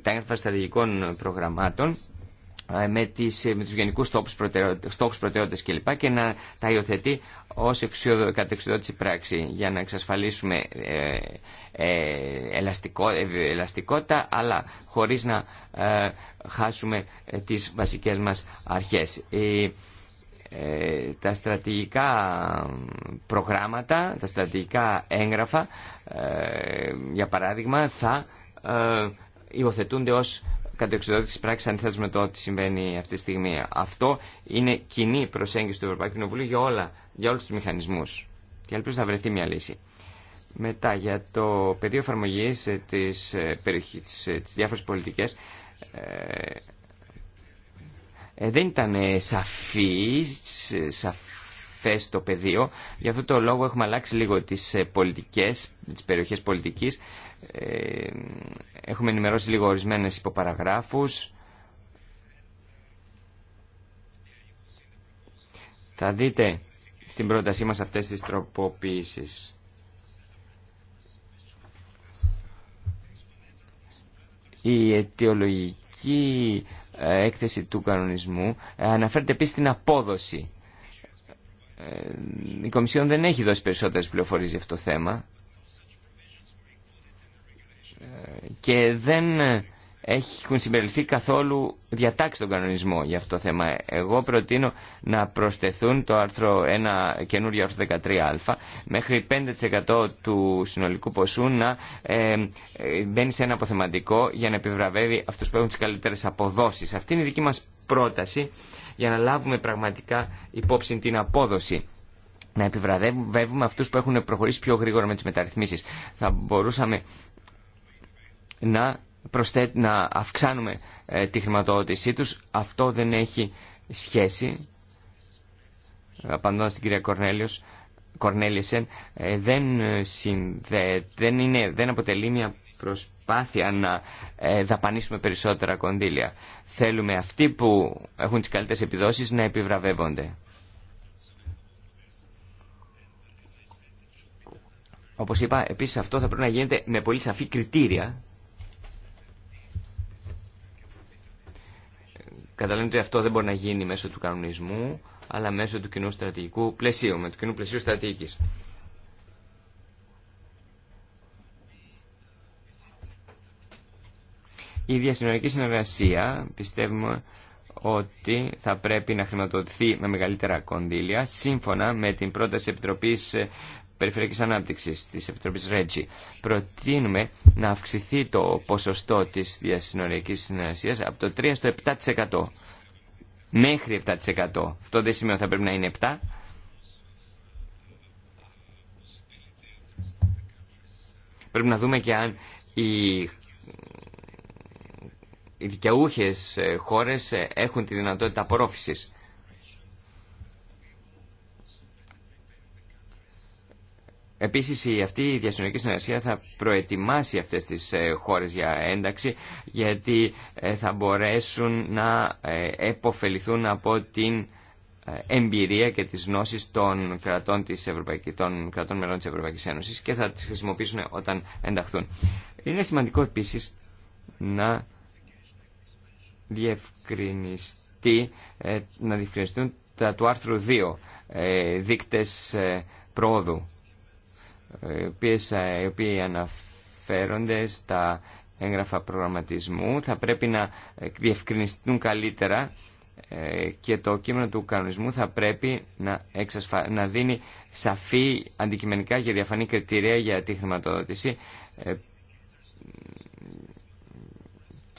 Speaker 3: τα έγγραφα στρατηγικών προγραμμάτων με, τις, ε, με τους γενικούς στόχους, προτεραιότητες, προτεραιότητες κλπ. και να τα υιοθετεί ως κατεξοδότηση πράξη για να εξασφαλίσουμε ε, ε, ε ελαστικότητα αλλά χωρίς να χάσουμε τις βασικές μας αρχές. τα στρατηγικά προγράμματα, τα στρατηγικά έγγραφα, για παράδειγμα, θα υιοθετούνται ως κατεξοδότηση πράξη αν με το ότι συμβαίνει αυτή τη στιγμή. Αυτό είναι κοινή προσέγγιση του Ευρωπαϊκού Κοινοβουλίου για, όλα, για όλους τους μηχανισμούς. Και ελπίζω να βρεθεί μια λύση. Μετά, για το πεδίο εφαρμογή ε, της, ε, περιοχής, ε, της διάφορες πολιτικές, ε, δεν ήταν σαφή θέση στο πεδίο. Γι' αυτό το λόγο έχουμε αλλάξει λίγο τις ε, πολιτικές, τις περιοχές πολιτικής. Ε, έχουμε ενημερώσει λίγο ορισμένες υποπαραγράφους. Θα δείτε στην πρότασή μας αυτές τις τροποποίησεις. Η αιτιολογική ε, έκθεση του κανονισμού αναφέρεται επίσης στην απόδοση ε, η Κομισιόν δεν έχει δώσει περισσότερες πληροφορίες για αυτό το θέμα ε, και δεν έχουν συμπεριληφθεί καθόλου διατάξει τον κανονισμό για αυτό το θέμα. Εγώ προτείνω να προσθεθούν το άρθρο 1, καινούριο άρθρο 13α, μέχρι 5% του συνολικού ποσού να ε, ε, μπαίνει σε ένα αποθεματικό για να επιβραβεύει αυτούς που έχουν τις καλύτερες αποδόσεις. Αυτή είναι η δική μας πρόταση για να λάβουμε πραγματικά υπόψη την απόδοση. Να επιβραδεύουμε αυτούς που έχουν προχωρήσει πιο γρήγορα με τις μεταρρυθμίσεις. Θα μπορούσαμε να, να αυξάνουμε ε, τη χρηματοδότησή τους. Αυτό δεν έχει σχέση, απαντώντας στην κυρία Κορνέλιος, Κορνέλισεν, ε, δεν, ε, δεν, είναι... δεν αποτελεί μια προσπάθεια να ε, δαπανίσουμε περισσότερα κονδύλια. Θέλουμε αυτοί που έχουν τις καλύτερες επιδόσεις να επιβραβεύονται. Όπως είπα, επίσης αυτό θα πρέπει να γίνεται με πολύ σαφή κριτήρια. Καταλαβαίνετε ότι αυτό δεν μπορεί να γίνει μέσω του κανονισμού, αλλά μέσω του κοινού στρατηγικού πλαισίου, με του κοινού πλαισίου στρατηγικής. Η διασυνορική συνεργασία πιστεύουμε ότι θα πρέπει να χρηματοδοτηθεί με μεγαλύτερα κονδύλια σύμφωνα με την πρόταση Επιτροπής ε, Περιφερειακής Ανάπτυξης της Επιτροπής Ρέτζι. Προτείνουμε να αυξηθεί το ποσοστό της διασυνοριακής συνεργασίας από το 3% στο 7%. Μέχρι 7%. Αυτό δεν σημαίνει ότι θα πρέπει να είναι 7%. Πρέπει να δούμε και αν οι δικαιούχες ε, χώρες ε, έχουν τη δυνατότητα απορρόφησης. Επίσης αυτή η διασυνορική συνεργασία θα προετοιμάσει αυτές τις ε, χώρες για ένταξη γιατί θα μπορέσουν να επωφεληθούν από την εμπειρία και τις γνώσεις των κρατών, της Ευρωπαϊκής, των κρατών μελών της Ευρωπαϊκής Ένωσης και θα τις χρησιμοποιήσουν όταν ενταχθούν. Είναι σημαντικό επίσης να διευκρινιστεί, ε, να διευκρινιστούν τα του άρθρου 2, ε, δείκτες ε, πρόοδου, οι οποίοι αναφέρονται στα έγγραφα προγραμματισμού. Θα πρέπει να διευκρινιστούν καλύτερα και το κείμενο του κανονισμού θα πρέπει να, να δίνει σαφή αντικειμενικά και διαφανή κριτήρια για τη χρηματοδότηση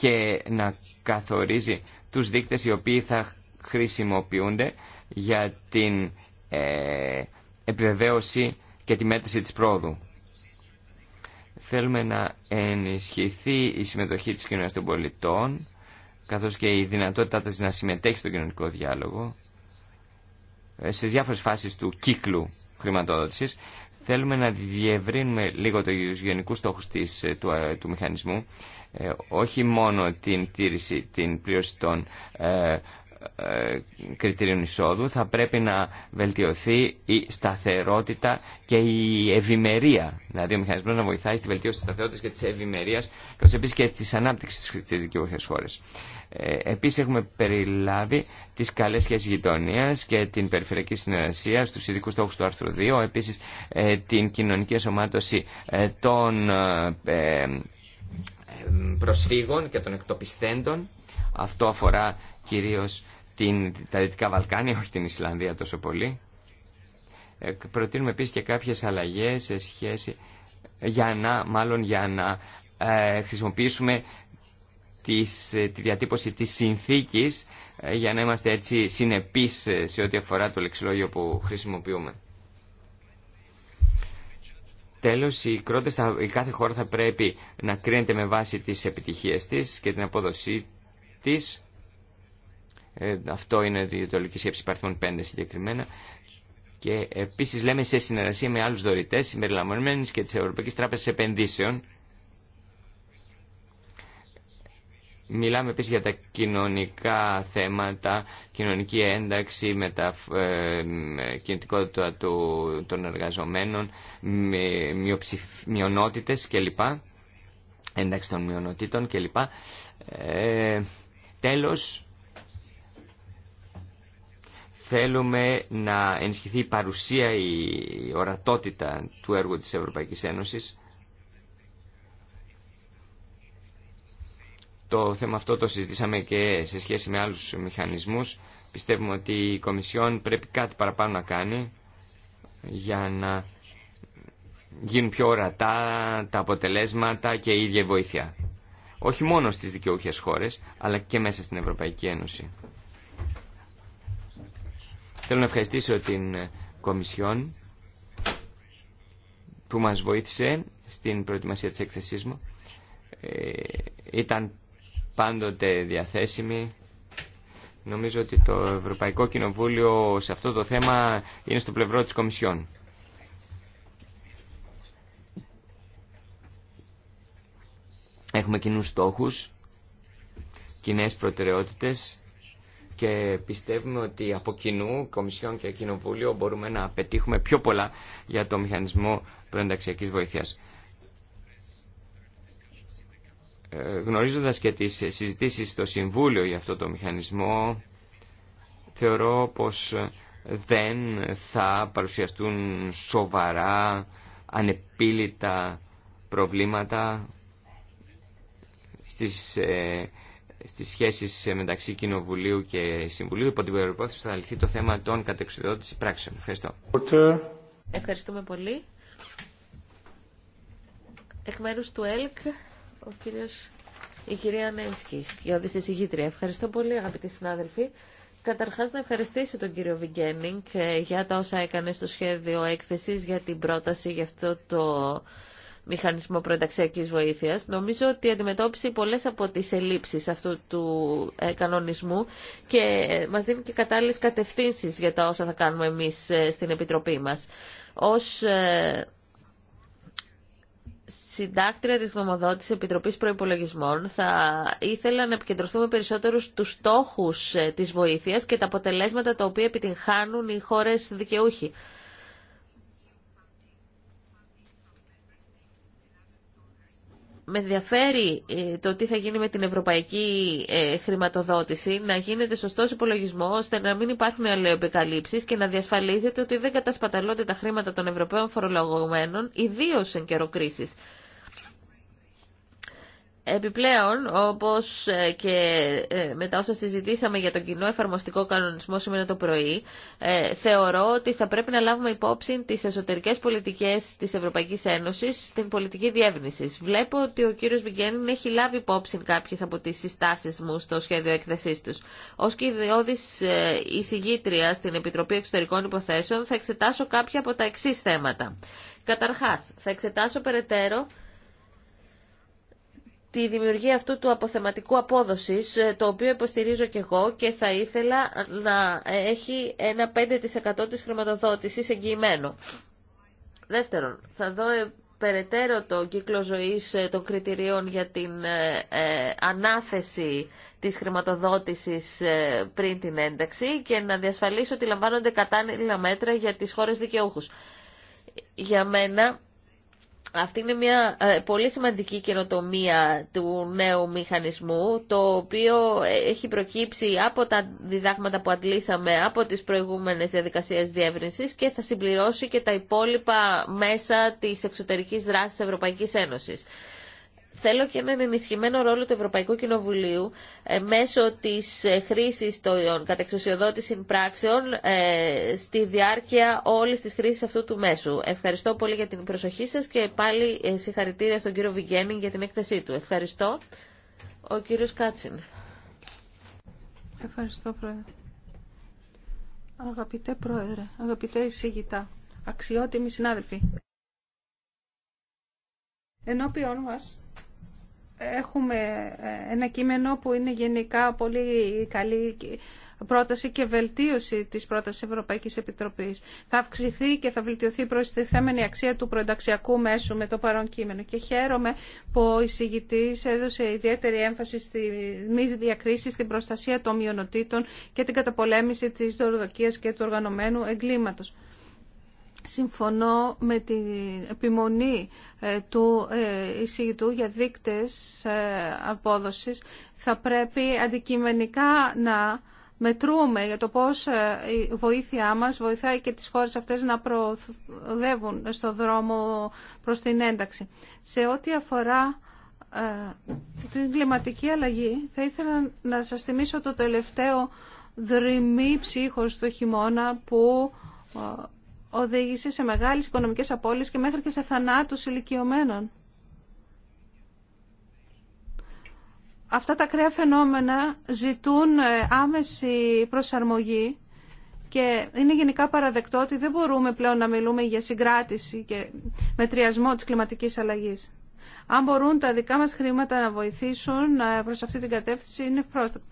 Speaker 3: και να καθορίζει τους δείκτες οι οποίοι θα χρησιμοποιούνται για την ε, επιβεβαίωση και τη μέτρηση της πρόοδου. Θέλουμε να ενισχυθεί η συμμετοχή της κοινωνίας των πολιτών, καθώς και η δυνατότητά της να συμμετέχει στον κοινωνικό διάλογο, ε, σε διάφορες φάσεις του κύκλου χρηματοδότησης. Θέλουμε να διευρύνουμε λίγο τους γενικούς στόχους της, ε, του μηχανισμού ε, όχι μόνο την τήρηση, την πλήρωση των ε, ε, κριτηρίων εισόδου, θα πρέπει να βελτιωθεί η σταθερότητα και η ευημερία. Δηλαδή ο μηχανισμός να βοηθάει στη βελτίωση της σταθερότητας και της ευημερίας, καθώς επίσης και της ανάπτυξης της δικαιούχες χώρες. Ε, επίσης έχουμε περιλάβει τις καλές σχέσεις γειτονίας και την περιφερειακή συνεργασία στους ειδικούς στόχους του άρθρου 2, επίσης ε, την κοινωνική εσωμάτωση των προσφύγων και των εκτοπιστέντων. Αυτό αφορά κυρίως την, τα Δυτικά Βαλκάνια, όχι την Ισλανδία τόσο πολύ. Ε, προτείνουμε επίσης και κάποιες αλλαγές σε σχέση για να, μάλλον για να ε, χρησιμοποιήσουμε ε, τη διατύπωση της συνθήκης για να είμαστε έτσι συνεπείς σε ό,τι αφορά το λεξιλόγιο που χρησιμοποιούμε. Τέλος, η κάθε χώρα θα πρέπει να κρίνεται με βάση τις επιτυχίες τη και την απόδοσή της. Ε, αυτό είναι η ιδιωτική σκέψη παρθμών 5 συγκεκριμένα. Και επίσης λέμε σε συνεργασία με άλλους δωρητές, συμπεριλαμβανομένε και της Ευρωπαϊκής Τράπεζας Επενδύσεων, Μιλάμε επίσης για τα κοινωνικά θέματα, κοινωνική ένταξη, τα ε, κινητικότητα του... των εργαζομένων, μειοψηφ... κλπ. Ένταξη των μειονοτήτων κλπ. Ε, τέλος, θέλουμε να ενισχυθεί η παρουσία, η ορατότητα του έργου της Ευρωπαϊκής Ένωσης Το θέμα αυτό το συζητήσαμε και σε σχέση με άλλους μηχανισμούς. Πιστεύουμε ότι η Κομισιόν πρέπει κάτι παραπάνω να κάνει για να γίνουν πιο ορατά τα αποτελέσματα και η ίδια βοήθεια. Όχι μόνο στις δικαιούχες χώρες, αλλά και μέσα στην Ευρωπαϊκή Ένωση. Θέλω να ευχαριστήσω την Κομισιόν που μας βοήθησε στην προετοιμασία της έκθεσής μου. Ε, ήταν πάντοτε διαθέσιμη. Νομίζω ότι το Ευρωπαϊκό Κοινοβούλιο σε αυτό το θέμα είναι στο πλευρό της Κομισιόν. Έχουμε κοινούς στόχους, κοινέ προτεραιότητες και πιστεύουμε ότι από κοινού, Κομισιόν και Κοινοβούλιο μπορούμε να πετύχουμε πιο πολλά για το μηχανισμό προενταξιακής βοήθειας γνωρίζοντας και τις συζητήσεις στο Συμβούλιο για αυτό το μηχανισμό, θεωρώ πως δεν θα παρουσιαστούν σοβαρά, ανεπίλητα προβλήματα στις, ε, σχέσεις μεταξύ Κοινοβουλίου και Συμβουλίου. Υπό την προπόθεση θα λυθεί το θέμα των κατεξουδότηση πράξεων. Ευχαριστώ.
Speaker 1: Ευχαριστούμε πολύ. Εκ μέρους του ΕΛΚ, ο κύριος, η κυρία Νέμσκη, η Οδύση Συγήτρια. Ευχαριστώ πολύ αγαπητοί συνάδελφοι. Καταρχά να ευχαριστήσω τον κύριο Βιγγένινγκ ε, για τα όσα έκανε στο σχέδιο έκθεση για την πρόταση για αυτό το μηχανισμό προενταξιακή βοήθεια. Νομίζω ότι αντιμετώπισε πολλέ από τι ελλείψει αυτού του ε, κανονισμού και ε, μα δίνει και κατάλληλε κατευθύνσει για τα όσα θα κάνουμε εμείς στην Επιτροπή μα. Ως συντάκτρια της γνωμοδότησης Επιτροπής Προϋπολογισμών θα ήθελα να επικεντρωθούμε περισσότερο στους στόχους ε, της βοήθειας και τα αποτελέσματα τα οποία επιτυγχάνουν οι χώρες δικαιούχοι. με ενδιαφέρει ε, το τι θα γίνει με την ευρωπαϊκή ε, χρηματοδότηση, να γίνεται σωστό υπολογισμό ώστε να μην υπάρχουν αλληλεπικαλύψει και να διασφαλίζεται ότι δεν κατασπαταλώνται τα χρήματα των Ευρωπαίων φορολογωμένων ιδίω εν καιρό Επιπλέον, όπως ε, και ε, μετά όσα συζητήσαμε για τον κοινό εφαρμοστικό κανονισμό σήμερα το πρωί, ε, θεωρώ ότι θα πρέπει να λάβουμε υπόψη τις εσωτερικές πολιτικές της Ευρωπαϊκής Ένωσης στην πολιτική διεύνηση. Βλέπω ότι ο κύριος Βιγγένιν έχει λάβει υπόψη κάποιες από τις συστάσεις μου στο σχέδιο έκθεσής τους. Ως κυριώδης εισηγήτρια στην Επιτροπή Εξωτερικών Υποθέσεων θα εξετάσω κάποια από τα εξή θέματα. Καταρχάς, θα εξετάσω περαιτέρω τη δημιουργία αυτού του αποθεματικού απόδοσης, ε, το οποίο υποστηρίζω και εγώ και θα ήθελα να ε, έχει ένα 5% της χρηματοδότησης εγγυημένο. Δεύτερον, θα δω ε, περαιτέρω το κύκλο ζωής των κριτηρίων για την ανάθεση της χρηματοδότησης πριν την ένταξη και να διασφαλίσω ότι λαμβάνονται κατάλληλα μέτρα για τις χώρες δικαιούχους. Για μένα αυτή είναι μια ε, πολύ σημαντική καινοτομία του νέου μηχανισμού, το οποίο ε, έχει προκύψει από τα διδάγματα που αντλήσαμε από τις προηγούμενες διαδικασίες διεύρυνσης και θα συμπληρώσει και τα υπόλοιπα μέσα της εξωτερικής δράσης Ευρωπαϊκής Ένωσης. Θέλω και έναν ενισχυμένο ρόλο του Ευρωπαϊκού Κοινοβουλίου ε, μέσω της ε, χρήσης των κατεξουσιοδότησης πράξεων ε, στη διάρκεια όλης της χρήσης αυτού του μέσου. Ευχαριστώ πολύ για την προσοχή σας και πάλι συγχαρητήρια στον κύριο Βιγγένιν για την έκθεσή του. Ευχαριστώ. Ο κύριος Κάτσιν.
Speaker 2: Ευχαριστώ, Πρόεδρε. Αγαπητέ Πρόεδρε, αγαπητέ εισηγητά, αξιότιμοι συνάδελφοι. Ενώπιον μας έχουμε ε, ένα κείμενο που είναι γενικά πολύ καλή πρόταση και βελτίωση της πρότασης Ευρωπαϊκής Επιτροπής. Θα αυξηθεί και θα βελτιωθεί η προστιθέμενη αξία του προενταξιακού μέσου με το παρόν κείμενο. Και χαίρομαι που ο εισηγητής έδωσε ιδιαίτερη έμφαση στη μη διακρίση, στην προστασία των μειονοτήτων και την καταπολέμηση της δωροδοκίας και του οργανωμένου εγκλήματος. Συμφωνώ με την επιμονή ε, του ε, εισηγητού για δείκτες ε, απόδοσης. Θα πρέπει αντικειμενικά να μετρούμε για το πώς η βοήθειά μας βοηθάει και τις χώρες αυτές να προοδεύουν στο δρόμο προς την ένταξη. Σε ό,τι αφορά την κλιματική αλλαγή, θα ήθελα να σας θυμίσω το τελευταίο δρυμή ψύχος του χειμώνα που οδήγησε σε μεγάλες οικονομικές απώλειες και μέχρι και σε θανάτους ηλικιωμένων. Αυτά τα κρέα φαινόμενα ζητούν ε, άμεση προσαρμογή και είναι γενικά παραδεκτό ότι δεν μπορούμε πλέον να μιλούμε για συγκράτηση και μετριασμό της κλιματικής αλλαγής. Αν μπορούν τα δικά μας χρήματα να βοηθήσουν ε, προς αυτή την κατεύθυνση είναι πρόσθετο.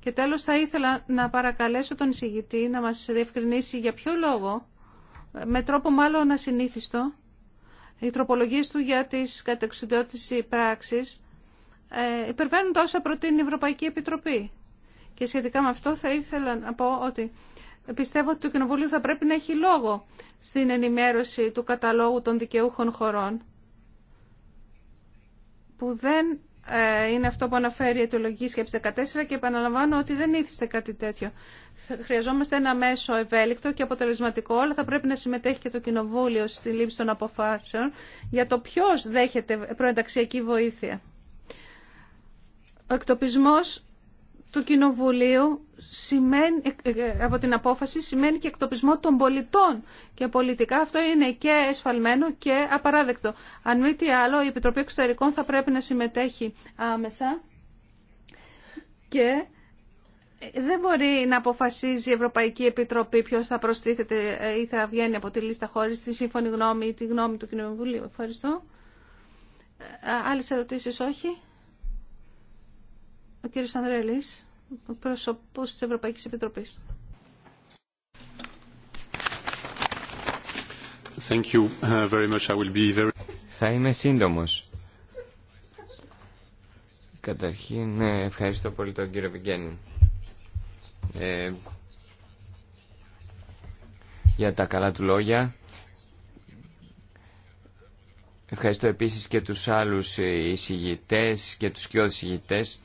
Speaker 2: Και τέλος θα ήθελα να παρακαλέσω τον εισηγητή να μας διευκρινίσει για ποιο λόγο με τρόπο μάλλον ασυνήθιστο, οι τροπολογίες του για τις κατεξουδιώτηση πράξης ε, υπερβαίνουν τόσα προτείνει Ευρωπαϊκή Επιτροπή. Και σχετικά με αυτό θα ήθελα να πω ότι πιστεύω ότι το Κοινοβούλιο θα πρέπει να έχει λόγο στην ενημέρωση του καταλόγου των δικαιούχων χωρών που δεν ε, είναι αυτό που αναφέρει η αιτιολογική σκέψη 14 και επαναλαμβάνω ότι δεν ήθιστε κάτι τέτοιο. Χρειαζόμαστε ένα μέσο ευέλικτο και αποτελεσματικό, αλλά θα πρέπει να συμμετέχει και το Κοινοβούλιο στη λήψη των αποφάσεων για το ποιο δέχεται προενταξιακή βοήθεια. Ο του Κοινοβουλίου σημαίνει, ε, ε, ε, από την απόφαση σημαίνει και εκτοπισμό των πολιτών και πολιτικά αυτό είναι και εσφαλμένο και απαράδεκτο. Αν μη τι άλλο η Επιτροπή Εξωτερικών θα πρέπει να συμμετέχει άμεσα και δεν μπορεί να αποφασίζει η Ευρωπαϊκή Επιτροπή ποιο θα προστίθεται ή θα βγαίνει από τη λίστα χωρίς τη σύμφωνη γνώμη ή τη γνώμη του Κοινοβουλίου. Ευχαριστώ. Άλλες ερωτήσεις όχι ο κύριος Ανδρέλης, ο πρόσωπος της Ευρωπαϊκής Επιτροπής. Thank
Speaker 3: you uh, very much. I will Θα είμαι σύντομος. Καταρχήν, ναι, ευχαριστώ πολύ τον κύριο Βιγγένη. Ε, για τα καλά του λόγια. Ευχαριστώ επίσης και τους άλλους ε, εισηγητές και τους πιο εισηγητές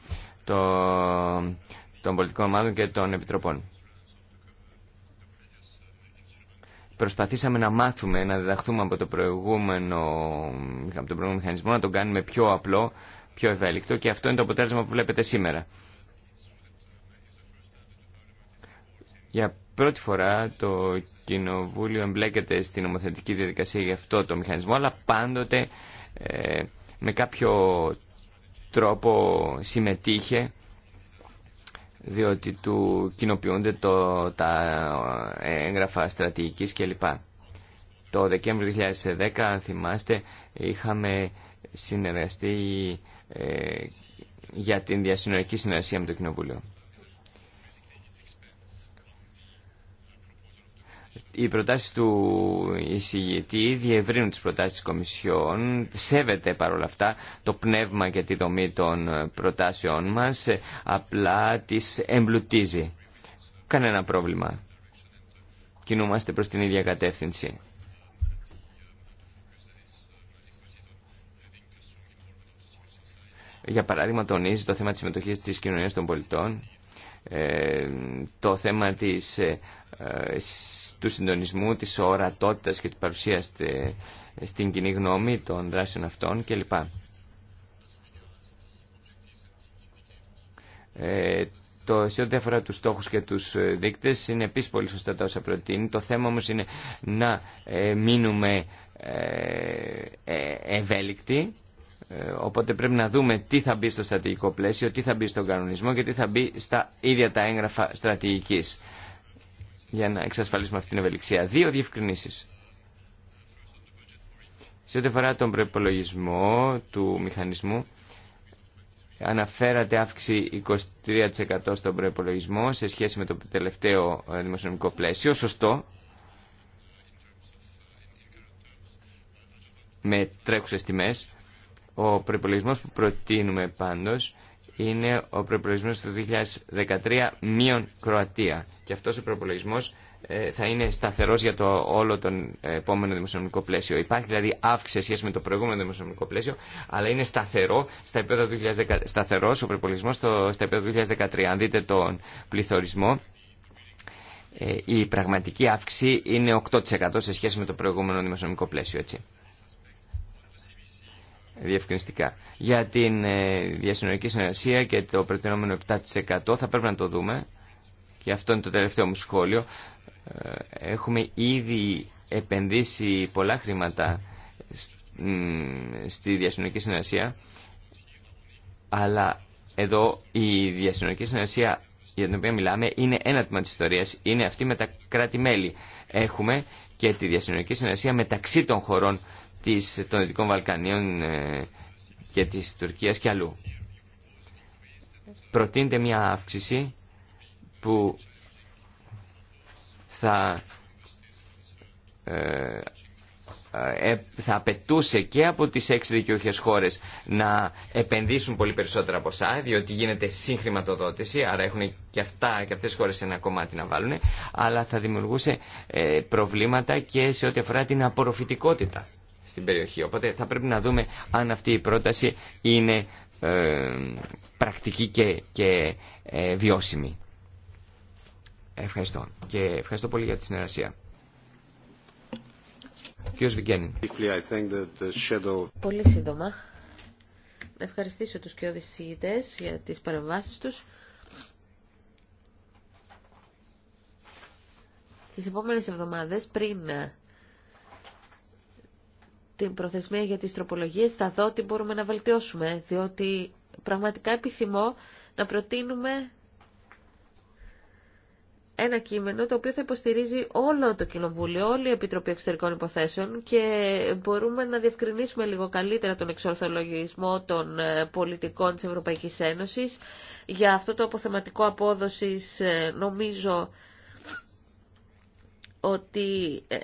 Speaker 3: το, των πολιτικών ομάδων και των επιτροπών. Προσπαθήσαμε να μάθουμε, να διδαχθούμε από, το προηγούμενο, από τον προηγούμενο μηχανισμό, να τον κάνουμε πιο απλό, πιο ευέλικτο και αυτό είναι το αποτέλεσμα που βλέπετε σήμερα. Για πρώτη φορά το Κοινοβούλιο εμπλέκεται στην νομοθετική διαδικασία για αυτό το μηχανισμό, αλλά πάντοτε ε, με κάποιο τρόπο συμμετείχε διότι του κοινοποιούνται το, τα έγγραφα στρατηγικής κλπ. Το Δεκέμβριο 2010, αν θυμάστε, είχαμε συνεργαστεί ε, για την διασυνορική συνεργασία με το Κοινοβούλιο. Οι προτάσει του εισηγητή διευρύνουν τι προτάσει της Κομισιόν, σέβεται παρόλα αυτά το πνεύμα και τη δομή των προτάσεών μας, απλά τις εμπλουτίζει. Κανένα πρόβλημα. Κινούμαστε προ την ίδια κατεύθυνση. Για παράδειγμα, τονίζει το θέμα της συμμετοχή της κοινωνία των πολιτών, ε, το θέμα της ε, ε, του συντονισμού, της ορατότητας και της παρουσίας στην κοινή γνώμη των δράσεων αυτών κλπ. Ε, το, σε ό,τι αφορά τους στόχους και τους δείκτες είναι επίσης πολύ σωστά τα όσα προτείνει. Το θέμα όμως είναι να ε, μείνουμε ε, ε ευέλικτοι ε, οπότε πρέπει να δούμε τι θα μπει στο στρατηγικό πλαίσιο, τι θα μπει στον κανονισμό και τι θα μπει στα ίδια τα έγγραφα στρατηγικής για να εξασφαλίσουμε αυτή την ευελιξία. Δύο διευκρινήσει. Σε ό,τι αφορά τον προπολογισμό του μηχανισμού, αναφέρατε αύξηση 23% στον προπολογισμό σε σχέση με το τελευταίο ε, δημοσιονομικό πλαίσιο. Σωστό. Με τρέχουσες τιμέ, Ο προπολογισμό που προτείνουμε πάντω είναι ο προπολογισμό του 2013 μείον Κροατία. Και αυτό ο προπολογισμό ε, θα είναι σταθερό για το όλο τον επόμενο δημοσιονομικό πλαίσιο. Υπάρχει δηλαδή αύξηση σε σχέση με το προηγούμενο δημοσιονομικό πλαίσιο, αλλά είναι σταθερό στα επίπεδα του σταθερός ο προπολογισμό στα επίπεδα του 2013. Αν δείτε τον πληθωρισμό, ε, η πραγματική αύξηση είναι 8% σε σχέση με το προηγούμενο δημοσιονομικό πλαίσιο. Έτσι διευκρινιστικά. Για την ε, διασυνορική συνεργασία και το προτινόμενο 7% θα πρέπει να το δούμε. Και αυτό είναι το τελευταίο μου σχόλιο. Ε, έχουμε ήδη επενδύσει πολλά χρήματα στη διασυνορική συνεργασία, αλλά εδώ η διασυνορική συνεργασία για την οποία μιλάμε είναι ένα τμήμα της ιστορίας, είναι αυτή με τα κράτη-μέλη. Έχουμε και τη διασυνορική συνεργασία μεταξύ των χωρών των Δυτικών Βαλκανίων ε, και της Τουρκίας και αλλού. Προτείνεται μια αύξηση που θα, ε, ε, θα απαιτούσε και από τις έξι δικαιούχες χώρες να επενδύσουν πολύ περισσότερα από εσά, διότι γίνεται συγχρηματοδότηση, άρα έχουν και, αυτά, και αυτές οι χώρες ένα κομμάτι να βάλουν, αλλά θα δημιουργούσε ε, προβλήματα και σε ό,τι αφορά την απορροφητικότητα στην περιοχή. Οπότε θα πρέπει να δούμε αν αυτή η πρόταση είναι ε, πρακτική και, και ε, βιώσιμη. Ευχαριστώ. Και ευχαριστώ πολύ για τη συνεργασία. Κύριος Βικένιν.
Speaker 1: Πολύ σύντομα. Να ευχαριστήσω τους και για τις παρεμβάσεις τους. Στις επόμενες εβδομάδες πριν την προθεσμία για τις τροπολογίες, θα δω τι μπορούμε να βελτιώσουμε, διότι πραγματικά επιθυμώ να προτείνουμε ένα κείμενο το οποίο θα υποστηρίζει όλο το Κοινοβούλιο, όλη η Επιτροπή Εξωτερικών Υποθέσεων και μπορούμε να διευκρινίσουμε λίγο καλύτερα τον εξορθολογισμό των ε, πολιτικών της Ευρωπαϊκής Ένωσης. Για αυτό το αποθεματικό απόδοσης ε, νομίζω ότι ε,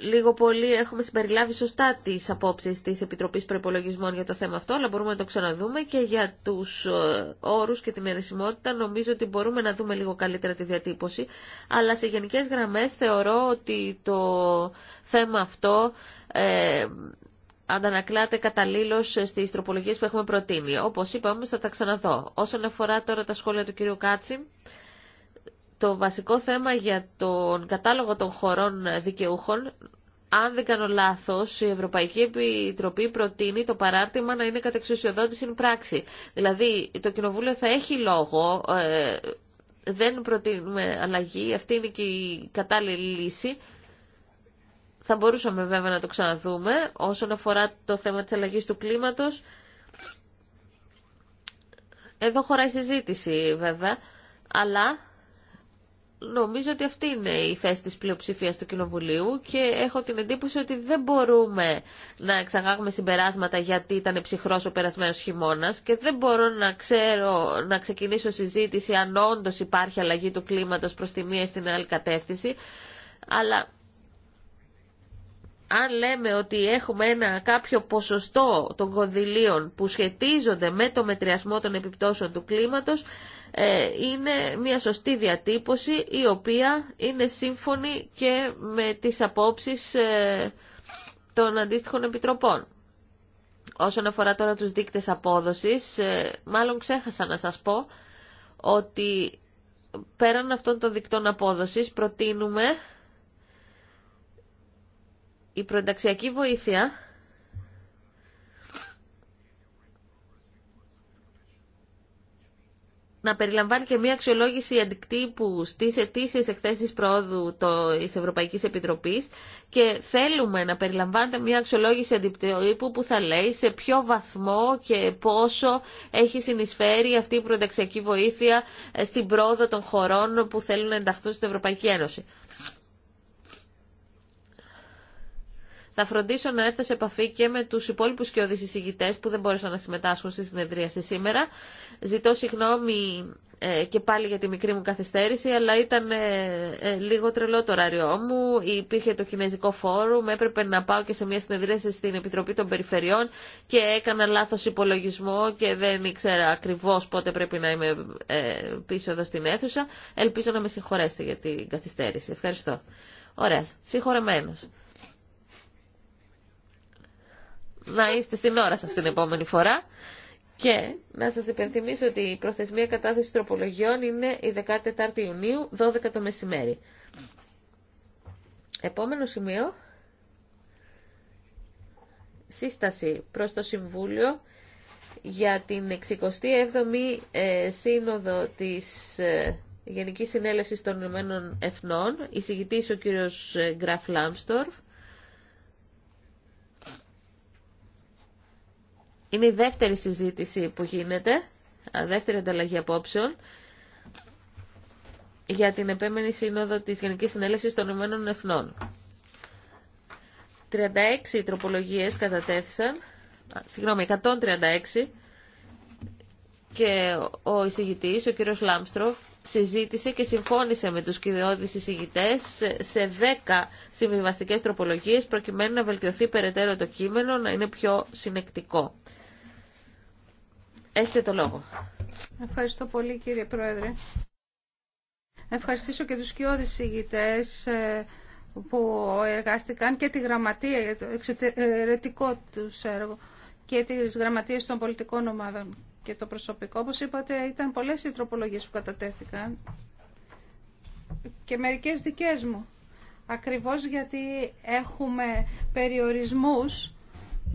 Speaker 1: λίγο πολύ έχουμε συμπεριλάβει σωστά τι απόψει τη επιτροπή Προπολογισμών για το θέμα αυτό, αλλά μπορούμε να το ξαναδούμε και για τους ε, όρους και τη μερισιμότητα νομίζω ότι μπορούμε να δούμε λίγο καλύτερα τη διατύπωση, αλλά σε γενικέ γραμμές θεωρώ ότι το θέμα αυτό ε, αντανακλάται καταλήλω στι τροπολογίε που έχουμε προτείνει. Όπω είπα, όμω θα τα ξαναδώ. Όσον αφορά τώρα τα σχόλια του κ. Κάτσι, το βασικό θέμα για τον κατάλογο των χωρών δικαιούχων, αν δεν κάνω λάθος, η Ευρωπαϊκή Επιτροπή προτείνει το παράρτημα να είναι κατεξουσιοδότηση πράξη. Δηλαδή, το Κοινοβούλιο θα έχει λόγο, ε, δεν προτείνουμε αλλαγή, αυτή είναι και η κατάλληλη λύση. Θα μπορούσαμε βέβαια να το ξαναδούμε. Όσον αφορά το θέμα της αλλαγής του κλίματος, εδώ χωράει συζήτηση βέβαια, αλλά νομίζω ότι αυτή είναι η θέση της πλειοψηφίας του Κοινοβουλίου και έχω την εντύπωση ότι δεν μπορούμε να εξαγάγουμε συμπεράσματα γιατί ήταν ψυχρός ο περασμένος χειμώνας και δεν μπορώ να, ξέρω, να ξεκινήσω συζήτηση αν όντω υπάρχει αλλαγή του κλίματος προς τη μία στην άλλη κατεύθυνση, αλλά αν λέμε ότι έχουμε ένα κάποιο ποσοστό των κονδυλίων που σχετίζονται με το μετριασμό των επιπτώσεων του κλίματος, ε, είναι μια σωστή διατύπωση η οποία είναι σύμφωνη και με τις απόψεις ε, των αντίστοιχων επιτροπών. Όσον αφορά τώρα τους δείκτες απόδοσης, ε, μάλλον ξέχασα να σας πω ότι πέραν αυτών των δικτών απόδοσης προτείνουμε η προενταξιακή βοήθεια να περιλαμβάνει και μια αξιολόγηση αντικτύπου στις αιτήσει εκθέσεις πρόοδου της Ευρωπαϊκής Επιτροπής και θέλουμε να περιλαμβάνεται μια αξιολόγηση αντικτύπου που θα λέει σε ποιο βαθμό και πόσο έχει συνεισφέρει αυτή η προενταξιακή βοήθεια στην πρόοδο των χωρών που θέλουν να ενταχθούν στην Ευρωπαϊκή Ένωση. Θα φροντίσω να έρθω σε επαφή και με τους υπόλοιπους κοιόδης εισηγητές που δεν μπόρεσαν να συμμετάσχουν στη συνεδρίαση σήμερα. Ζητώ συγγνώμη ε, και πάλι για τη μικρή μου καθυστέρηση, αλλά ήταν ε, ε, λίγο τρελό το ωράριό μου. Υπήρχε το Κινέζικο Φόρουμ, έπρεπε να πάω και σε μια συνεδρίαση στην Επιτροπή των Περιφερειών και έκανα λάθο υπολογισμό και δεν ήξερα ακριβώ πότε πρέπει να είμαι πίσω εδώ στην αίθουσα. Ελπίζω να με συγχωρέσετε για την καθυστέρηση. Ευχαριστώ. Ωραία, συγχωρεμένο να είστε στην ώρα σας την επόμενη φορά. Και να σας υπενθυμίσω ότι η προθεσμία κατάθεσης τροπολογιών είναι η 14η Ιουνίου, 12 το μεσημέρι. Επόμενο σημείο, σύσταση προς το Συμβούλιο για την 67η ε, Σύνοδο της ε, Γενικής Συνέλευσης των Ηνωμένων Εθνών. Εισηγητής ο κύριος ε, Γκραφ Λάμστορφ. Είναι η δεύτερη συζήτηση που γίνεται, δεύτερη ανταλλαγή απόψεων, για την επέμενη σύνοδο της Γενικής Συνέλευσης των Ηνωμένων Εθνών. 36 τροπολογίες κατατέθησαν, συγγνώμη, 136, και ο εισηγητής, ο κύριος Λάμπστροφ, συζήτησε και συμφώνησε με τους κυριώδεις εισηγητές σε 10 συμβιβαστικές τροπολογίες προκειμένου να βελτιωθεί περαιτέρω το κείμενο να είναι πιο συνεκτικό. Έχετε το λόγο.
Speaker 2: Ευχαριστώ πολύ κύριε Πρόεδρε. Ευχαριστήσω και τους κοιόδης ηγητές ε, που εργάστηκαν και τη γραμματεία για το εξαιρετικό του έργο και τις γραμματείες των πολιτικών ομάδων και το προσωπικό. Όπως είπατε ήταν πολλές οι τροπολογίες που κατατέθηκαν και μερικές δικές μου. Ακριβώς γιατί έχουμε περιορισμούς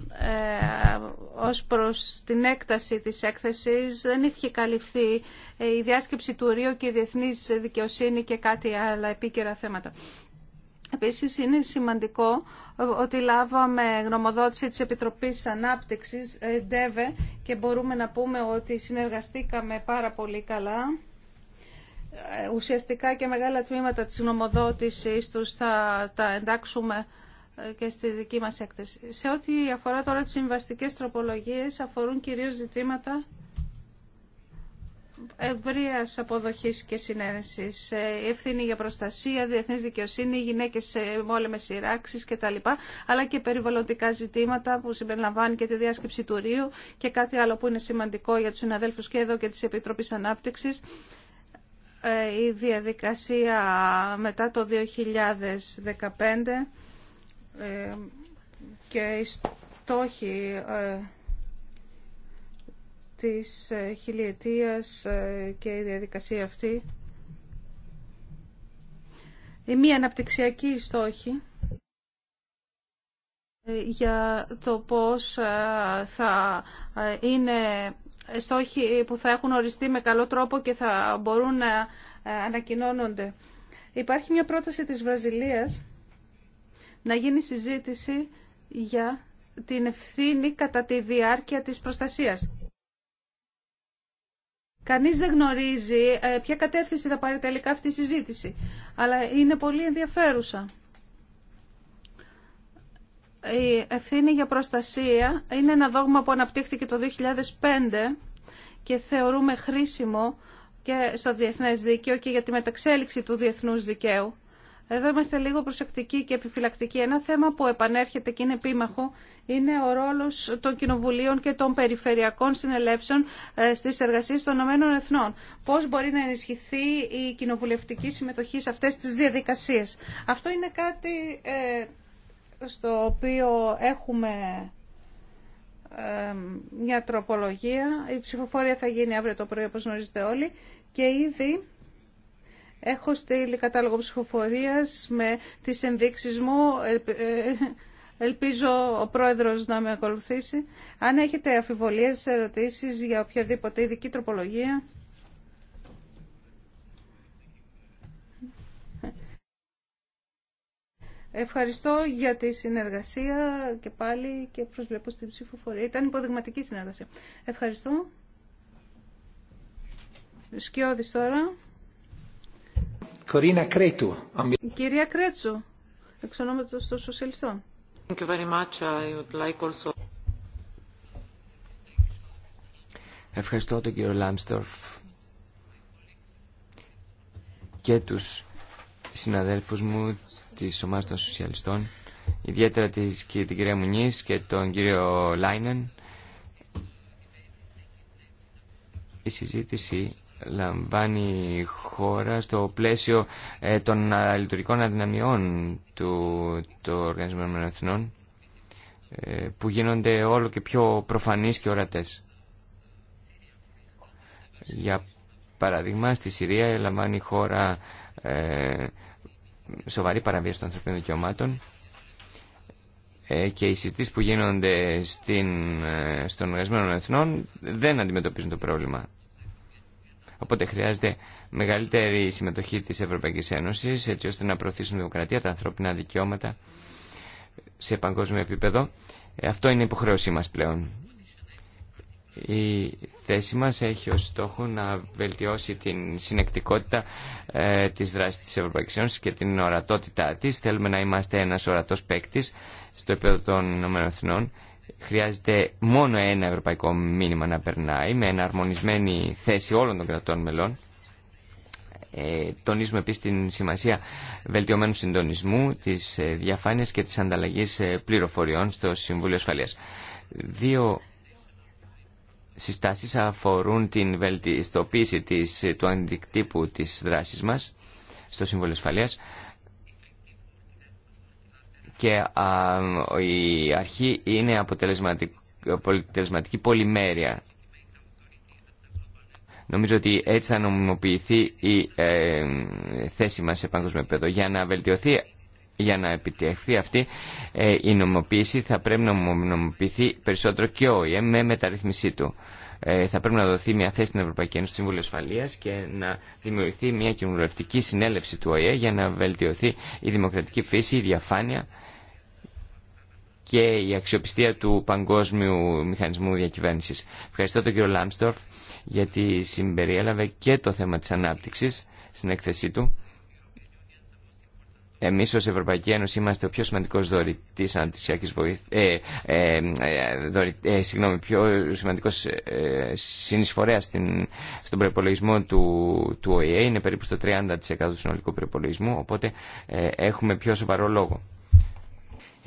Speaker 2: ε, ως προς την έκταση της έκθεσης δεν είχε καλυφθεί η διάσκεψη του Ρίου και η διεθνής δικαιοσύνη και κάτι άλλα επίκαιρα θέματα. Επίσης είναι σημαντικό ότι λάβαμε γνωμοδότηση της Επιτροπής Ανάπτυξης, ε, ΔΕΒΕ, και μπορούμε να πούμε ότι συνεργαστήκαμε πάρα πολύ καλά. Ε, ουσιαστικά και μεγάλα τμήματα της γνωμοδότησης τους θα τα εντάξουμε και στη δική μας έκθεση. Σε ό,τι αφορά τώρα τις συμβαστικές τροπολογίες αφορούν κυρίως ζητήματα ευρεία αποδοχή και συνένεση. Ευθύνη για προστασία, διεθνή δικαιοσύνη, γυναίκε σε μόλεμε σειράξει κτλ. Αλλά και περιβαλλοντικά ζητήματα που συμπεριλαμβάνει και τη διάσκεψη του Ρίου και κάτι άλλο που είναι σημαντικό για του συναδέλφου και εδώ και τη Επιτροπή Ανάπτυξη. Ε, η διαδικασία μετά το 2015 ε, και οι στόχοι ε, της ε, χιλιετίας και η διαδικασία αυτή. Η μία αναπτυξιακή στόχη για το πώς θα είναι στόχοι που θα έχουν οριστεί με καλό τρόπο και θα μπορούν να ανακοινώνονται. Υπάρχει μια πρόταση της Βραζιλίας να γίνει συζήτηση για την ευθύνη κατά τη διάρκεια της προστασίας. Κανείς δεν γνωρίζει ε, ποια κατεύθυνση θα πάρει τελικά αυτή η συζήτηση, αλλά είναι πολύ ενδιαφέρουσα. Η ευθύνη για προστασία είναι ένα δόγμα που αναπτύχθηκε το 2005 και θεωρούμε χρήσιμο και στο διεθνές δίκαιο και για τη μεταξέλιξη του διεθνούς δικαίου. Εδώ είμαστε λίγο προσεκτικοί και επιφυλακτικοί. Ένα θέμα που επανέρχεται και είναι επίμαχο είναι ο ρόλος των κοινοβουλίων και των περιφερειακών συνελεύσεων ε, στις εργασίες των ΗΕ. Πώς μπορεί να ενισχυθεί η κοινοβουλευτική συμμετοχή σε αυτές τις διαδικασίες. Αυτό είναι κάτι ε, στο οποίο έχουμε ε, μια τροπολογία. Η ψηφοφορία θα γίνει αύριο το πρωί, όπως γνωρίζετε όλοι. Και ήδη Έχω στείλει κατάλογο ψηφοφορία με τις ενδείξεις μου. Ε, ελπίζω ο πρόεδρος να με ακολουθήσει. Αν έχετε αφιβολίε, ερωτήσεις για οποιαδήποτε ειδική τροπολογία. Ευχαριστώ για τη συνεργασία και πάλι και προσβλέπω στην ψηφοφορία. Ήταν υποδειγματική συνεργασία. Ευχαριστώ. Σκιώδης τώρα.
Speaker 3: Κορίνα Κρέτου.
Speaker 2: Κυρία Κρέτσου, εξ ονόματος των Σοσιαλιστών.
Speaker 3: Ευχαριστώ τον κύριο Λάμστορφ και τους συναδέλφους μου της ομάδας των Σοσιαλιστών, ιδιαίτερα της, και την κυρία Μουνής και τον κύριο Λάινεν. Η συζήτηση λαμβάνει η χώρα στο πλαίσιο ε, των λειτουργικών αδυναμιών του, ΟΕΕ που γίνονται όλο και πιο προφανείς και ορατές. Για παράδειγμα, στη Συρία λαμβάνει η χώρα ε, σοβαρή παραβίαση των ανθρωπίνων δικαιωμάτων ε, και οι συστήσεις που γίνονται στην, ε, στον Εθνών δεν αντιμετωπίζουν το πρόβλημα. Οπότε χρειάζεται μεγαλύτερη συμμετοχή της Ευρωπαϊκής Ένωσης έτσι ώστε να προωθήσουν δημοκρατία, τα ανθρώπινα δικαιώματα σε παγκόσμιο επίπεδο. Ε, αυτό είναι η υποχρέωσή μας πλέον. Η θέση μας έχει ως στόχο να βελτιώσει την συνεκτικότητα ε, της δράσης της Ευρωπαϊκής Ένωσης και την ορατότητά της. Θέλουμε να είμαστε ένας ορατός παίκτη στο επίπεδο των ΗΠΑ χρειάζεται μόνο ένα ευρωπαϊκό μήνυμα να περνάει με εναρμονισμένη θέση όλων των κρατών μελών. Ε, τονίζουμε επίσης την σημασία βελτιωμένου συντονισμού, της ε, διαφάνειας και της ανταλλαγής ε, πληροφοριών στο Συμβούλιο Ασφαλείας. Δύο συστάσεις αφορούν την βελτιστοποίηση της, ε, του αντικτύπου της δράσης μας στο Συμβούλιο Ασφαλείας και α, η αρχή είναι αποτελεσματική, αποτελεσματική πολυμέρεια. Νομίζω ότι έτσι θα νομιμοποιηθεί η ε, θέση μας σε παγκόσμιο επίπεδο. Για να βελτιωθεί, για να επιτευχθεί αυτή ε, η νομιμοποίηση θα πρέπει να νομιμοποιηθεί περισσότερο και ο ΙΕ με μεταρρύθμιση του. Ε, θα πρέπει να δοθεί μια θέση στην Ευρωπαϊκή Ένωση του Συμβούλου Ασφαλεία και να δημιουργηθεί μια κοινοβουλευτική συνέλευση του ΟΗΕ για να βελτιωθεί η δημοκρατική φύση, η διαφάνεια και η αξιοπιστία του Παγκόσμιου Μηχανισμού Διακυβέρνησης. Ευχαριστώ τον κύριο Λάμστορφ γιατί συμπεριέλαβε και το θέμα της ανάπτυξης στην έκθεσή του. Εμείς ως Ευρωπαϊκή Ένωση είμαστε ο πιο σημαντικός δωρητής ε, ε, ε, ε, συγγνώμη, πιο σημαντικός ε, συνεισφορέας στον προπολογισμό του, του ΟΗΕ, είναι περίπου στο 30% του συνολικού προπολογισμού, οπότε ε, έχουμε πιο σοβαρό λόγο.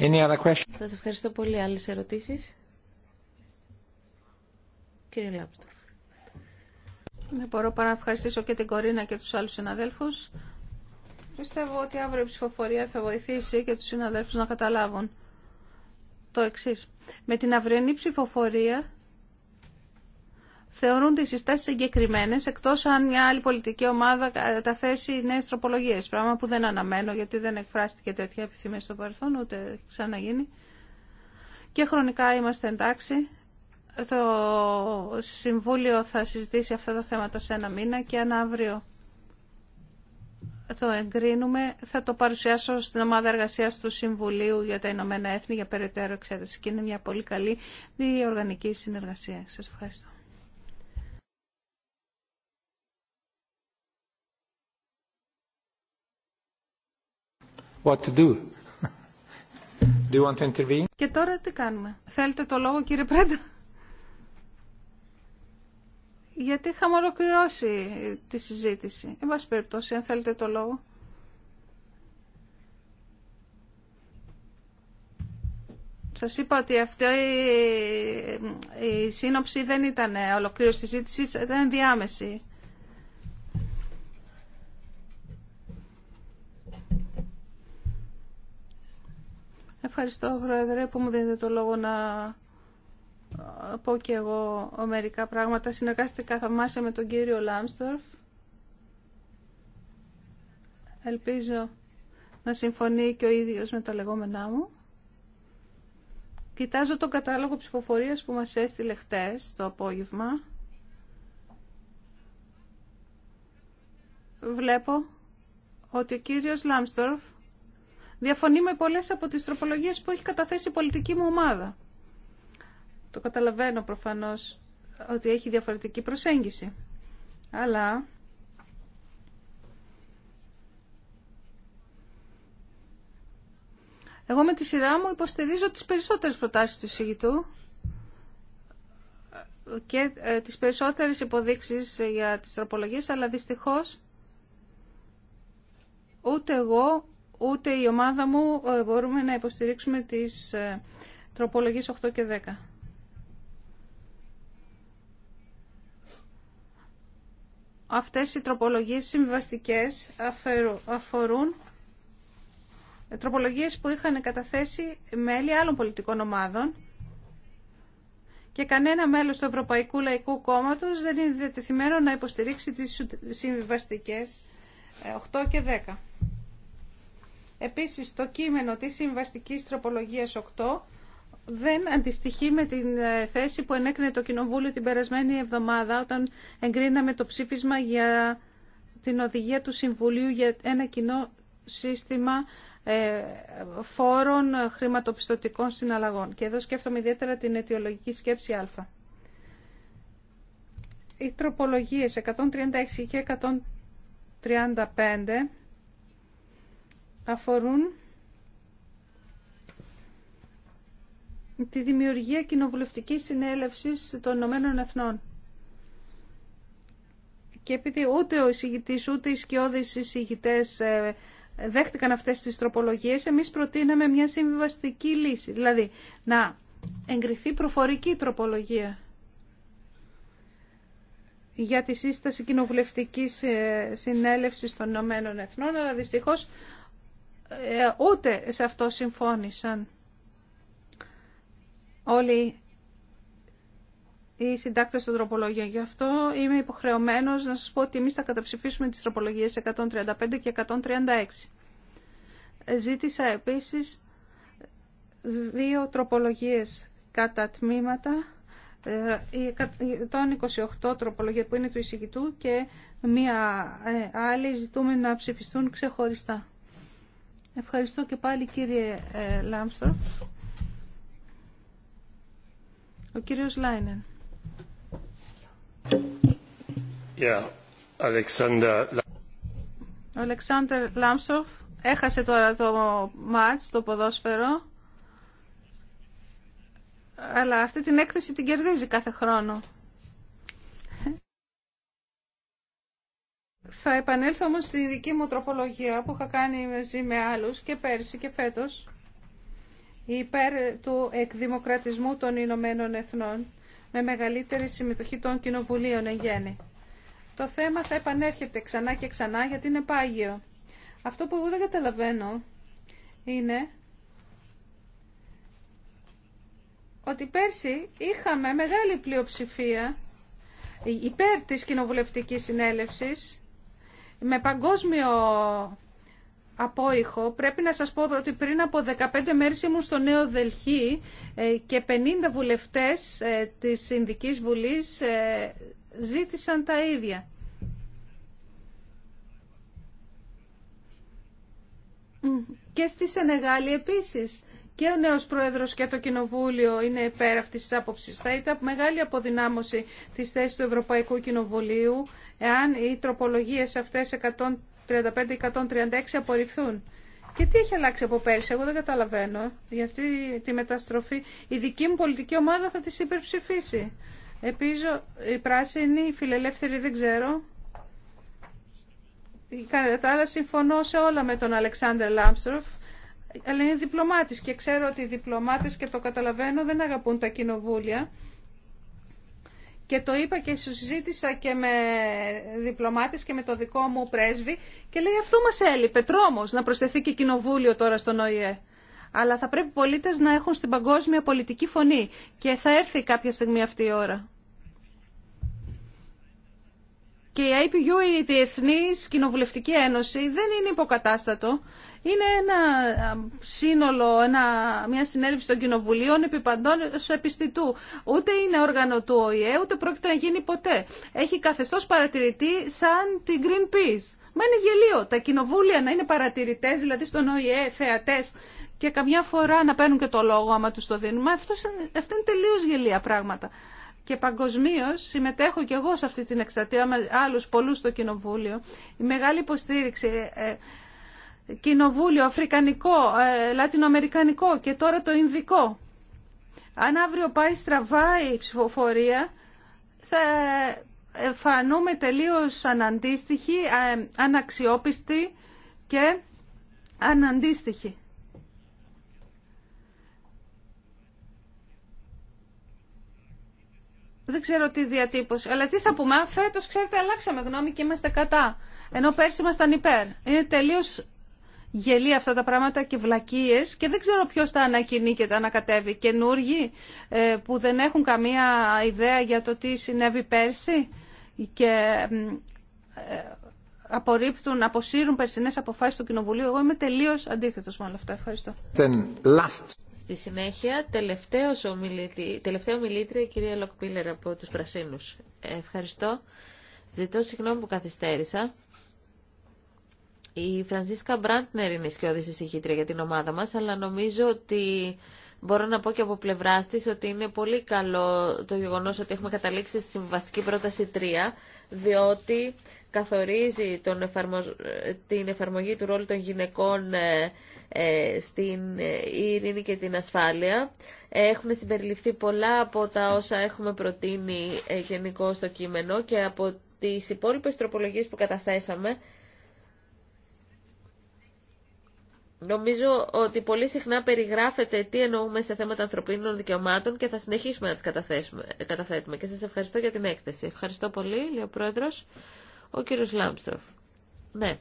Speaker 2: Any other
Speaker 1: ευχαριστώ πολύ. Άλλες ερωτήσεις?
Speaker 2: Κύριε Λάπτο. Με ναι, μπορώ παρά να ευχαριστήσω και την Κορίνα και τους άλλους συναδέλφους. Πιστεύω ότι αύριο η ψηφοφορία θα βοηθήσει και τους συναδέλφους να καταλάβουν το εξής. Με την αυριανή ψηφοφορία θεωρούνται οι συστάσεις εγκεκριμένε, εκτό αν μια άλλη πολιτική ομάδα τα θέσει νέες πράγμα που δεν αναμένω γιατί δεν εκφράστηκε τέτοια επιθυμία στο παρελθόν, ούτε ξαναγίνει. Και χρονικά είμαστε εντάξει. Το Συμβούλιο θα συζητήσει αυτά τα θέματα σε ένα μήνα και αν αύριο το εγκρίνουμε, θα το παρουσιάσω στην ομάδα εργασία του Συμβουλίου για τα Ηνωμένα Έθνη για περαιτέρω εξέταση. Και είναι μια πολύ καλή διοργανική συνεργασία. Σα ευχαριστώ. Και τώρα τι κάνουμε. Θέλετε το λόγο κύριε Πρέντα. Γιατί είχαμε ολοκληρώσει τη συζήτηση. Εν πάση αν θέλετε το λόγο. Σας είπα ότι αυτή η, σύνοψη δεν ήταν ολοκλήρωση συζήτηση, ήταν διάμεση. Ευχαριστώ, Πρόεδρε, που μου δίνετε το λόγο να πω και εγώ μερικά πράγματα. Συνεργάστηκα θαυμάσια με τον κύριο Λάμστορφ. Ελπίζω να συμφωνεί και ο ίδιος με τα λεγόμενά μου. Κοιτάζω τον κατάλογο ψηφοφορίας που μας έστειλε χτες το απόγευμα. Βλέπω ότι ο κύριος Λάμστορφ Διαφωνεί με πολλές από τις τροπολογίες που έχει καταθέσει η πολιτική μου ομάδα. Το καταλαβαίνω προφανώς ότι έχει διαφορετική προσέγγιση. Αλλά Εγώ με τη σειρά μου υποστηρίζω τις περισσότερες προτάσεις του εισηγητού και ε, τις περισσότερες υποδείξεις για τις τροπολογίες, αλλά δυστυχώς ούτε εγώ ούτε η ομάδα μου ε, μπορούμε να υποστηρίξουμε τις ε, τροπολογίες 8 και 10. Αυτές οι τροπολογίες συμβαστικές αφορούν ε, τροπολογίες που είχαν καταθέσει μέλη άλλων πολιτικών ομάδων και κανένα μέλος του Ευρωπαϊκού Λαϊκού Κόμματος δεν είναι διατεθειμένο να υποστηρίξει τις συμβιβαστικές 8 και 10. Επίσης, το κείμενο της συμβαστικής τροπολογίας 8 δεν αντιστοιχεί με την ε, θέση που ενέκρινε το Κοινοβούλιο την περασμένη εβδομάδα όταν εγκρίναμε το ψήφισμα για την οδηγία του Συμβουλίου για ένα κοινό σύστημα ε, φόρων χρηματοπιστωτικών συναλλαγών. Και εδώ σκέφτομαι ιδιαίτερα την αιτιολογική σκέψη α. Οι τροπολογίες 136 και 135 αφορούν τη δημιουργία κοινοβουλευτικής συνέλευση των Ηνωμένων Εθνών. Και επειδή ούτε ο εισηγητής ούτε οι σκιώδεις εισηγητές ε, δέχτηκαν αυτές τις τροπολογίες, εμείς προτείναμε μια συμβιβαστική λύση, δηλαδή να εγκριθεί προφορική τροπολογία για τη σύσταση κοινοβουλευτικής ε, συνέλευσης των Ηνωμένων Εθνών, αλλά δυστυχώς ε, ούτε σε αυτό συμφώνησαν όλοι οι συντάκτε των τροπολογιών. Γι' αυτό είμαι υποχρεωμένος να σας πω ότι εμεί θα καταψηφίσουμε τι τροπολογίε 135 και 136. Ζήτησα επίσης δύο τροπολογίες κατά τμήματα, ε, η 128 τροπολογία που είναι του εισηγητού και μία ε, άλλη ζητούμε να ψηφιστούν ξεχωριστά. Ευχαριστώ και πάλι κύριε ε, Λάμστορφ. Ο κύριος Λάινεν. Yeah, Ο έχασε τώρα το μάτς, το ποδόσφαιρο. Αλλά αυτή την έκθεση την κερδίζει κάθε χρόνο. Θα επανέλθω όμως στη δική μου τροπολογία που είχα κάνει μαζί με άλλους και πέρσι και φέτος υπέρ του εκδημοκρατισμού των Ηνωμένων Εθνών με μεγαλύτερη συμμετοχή των κοινοβουλίων εν γέννη. Το θέμα θα επανέρχεται ξανά και ξανά γιατί είναι πάγιο. Αυτό που εγώ δεν καταλαβαίνω είναι ότι πέρσι είχαμε μεγάλη πλειοψηφία υπέρ της κοινοβουλευτικής συνέλευσης με παγκόσμιο απόϊχο. Πρέπει να σας πω ότι πριν από 15 μέρες ήμουν στο Νέο Δελχή ε, και 50 βουλευτές ε, της Ινδικής Βουλής ε, ζήτησαν τα ίδια. Και στη Σενεγάλη επίσης και ο νέος Πρόεδρος και το Κοινοβούλιο είναι υπέρ αυτής της άποψης. Θα ήταν μεγάλη αποδυνάμωση της θέσης του Ευρωπαϊκού Κοινοβουλίου εάν οι τροπολογίες αυτές 135-136 απορριφθούν. Και τι έχει αλλάξει από πέρσι, εγώ δεν καταλαβαίνω. Για αυτή τη μεταστροφή η δική μου πολιτική ομάδα θα τις υπερψηφίσει. Επίζω η πράσινη, η φιλελεύθερη δεν ξέρω. Κατά τα άλλα συμφωνώ σε όλα με τον Αλεξάνδρ Λάμστροφ αλλά είναι διπλωμάτης και ξέρω ότι οι διπλωμάτε και το καταλαβαίνω δεν αγαπούν τα κοινοβούλια και το είπα και συζήτησα και με διπλωμάτε και με το δικό μου πρέσβη και λέει αυτό μας έλειπε τρόμος να προσθεθεί και κοινοβούλιο τώρα στον ΟΗΕ. Αλλά θα πρέπει οι πολίτες να έχουν στην παγκόσμια πολιτική φωνή και θα έρθει κάποια στιγμή αυτή η ώρα. Και η IPU, η Διεθνής Κοινοβουλευτική Ένωση, δεν είναι υποκατάστατο είναι ένα σύνολο, ένα, μια συνέλευση των κοινοβουλίων επί παντών επιστητού. Ούτε είναι όργανο του ΟΗΕ, ούτε πρόκειται να γίνει ποτέ. Έχει καθεστώς παρατηρητή σαν την Greenpeace. Μα είναι γελίο τα κοινοβούλια να είναι παρατηρητές, δηλαδή στον ΟΗΕ, θεατές και καμιά φορά να παίρνουν και το λόγο άμα τους το δίνουμε. Αυτό είναι, αυτά είναι τελείως γελία πράγματα. Και παγκοσμίω συμμετέχω και εγώ σε αυτή την εκστατεία με άλλους πολλούς στο κοινοβούλιο. Η μεγάλη υποστήριξη... Ε, κοινοβούλιο, αφρικανικό, ε, λατινοαμερικανικό και τώρα το Ινδικό. Αν αύριο πάει στραβά η ψηφοφορία, θα φανούμε τελείως αναντίστοιχοι, ε, αναξιόπιστοι και αναντίστοιχοι. Δεν ξέρω τι διατύπωση. Αλλά τι θα πούμε, φέτος, ξέρετε, αλλάξαμε γνώμη και είμαστε κατά. Ενώ πέρσι ήμασταν υπέρ. Είναι τελείως γελία αυτά τα πράγματα και βλακίες και δεν ξέρω ποιος τα ανακοινεί και τα ανακατεύει. Καινούργοι ε, που δεν έχουν καμία ιδέα για το τι συνέβη πέρσι και ε, απορρίπτουν, αποσύρουν περσινές αποφάσεις του Κοινοβουλίου. Εγώ είμαι τελείως αντίθετος με όλα αυτά. Ευχαριστώ.
Speaker 3: Last.
Speaker 1: Στη συνέχεια, τελευταίος ομιλητή, τελευταία ομιλήτρια η κυρία Λοκπίλερ από τους Πρασίνους. Ε, ευχαριστώ. Ζητώ συγγνώμη που καθυστέρησα. Η Φρανσίσκα Μπραντνερ είναι η σκιώδης εισηγήτρια για την ομάδα μας, αλλά νομίζω ότι μπορώ να πω και από πλευρά τη ότι είναι πολύ καλό το γεγονός ότι έχουμε καταλήξει στη συμβαστική πρόταση 3, διότι καθορίζει τον την εφαρμογή του ρόλου των γυναικών ε, ε, στην ε, ειρήνη και την ασφάλεια. Έχουν συμπεριληφθεί πολλά από τα όσα έχουμε προτείνει γενικώ στο κείμενο και από τις υπόλοιπες τροπολογίες που καταθέσαμε Νομίζω ότι πολύ συχνά περιγράφεται τι εννοούμε σε θέματα ανθρωπίνων δικαιωμάτων και θα συνεχίσουμε να τι καταθέτουμε. Και σας ευχαριστώ για την έκθεση. Ευχαριστώ πολύ, λέει ο Πρόεδρος, ο κύριο Λάμπστροφ. Ναι.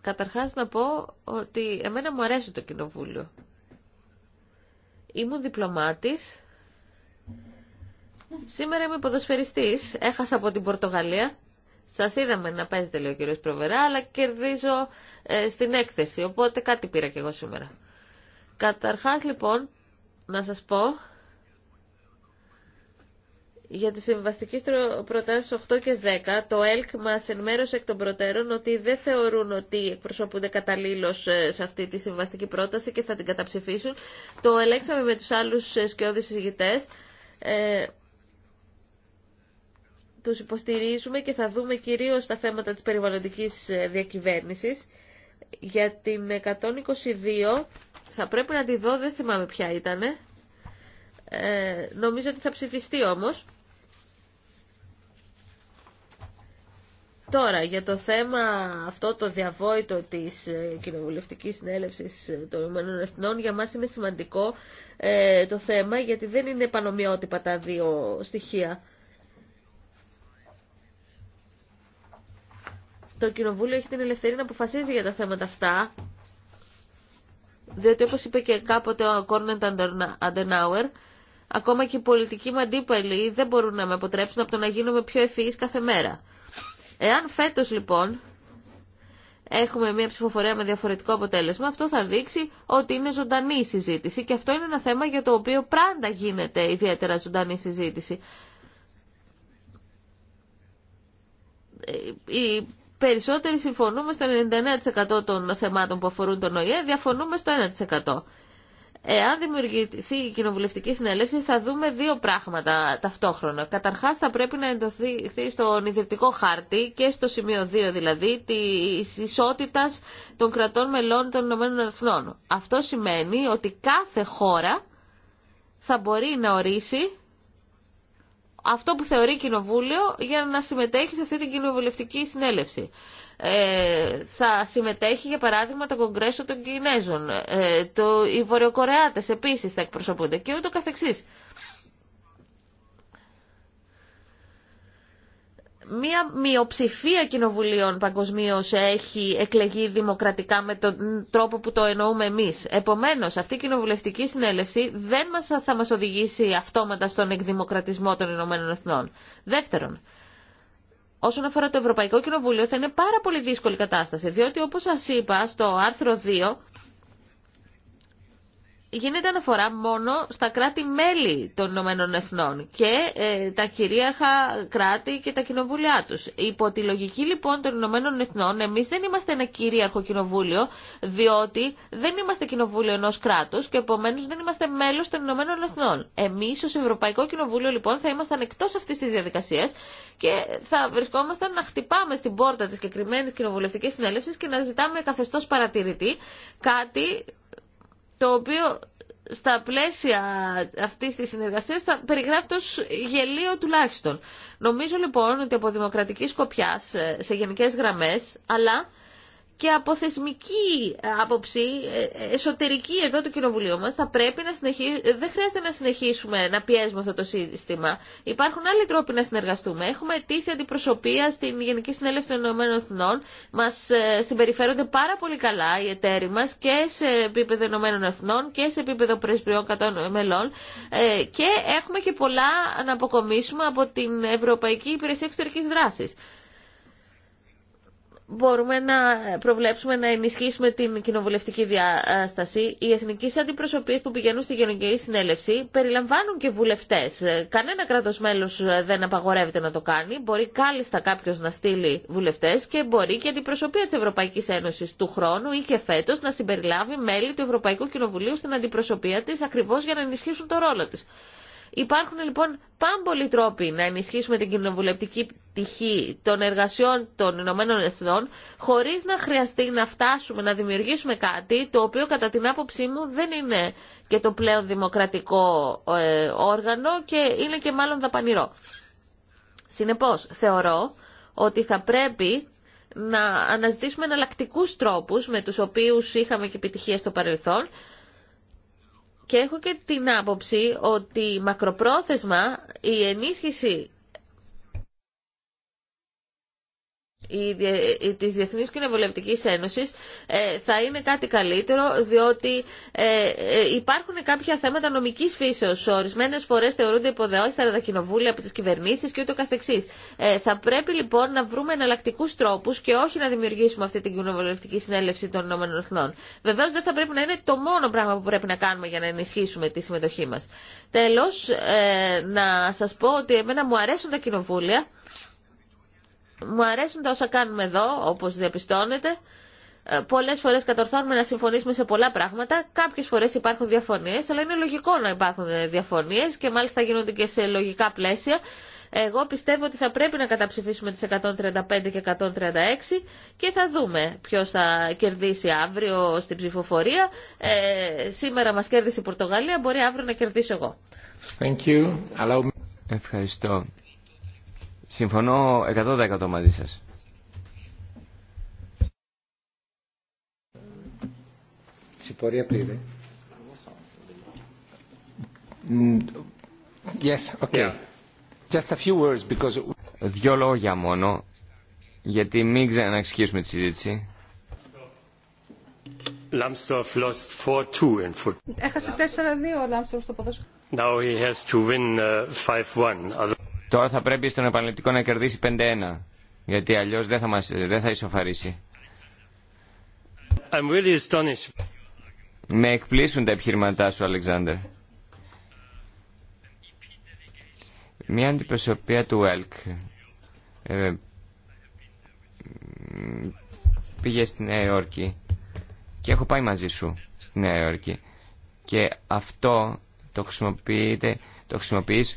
Speaker 1: Καταρχάς να πω ότι εμένα μου αρέσει το κοινοβούλιο. Ήμουν διπλωμάτης. Σήμερα είμαι ποδοσφαιριστής. Έχασα από την Πορτογαλία. Σας είδαμε να παίζετε, λέει ο κύριο Προβερά, αλλά κερδίζω ε, στην έκθεση, οπότε κάτι πήρα κι εγώ σήμερα. Καταρχάς, λοιπόν, να σας πω για τι συμβαστικέ προτάσεις 8 και 10, το ΕΛΚ μας ενημέρωσε εκ των προτέρων ότι δεν θεωρούν ότι εκπροσωπούνται καταλήλως ε, σε αυτή τη συμβαστική πρόταση και θα την καταψηφίσουν. Το ελέγξαμε με τους άλλους ε, σκιώδεις συζητητές. Ε, τους υποστηρίζουμε και θα δούμε κυρίως τα θέματα της περιβαλλοντικής ε, διακυβέρνησης. Για την 122 θα πρέπει να τη δω, δεν θυμάμαι ποια ήτανε. Ε, νομίζω ότι θα ψηφιστεί όμως. Τώρα, για το θέμα αυτό το διαβόητο της ε, Κοινοβουλευτικής Συνέλευσης των Ηνωμένων Εθνών, για μας είναι σημαντικό το θέμα, γιατί δεν είναι επανομοιότυπα τα δύο στοιχεία. το Κοινοβούλιο έχει την ελευθερία να αποφασίζει για τα θέματα αυτά, διότι όπως είπε και κάποτε ο Κόρνετ Αντενάουερ, ακόμα και οι πολιτικοί μου αντίπαλοι δεν μπορούν να με αποτρέψουν από το να γίνομαι πιο ευφυής κάθε μέρα. Εάν φέτος λοιπόν έχουμε μια ψηφοφορία με διαφορετικό αποτέλεσμα, αυτό θα δείξει ότι είναι ζωντανή η συζήτηση και αυτό είναι ένα θέμα για το οποίο πάντα γίνεται ιδιαίτερα ζωντανή συζήτηση. Ε, η περισσότεροι συμφωνούμε στο 99% των θεμάτων που αφορούν τον ΟΗΕ, διαφωνούμε στο 1%. Εάν δημιουργηθεί η κοινοβουλευτική συνέλευση θα δούμε δύο πράγματα ταυτόχρονα. Καταρχάς θα πρέπει να εντοθεί στον ιδρυτικό χάρτη και στο σημείο 2 δηλαδή τη ισότητα των κρατών μελών των Ηνωμένων Αυτό σημαίνει ότι κάθε χώρα θα μπορεί να ορίσει αυτό που θεωρεί κοινοβούλιο για να συμμετέχει σε αυτή την κοινοβουλευτική συνέλευση. Ε, θα συμμετέχει για παράδειγμα το Κογκρέσο των Κινέζων, ε, το, οι Βορειοκορεάτες επίσης θα εκπροσωπούνται και ούτω καθεξής. μία μειοψηφία κοινοβουλίων παγκοσμίω έχει εκλεγεί δημοκρατικά με τον τρόπο που το εννοούμε εμεί. Επομένως, αυτή η κοινοβουλευτική συνέλευση δεν μας, θα μας οδηγήσει αυτόματα στον εκδημοκρατισμό των Ηνωμένων Εθνών. Δεύτερον, όσον αφορά το Ευρωπαϊκό Κοινοβούλιο θα είναι πάρα πολύ δύσκολη κατάσταση, διότι όπω σα είπα στο άρθρο 2 γίνεται αναφορά μόνο στα κράτη-μέλη των Ηνωμένων Εθνών και ε, τα κυρίαρχα κράτη και τα κοινοβούλια τους. Υπό τη λογική λοιπόν των Ηνωμένων Εθνών, εμείς δεν είμαστε ένα κυρίαρχο κοινοβούλιο, διότι δεν είμαστε κοινοβούλιο ενός κράτους και επομένως δεν είμαστε μέλος των Ηνωμένων Εθνών. Εμείς ως Ευρωπαϊκό Κοινοβούλιο λοιπόν θα ήμασταν εκτός αυτής της διαδικασίας και θα βρισκόμασταν να χτυπάμε στην πόρτα της συγκεκριμένη κοινοβουλευτική συνέλευσης και να ζητάμε καθεστώς παρατηρητή, κάτι το οποίο στα πλαίσια αυτής της συνεργασίας θα περιγράφει ως γελίο τουλάχιστον. Νομίζω λοιπόν ότι από δημοκρατική σκοπιά ε, σε γενικές γραμμές, αλλά και από θεσμική ε, άποψη, ε, ε, εσωτερική εδώ του κοινοβουλίου μας, θα πρέπει να συνεχίσουμε, δεν χρειάζεται να συνεχίσουμε να πιέζουμε αυτό το σύστημα. Υπάρχουν άλλοι τρόποι να συνεργαστούμε. Έχουμε αιτήσει αντιπροσωπεία στην Γενική Συνέλευση των Ηνωμένων Εθνών. Μας συμπεριφέρονται πάρα πολύ καλά οι εταίροι μας και σε επίπεδο Ηνωμένων Εθνών και σε επίπεδο πρεσβειών κατών μελών και έχουμε και πολλά να αποκομίσουμε από την Ευρωπαϊκή Υπηρεσία Εξωτερικής Δράσης μπορούμε να προβλέψουμε να ενισχύσουμε την κοινοβουλευτική διάσταση. Οι εθνικέ αντιπροσωπείς που πηγαίνουν στη Γενική Συνέλευση περιλαμβάνουν και βουλευτέ. Κανένα κράτο μέλο δεν απαγορεύεται να το κάνει. Μπορεί κάλλιστα κάποιο να στείλει βουλευτέ και μπορεί και αντιπροσωπεία τη Ευρωπαϊκή Ένωση του χρόνου ή και φέτο να συμπεριλάβει μέλη του Ευρωπαϊκού Κοινοβουλίου στην αντιπροσωπεία τη ακριβώ για να ενισχύσουν το ρόλο τη. Υπάρχουν λοιπόν πάμπολοι τρόποι να ενισχύσουμε την κοινοβουλευτική πτυχή των εργασιών των Ηνωμένων Εθνών χωρίς να χρειαστεί να φτάσουμε να δημιουργήσουμε κάτι το οποίο κατά την άποψή μου δεν είναι και το πλέον δημοκρατικό ε, όργανο και είναι και μάλλον δαπανηρό. Συνεπώς θεωρώ ότι θα πρέπει να αναζητήσουμε εναλλακτικού τρόπους με τους οποίους είχαμε και επιτυχία στο παρελθόν και έχω και την άποψη ότι μακροπρόθεσμα η ενίσχυση της Διεθνής Κοινοβουλευτικής Ένωσης ε, θα είναι κάτι καλύτερο διότι ε, ε, υπάρχουν κάποια θέματα νομικής φύσεως ορισμένες φορές θεωρούνται υποδεώστερα τα κοινοβούλια από τις κυβερνήσεις και ούτω καθεξής θα πρέπει λοιπόν να βρούμε εναλλακτικού τρόπους και όχι να δημιουργήσουμε αυτή την κοινοβουλευτική συνέλευση των ΗΠΑ βεβαίως δεν θα πρέπει να είναι το μόνο πράγμα που πρέπει να κάνουμε για να ενισχύσουμε τη συμμετοχή μας τέλος να σας πω ότι εμένα μου αρέσουν τα κοινοβούλια μου αρέσουν τα όσα κάνουμε εδώ, όπως διαπιστώνετε. Πολλές φορές κατορθώνουμε να συμφωνήσουμε σε πολλά πράγματα. Κάποιες φορές υπάρχουν διαφωνίε, αλλά είναι λογικό να υπάρχουν διαφωνίε και μάλιστα γίνονται και σε λογικά πλαίσια. Εγώ πιστεύω ότι θα πρέπει να καταψηφίσουμε τις 135 και 136 και θα δούμε ποιος θα κερδίσει αύριο στην ψηφοφορία. Ε, σήμερα μας κέρδισε η Πορτογαλία, μπορεί αύριο να κερδίσω εγώ.
Speaker 3: Thank you. Ευχαριστώ. Συμφωνώ 100% μαζί σας. Συμπορία πήρε. Mm, yes, okay. Yeah. Just a few words because... Δυο λόγια μόνο, γιατί μην ξαναξυχήσουμε τη συζήτηση.
Speaker 1: Λάμστορφ
Speaker 3: lost 4-2 in football.
Speaker 2: Έχασε 4-2 ο Λάμστορφ στο ποδόσφαιρο.
Speaker 3: Now he has to win 5-1. Uh, Τώρα θα πρέπει στον επαναληπτικό να κερδίσει 5-1, γιατί αλλιώ δεν θα, μας, δεν θα ισοφαρίσει. I'm really astonished. Με εκπλήσουν τα επιχειρηματά σου, Αλεξάνδρ. Μια αντιπροσωπεία του ΕΛΚ ε, πήγε στη Νέα Υόρκη και έχω πάει μαζί σου στη Νέα Υόρκη και αυτό το χρησιμοποιείται το χρησιμοποιείς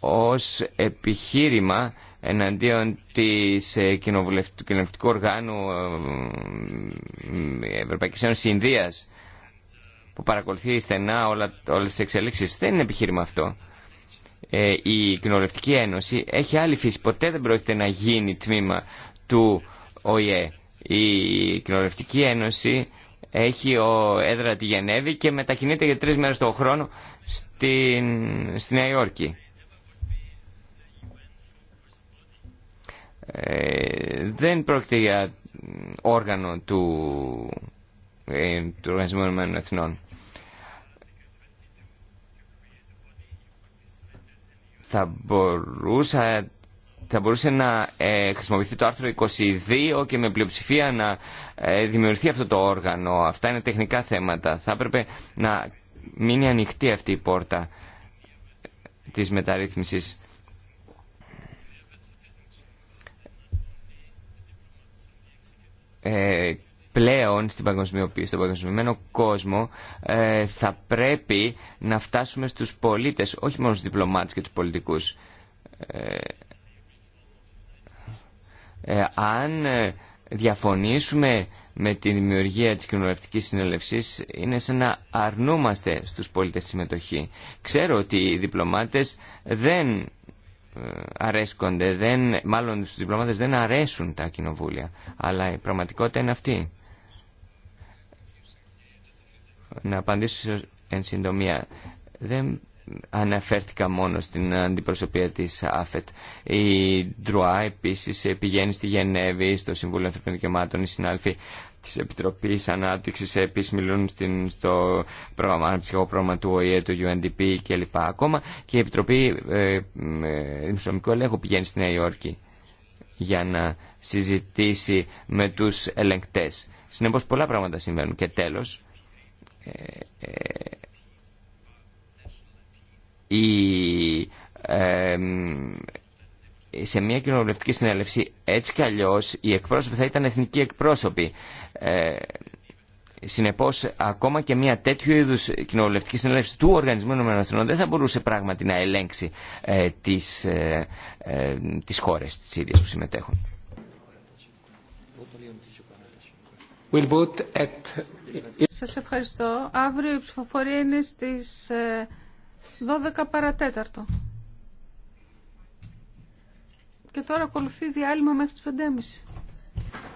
Speaker 3: ως επιχείρημα εναντίον της ε, κοινοβουλευτικού, οργάνου ε, ε, Ευρωπαϊκής Ένωσης Ινδίας που παρακολουθεί στενά όλα, όλες τις εξελίξεις. Δεν είναι επιχείρημα αυτό. η Κοινοβουλευτική Ένωση έχει άλλη φύση. Ποτέ δεν πρόκειται να γίνει τμήμα του ΟΗΕ. Η Κοινοβουλευτική Ένωση έχει ο, έδρα τη Γενέβη και μετακινείται για τρεις μέρες το χρόνο στην, στη Νέα Υόρκη. Ε, δεν πρόκειται για όργανο του, ε, του Οργανισμού Ενωμένων Εθνών. Θα, μπορούσα, θα μπορούσε να ε, χρησιμοποιηθεί το άρθρο 22 και με πλειοψηφία να ε, δημιουργηθεί αυτό το όργανο. Αυτά είναι τεχνικά θέματα. Θα έπρεπε να μείνει ανοιχτή αυτή η πόρτα της μεταρρύθμισης ε, πλέον στην παγκοσμιοποίηση, στον παγκοσμιοποιημένο κόσμο, ε, θα πρέπει να φτάσουμε στους πολίτες, όχι μόνο στους διπλωμάτες και τους πολιτικούς. Ε, ε, αν διαφωνήσουμε με τη δημιουργία της κοινωνιστικής συνελευσής είναι σαν να αρνούμαστε στους πολίτες συμμετοχή. Ξέρω ότι οι διπλωμάτες δεν αρέσκονται, δεν, μάλλον στους διπλωμάτες δεν αρέσουν τα κοινοβούλια, αλλά η πραγματικότητα είναι αυτή. Να απαντήσω εν συντομία. Δεν αναφέρθηκα μόνο στην αντιπροσωπεία της ΑΦΕΤ. Η Ντροά επίσης πηγαίνει στη Γενέβη, στο Συμβούλιο Ανθρωπίνων Δικαιωμάτων, οι συνάλφοι Τη Επιτροπή ανάπτυξη επίσης μιλούν στην, στο πρόγραμμα, πρόγραμμα του ΟΗΕ, του UNDP κλπ. Ακόμα και η Επιτροπή ε, ε Δημοσιονομικού Ελέγχου πηγαίνει στη Νέα Υόρκη για να συζητήσει με του ελεγκτές. Συνεπώ πολλά πράγματα συμβαίνουν. Και τέλο. Ε, ε, η ε, σε μια κοινοβουλευτική συνέλευση έτσι κι αλλιώς οι εκπρόσωποι θα ήταν εθνικοί εκπρόσωποι. Ε, συνεπώς ακόμα και μια τέτοιου είδους κοινοβουλευτική συνέλευση του Οργανισμού δεν θα μπορούσε πράγματι να ελέγξει ε, τις, ε, ε, τις χώρες τις ίδιες που συμμετέχουν. We'll at... Σας
Speaker 2: ευχαριστώ. Αύριο η ψηφοφορία είναι στις 12 ε, παρατέταρτο. Και τώρα ακολουθεί διάλειμμα μέχρι τις 5.30.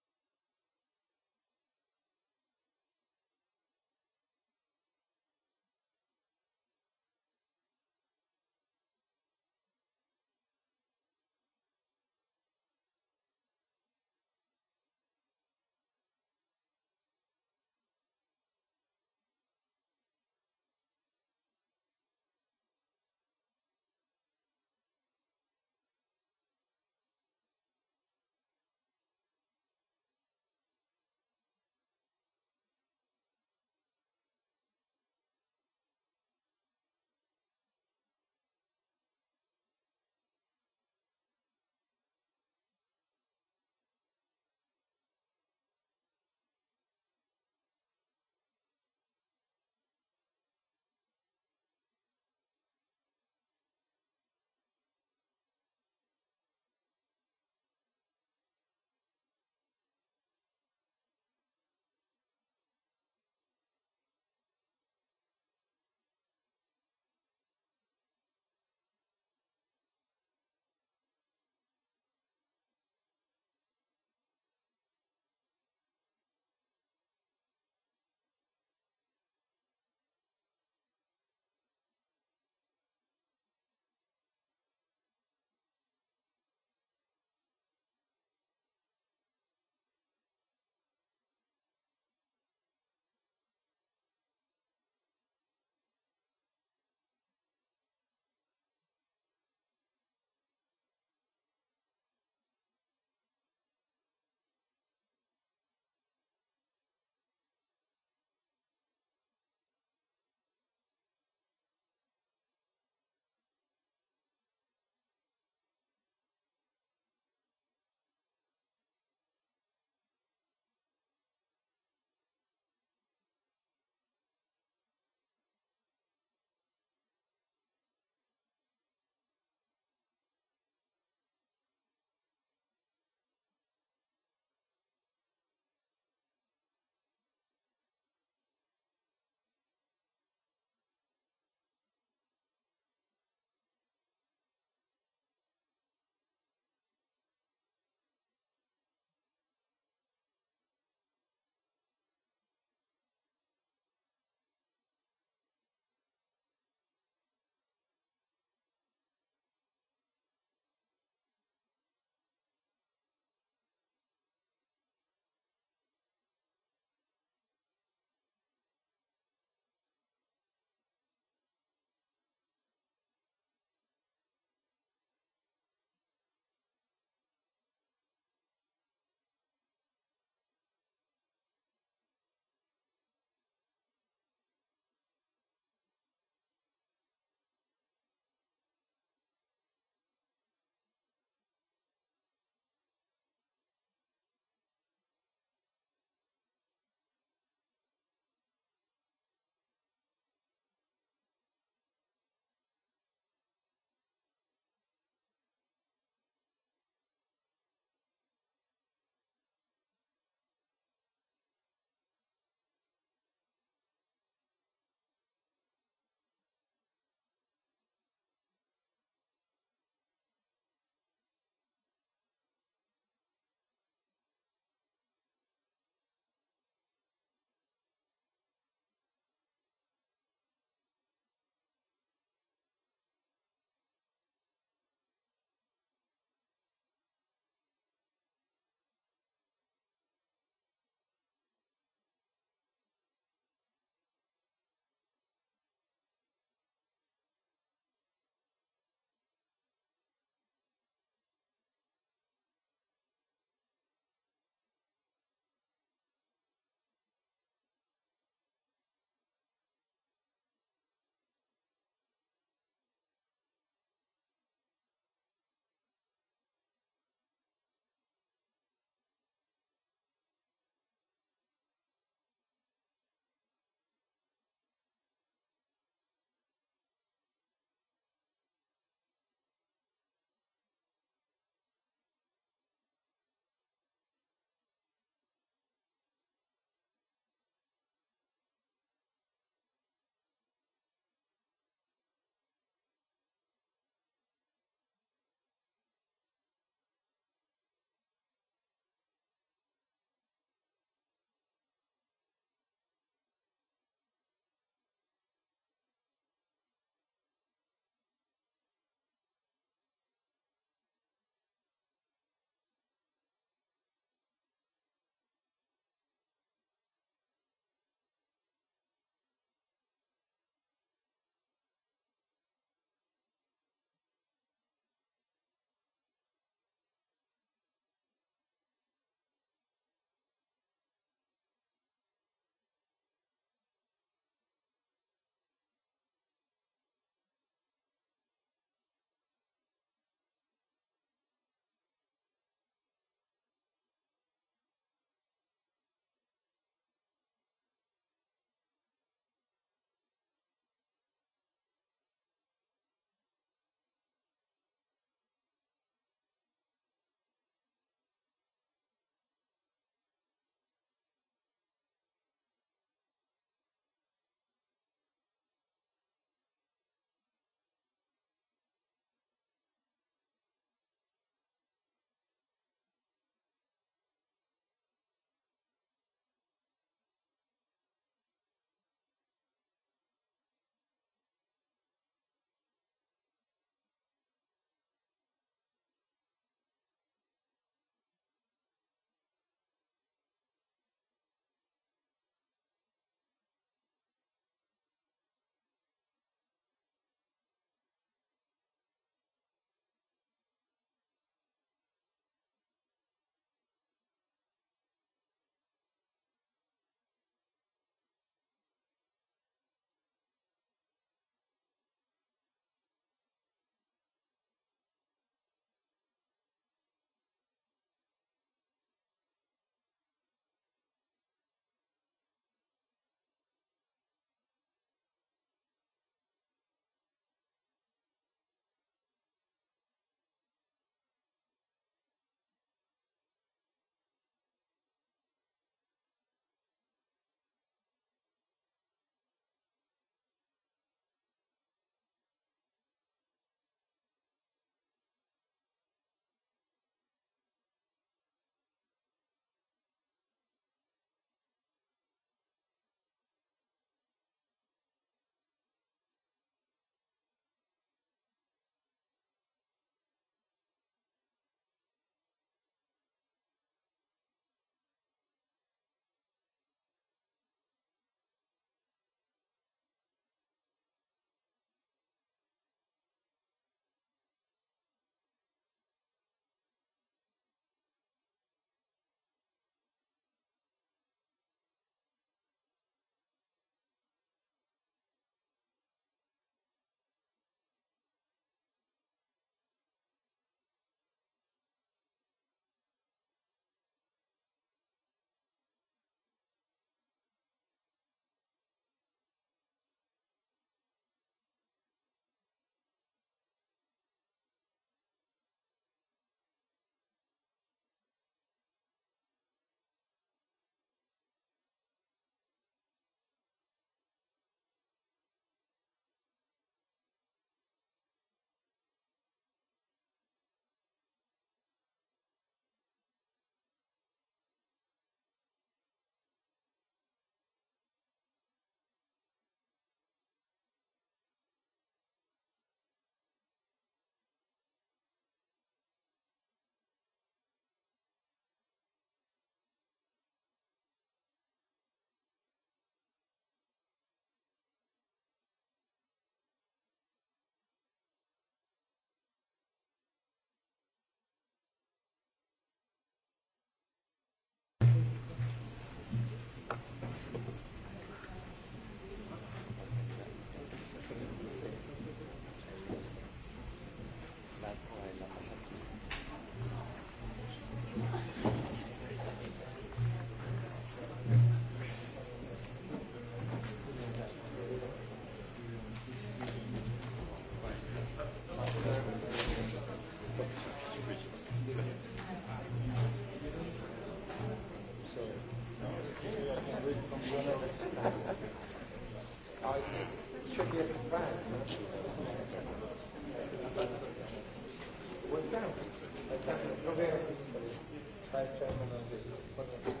Speaker 1: Chairman, on this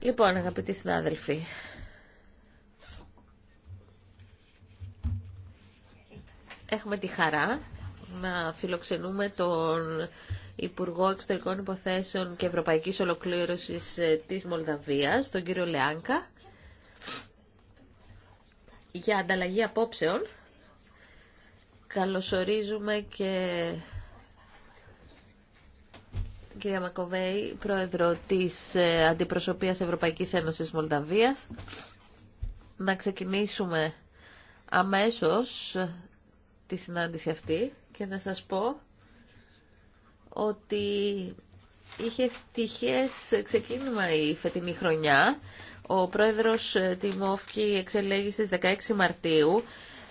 Speaker 1: Λοιπόν, αγαπητοί συνάδελφοι, έχουμε τη χαρά να φιλοξενούμε τον Υπουργό Εξωτερικών Υποθέσεων και Ευρωπαϊκής Ολοκλήρωσης ε, της Μολδαβίας, τον κύριο Λεάνκα, για ανταλλαγή απόψεων. Καλωσορίζουμε και κυρία Μακοβέη, πρόεδρο της ε, Αντιπροσωπείας Ευρωπαϊκής Ένωσης Μολδαβίας. Να ξεκινήσουμε αμέσως ε, τη συνάντηση αυτή και να σας πω ότι είχε ευτυχές ε, ξεκίνημα η φετινή χρονιά. Ο πρόεδρος Τιμόφκη εξελέγει στις 16 Μαρτίου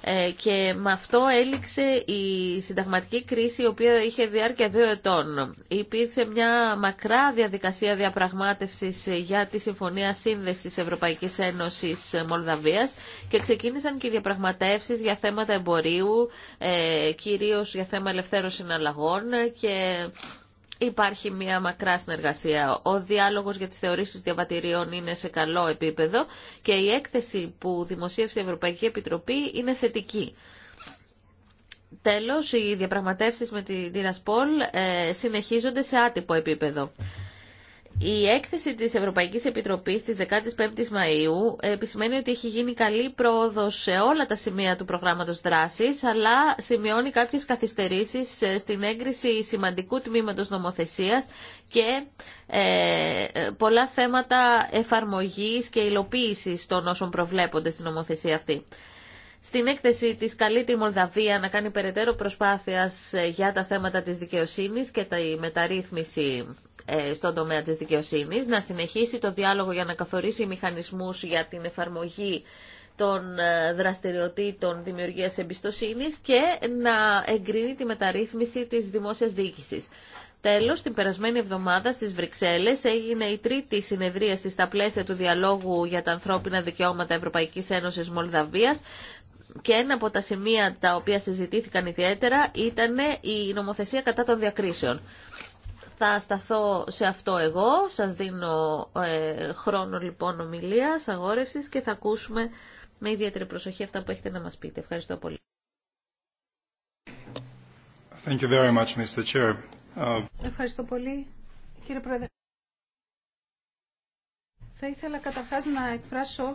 Speaker 1: ε, και με αυτό έληξε η συνταγματική κρίση η οποία είχε διάρκεια δύο ετών. Υπήρξε μια μακρά διαδικασία διαπραγμάτευσης για τη Συμφωνία Σύνδεσης Ευρωπαϊκής Ένωσης Μολδαβίας και ξεκίνησαν και οι διαπραγματεύσεις για θέματα εμπορίου, ε, κυρίως για θέμα ελευθέρωση συναλλαγών και Υπάρχει μια μακρά συνεργασία. Ο διάλογος για τις θεωρήσεις διαβατηρίων είναι σε καλό επίπεδο και η έκθεση που δημοσίευσε η Ευρωπαϊκή Επιτροπή είναι θετική. Τέλος, οι διαπραγματεύσεις με τη Σπολ ε, συνεχίζονται σε άτυπο επίπεδο. Η έκθεση της Ευρωπαϊκής Επιτροπής της 15ης Μαΐου επισημαίνει ότι έχει γίνει καλή πρόοδο σε όλα τα σημεία του προγράμματος δράσης, αλλά σημειώνει κάποιες καθυστερήσεις στην έγκριση σημαντικού τμήματος νομοθεσίας και ε, πολλά θέματα εφαρμογής και υλοποίησης των όσων προβλέπονται στην νομοθεσία αυτή. Στην έκθεση τη καλεί τη Μολδαβία να κάνει περαιτέρω προσπάθεια ε, για τα θέματα τη δικαιοσύνη και τη μεταρρύθμιση ε, στον τομέα της δικαιοσύνης, να συνεχίσει το διάλογο για να καθορίσει μηχανισμούς για την εφαρμογή των ε, δραστηριοτήτων δημιουργίας εμπιστοσύνης και να εγκρίνει τη μεταρρύθμιση της δημόσιας διοίκησης. Τέλος, την περασμένη εβδομάδα στις Βρυξέλλες έγινε η τρίτη συνεδρίαση στα πλαίσια του διαλόγου για τα ανθρώπινα δικαιώματα Ευρωπαϊκής Ένωσης Μολδαβίας και ένα από τα σημεία τα οποία συζητήθηκαν ιδιαίτερα ήταν η νομοθεσία κατά των διακρίσεων. Θα σταθώ σε αυτό εγώ. Σας δίνω ε, χρόνο λοιπόν ομιλίας, αγόρευσης και θα ακούσουμε με ιδιαίτερη προσοχή αυτά που έχετε να μας πείτε. Ευχαριστώ πολύ. Thank you very much, Mr. Chair. Uh,
Speaker 2: Ευχαριστώ πολύ, κύριε Πρόεδρε. Θα ήθελα καταρχάς να εκφράσω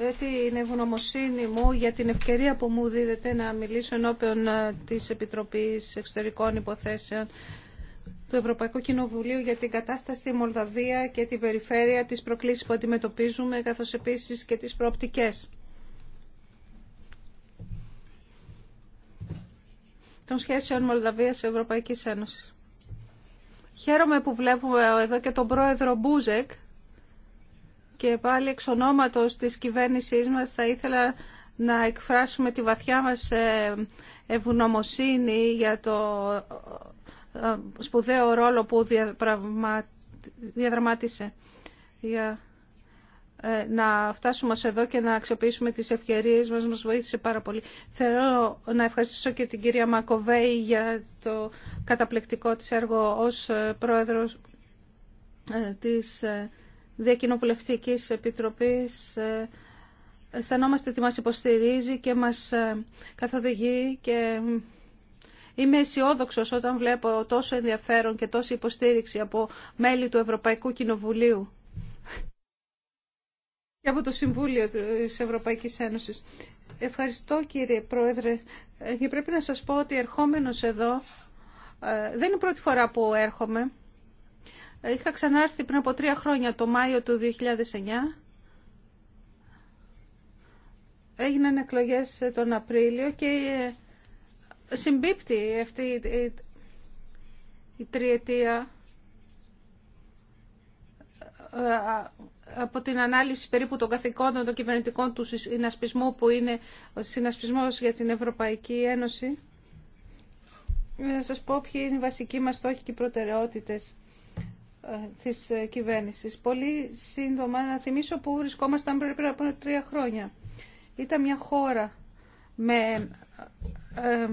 Speaker 2: ε, την ευγνωμοσύνη μου για την ευκαιρία που μου δίδεται να μιλήσω ενώπιον ε, της Επιτροπής Εξωτερικών Υποθέσεων του Ευρωπαϊκού Κοινοβουλίου για την κατάσταση στη Μολδαβία και την περιφέρεια, της προκλήσης που αντιμετωπίζουμε, καθώς επίσης και τις προοπτικές. των σχέσεων Μολδαβίας-Ευρωπαϊκής Ένωσης. Χαίρομαι που βλέπουμε εδώ και τον πρόεδρο Μπούζεκ, και πάλι εξ ονόματος της κυβέρνησής μας θα ήθελα να εκφράσουμε τη βαθιά μας ε, ευγνωμοσύνη για το ε, σπουδαίο ρόλο που διαδραμάτισε για ε, να φτάσουμε εδώ και να αξιοποιήσουμε τις ευκαιρίες μας, μας βοήθησε πάρα πολύ. Θέλω να ευχαριστήσω και την κυρία Μακοβέη για το καταπληκτικό της έργο ως πρόεδρος της Διακοινοβουλευτικής Επιτροπής ε, αισθανόμαστε ότι μας υποστηρίζει και μας ε, καθοδηγεί και είμαι αισιόδοξο όταν βλέπω τόσο ενδιαφέρον και τόση υποστήριξη από μέλη του Ευρωπαϊκού Κοινοβουλίου και από το Συμβούλιο της Ευρωπαϊκής Ένωσης. Ευχαριστώ κύριε Πρόεδρε ε, και πρέπει να σας πω ότι ερχόμενος εδώ δεν είναι πρώτη φορά που έρχομαι Είχα ξανάρθει πριν από τρία χρόνια, το Μάιο του 2009. Έγιναν εκλογές τον Απρίλιο και ε, συμπίπτει αυτή η τριετία ε, από την ανάλυση περίπου των καθηκόντων των κυβερνητικών του συνασπισμού που είναι ο συνασπισμός για την Ευρωπαϊκή Ένωση. Ε, να σας πω ποιοι είναι οι βασικοί μας στόχοι και οι προτεραιότητες ε, της ε, κυβέρνησης. Πολύ σύντομα να θυμίσω που βρισκόμασταν πριν από τρία χρόνια. Ήταν μια χώρα με ε,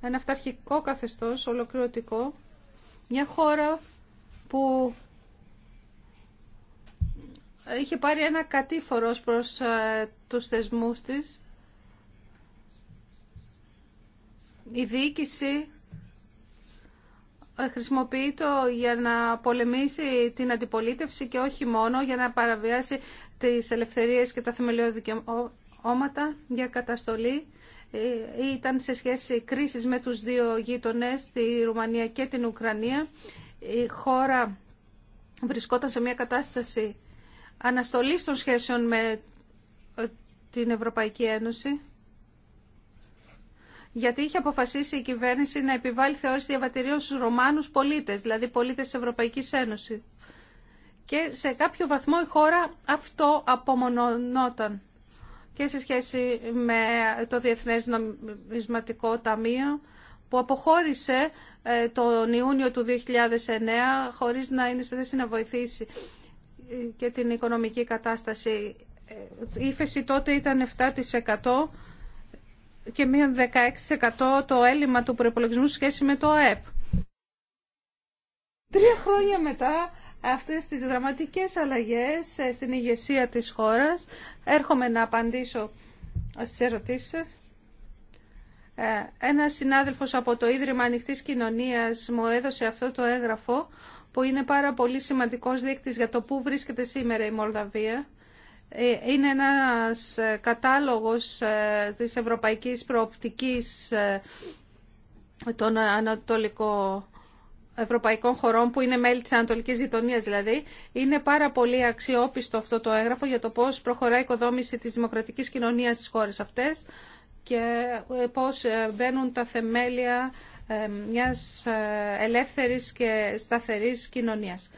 Speaker 2: ένα αυταρχικό καθεστώς ολοκληρωτικό, μια χώρα που είχε πάρει ένα κατήφορο προς τους θεσμούς της. Η διοίκηση χρησιμοποιεί το για να πολεμήσει την αντιπολίτευση και όχι μόνο για να παραβιάσει τις ελευθερίες και τα θεμελιώδη δικαιώματα για καταστολή. Ε, ήταν σε σχέση κρίσης με τους δύο γείτονες, τη Ρουμανία και την Ουκρανία. Η χώρα βρισκόταν σε μια κατάσταση αναστολής των σχέσεων με ε, την Ευρωπαϊκή Ένωση γιατί είχε αποφασίσει η κυβέρνηση να επιβάλλει θεώρηση διαβατηρίων στους Ρωμάνους πολίτες, δηλαδή πολίτες της Ευρωπαϊκής Ένωσης. Και σε κάποιο βαθμό η χώρα αυτό απομονωνόταν και σε σχέση με το Διεθνές Νομισματικό Ταμείο που αποχώρησε ε, τον Ιούνιο του 2009 χωρίς να είναι σε θέση να βοηθήσει ε, και την οικονομική κατάσταση. Ε, η ύφεση τότε ήταν 7% και μείον 16% το έλλειμμα του προπολογισμού σχέση με το ΑΕΠ. Τρία χρόνια μετά αυτές τις δραματικές αλλαγές ε, στην ηγεσία της χώρας έρχομαι να απαντήσω στις ερωτήσεις σας. Ε, ένας συνάδελφος από το Ίδρυμα Ανοιχτή Κοινωνίας μου έδωσε αυτό το έγγραφο που είναι πάρα πολύ σημαντικός δείκτης για το πού βρίσκεται σήμερα η Μολδαβία είναι ένας ε, κατάλογος ε, της ευρωπαϊκής προοπτικής ε, των ανατολικών ευρωπαϊκών χωρών που είναι μέλη της Ανατολικής Γειτονίας δηλαδή. Είναι πάρα πολύ αξιόπιστο αυτό το έγγραφο για το πώς προχωράει η οικοδόμηση της δημοκρατικής κοινωνίας στις χώρες αυτές και πώς μπαίνουν τα θεμέλια μιας ελεύθερης και σταθερής κοινωνίας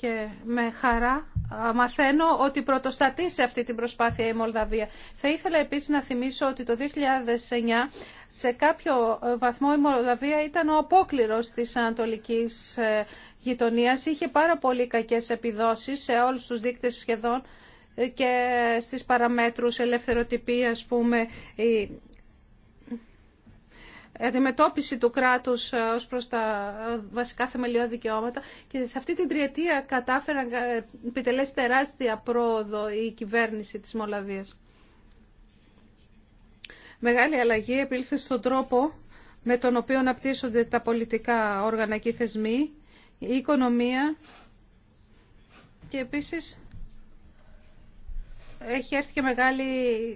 Speaker 2: και με χαρά μαθαίνω ότι πρωτοστατεί σε αυτή την προσπάθεια η Μολδαβία. Θα ήθελα επίσης να θυμίσω ότι το 2009 σε κάποιο ε, βαθμό η Μολδαβία ήταν ο απόκληρος της ανατολικής ε, γειτονίας. Είχε πάρα πολύ κακές επιδόσεις σε όλους τους δείκτες σχεδόν ε, και στις παραμέτρους ελευθεροτυπία, ας πούμε, αντιμετώπιση του κράτους ε, ως προς τα ε, βασικά θεμελιώδη δικαιώματα και σε αυτή την τριετία κατάφεραν να ε, επιτελέσει τεράστια πρόοδο η κυβέρνηση της Μολαβίας. Μεγάλη αλλαγή επήλθε στον τρόπο με τον οποίο αναπτύσσονται τα πολιτικά όργανα και οι θεσμοί, η οικονομία και επίσης έχει έρθει και μεγάλη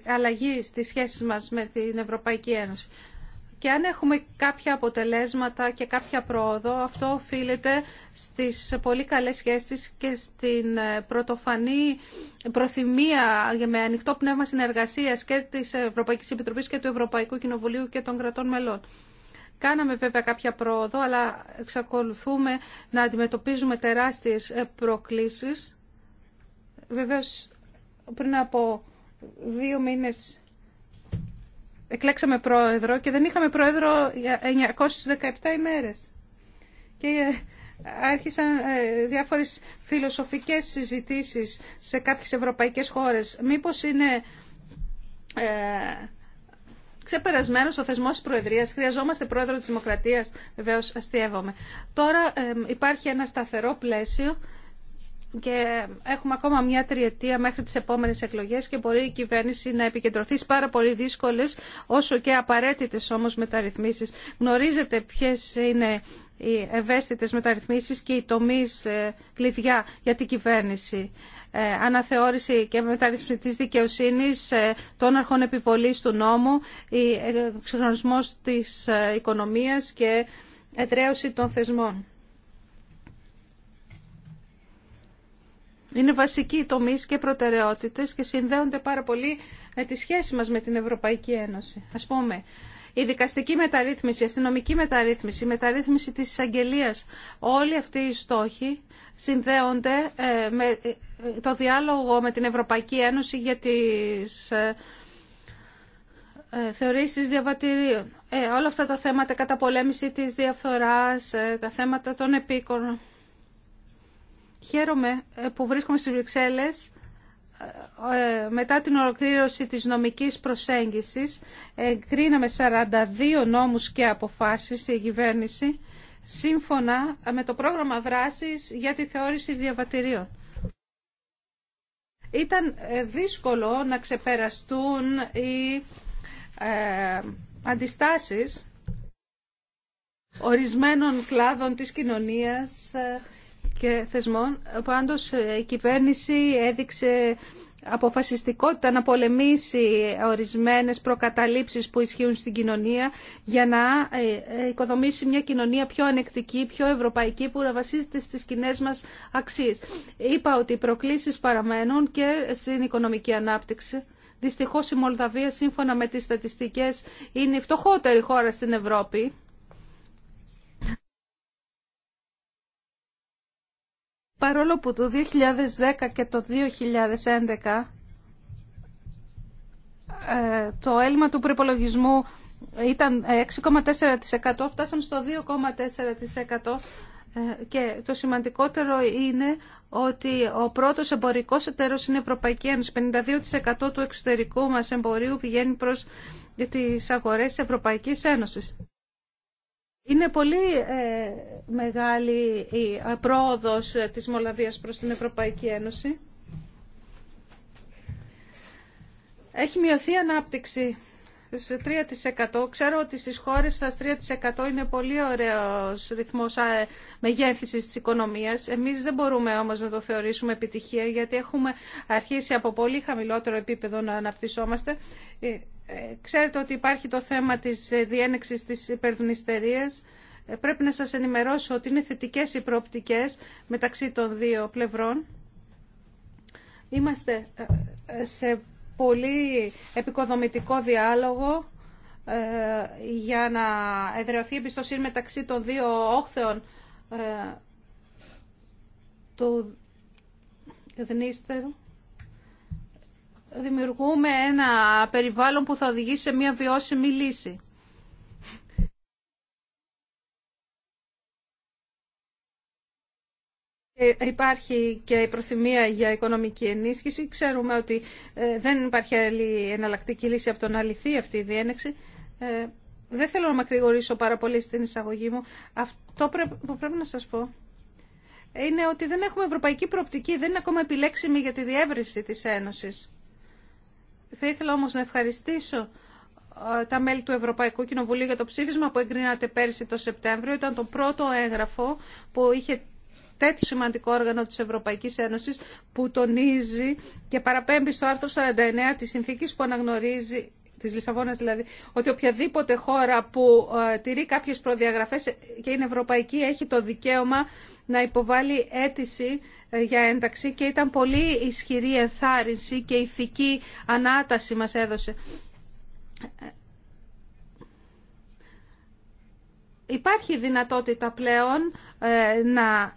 Speaker 2: αλλαγή στις σχέσεις μας με την Ευρωπαϊκή Ένωση. Και αν έχουμε κάποια αποτελέσματα και κάποια πρόοδο, αυτό οφείλεται στις πολύ καλές σχέσεις και στην ε, πρωτοφανή προθυμία με ανοιχτό πνεύμα συνεργασίας και της Ευρωπαϊκής Επιτροπής και του Ευρωπαϊκού Κοινοβουλίου και των κρατών μελών. Κάναμε βέβαια κάποια πρόοδο, αλλά εξακολουθούμε να αντιμετωπίζουμε τεράστιες ε, προκλήσεις. Βεβαίως, πριν από δύο μήνες εκλέξαμε πρόεδρο και δεν είχαμε πρόεδρο για 917 ημέρες. Και ε, άρχισαν ε, διάφορες φιλοσοφικές συζητήσεις σε κάποιες ευρωπαϊκές χώρες. Μήπως είναι ε, ξεπερασμένος ο θεσμός της Προεδρίας. Χρειαζόμαστε πρόεδρο της Δημοκρατίας. Βεβαίως αστείευομαι. Τώρα ε, υπάρχει ένα σταθερό πλαίσιο και έχουμε ακόμα μια τριετία μέχρι τις επόμενες εκλογές και μπορεί η κυβέρνηση να επικεντρωθεί σε πάρα πολύ δύσκολες όσο και απαραίτητες όμως μεταρρυθμίσεις. Γνωρίζετε ποιες είναι οι ευαίσθητες μεταρρυθμίσεις και οι τομείς ε, κλειδιά για την κυβέρνηση. Ε, αναθεώρηση και μεταρρύθμιση της δικαιοσύνης, ε, των αρχών επιβολής του νόμου, ε, της οικονομίας και εδραίωση των θεσμών. Είναι βασικοί οι τομείς και προτεραιότητε και συνδέονται πάρα πολύ με τη σχέση μας με την Ευρωπαϊκή Ένωση. Ας πούμε, η δικαστική μεταρρύθμιση, η αστυνομική μεταρρύθμιση, η μεταρρύθμιση της εισαγγελία, όλοι αυτοί οι στόχοι συνδέονται ε, με ε, το διάλογο με την Ευρωπαϊκή Ένωση για τις ε, θεωρήσεις διαβατηρίων. όλα αυτά τα θέματα, καταπολέμηση της διαφθοράς, τα θέματα των επίκορων. Χαίρομαι ε, που βρίσκομαι στις Βρυξέλλες ε, ε, μετά την ολοκλήρωση της νομικής προσέγγισης. Κρίναμε 42 νόμους και αποφάσεις στη κυβέρνηση σύμφωνα με το πρόγραμμα δράσης για τη θεώρηση διαβατηρίων. Ήταν δύσκολο να ξεπεραστούν οι αντιστάσεις ορισμένων κλάδων της κοινωνίας και θεσμών. Πάντως ε, η κυβέρνηση έδειξε αποφασιστικότητα να πολεμήσει ορισμένες προκαταλήψεις που ισχύουν στην κοινωνία για να ε, ε, οικοδομήσει μια κοινωνία πιο ανεκτική, πιο ευρωπαϊκή που να βασίζεται στις κοινέ μας αξίες. Είπα ότι οι προκλήσεις παραμένουν και στην οικονομική ανάπτυξη. Δυστυχώς η Μολδαβία σύμφωνα με τις στατιστικές είναι η φτωχότερη χώρα στην Ευρώπη παρόλο που το 2010 και το 2011 ε, το έλλειμμα του προπολογισμού ήταν 6,4%, ε, φτάσαμε στο 2,4% ε, και το σημαντικότερο είναι ότι ο πρώτος εμπορικός εταίρος είναι η Ευρωπαϊκή Ένωση. 52% του εξωτερικού μας εμπορίου πηγαίνει προς τις αγορές της Ευρωπαϊκής Ένωσης. Είναι πολύ ε, μεγάλη η ε, πρόοδος ε, της Μολδαβίας προς την Ευρωπαϊκή Ένωση. Έχει μειωθεί η ανάπτυξη σε 3%. Ξέρω ότι στις χώρες σας 3% είναι πολύ ωραίος ρυθμός μεγέθυνσης της οικονομίας. Εμείς δεν μπορούμε όμως να το θεωρήσουμε επιτυχία γιατί έχουμε αρχίσει από πολύ χαμηλότερο επίπεδο να αναπτυσσόμαστε. Ε, ξέρετε ότι υπάρχει το θέμα της ε, διένεξης της υπερβνηστερίας. Ε, πρέπει να σας ενημερώσω ότι είναι θετικές οι προοπτικές μεταξύ των δύο πλευρών. Είμαστε σε πολύ επικοδομητικό διάλογο για να εδραιωθεί η εμπιστοσύνη μεταξύ των δύο όχθεων του Δνύστερου δημιουργούμε ένα περιβάλλον που θα οδηγήσει σε μια βιώσιμη λύση. Ε, υπάρχει και η προθυμία για οικονομική ενίσχυση. Ξέρουμε ότι ε, δεν υπάρχει άλλη εναλλακτική λύση από το να λυθεί αυτή η διένεξη. Ε, δεν θέλω να μακρηγορήσω πάρα πολύ στην εισαγωγή μου. Αυτό που πρέπει να σας πω είναι ότι δεν έχουμε ευρωπαϊκή προοπτική, δεν είναι ακόμα επιλέξιμη για τη διεύρυνση της Ένωσης. Θα ήθελα όμως να ευχαριστήσω ε, τα μέλη του Ευρωπαϊκού Κοινοβουλίου για το ψήφισμα που εγκρίνατε πέρσι το Σεπτέμβριο. Ήταν το πρώτο έγγραφο που είχε τέτοιο σημαντικό όργανο της Ευρωπαϊκής Ένωσης που τονίζει και παραπέμπει στο άρθρο 49 της συνθήκης που αναγνωρίζει της Λισαβόνας δηλαδή, ότι οποιαδήποτε χώρα που ε, τηρεί κάποιες προδιαγραφές και είναι ευρωπαϊκή έχει το δικαίωμα να υποβάλει αίτηση ε, για ένταξη και ήταν πολύ ισχυρή ενθάρρυνση και ηθική ανάταση μας έδωσε. Ε, υπάρχει δυνατότητα πλέον ε, να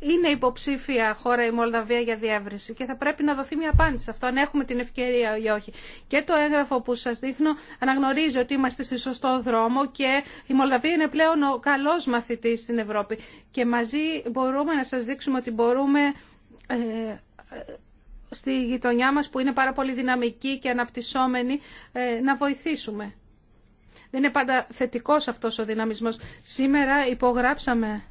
Speaker 2: είναι υποψήφια χώρα η Μολδαβία για διεύρυνση και θα πρέπει να δοθεί μια απάντηση σε αυτό, αν έχουμε την ευκαιρία ή όχι. Και το έγγραφο που σας δείχνω αναγνωρίζει ότι είμαστε σε σωστό δρόμο και η Μολδαβία είναι πλέον ο καλός μαθητής στην Ευρώπη. Και μαζί μπορούμε να σας δείξουμε ότι μπορούμε ε, στη γειτονιά μας που είναι πάρα πολύ δυναμική και αναπτυσσόμενη ε, να βοηθήσουμε. Δεν είναι πάντα θετικός αυτός ο δυναμισμός. Σήμερα υπογράψαμε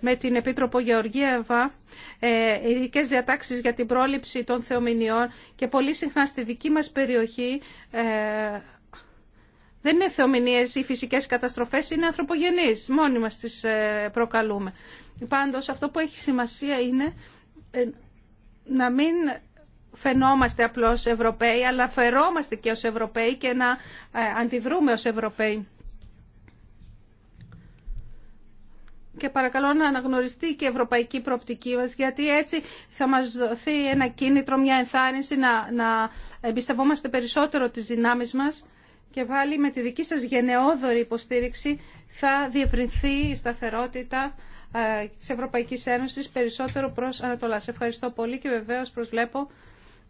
Speaker 2: με την Επίτροπο Γεωργίευα ε, ειδικέ διατάξεις για την πρόληψη των θεομηνιών και πολύ συχνά στη δική μας περιοχή ε, δεν είναι θεομηνίες ή φυσικές καταστροφές, είναι ανθρωπογενείς. Μόνοι μας τις ε, προκαλούμε. Πάντως αυτό που έχει σημασία είναι να μην φαινόμαστε απλώς Ευρωπαίοι, αλλά φερόμαστε και ως Ευρωπαίοι και να αντιδρούμε ως Ευρωπαίοι. και παρακαλώ να αναγνωριστεί και η ευρωπαϊκή προοπτική μας γιατί έτσι θα μας δοθεί ένα κίνητρο, μια ενθάρρυνση να, να εμπιστευόμαστε περισσότερο τις δυνάμεις μας και πάλι με τη δική σας γενναιόδορη υποστήριξη θα διευρυνθεί η σταθερότητα ε, της Ευρωπαϊκής Ένωσης περισσότερο προς Ανατολάς. Ευχαριστώ πολύ και βεβαίως προσβλέπω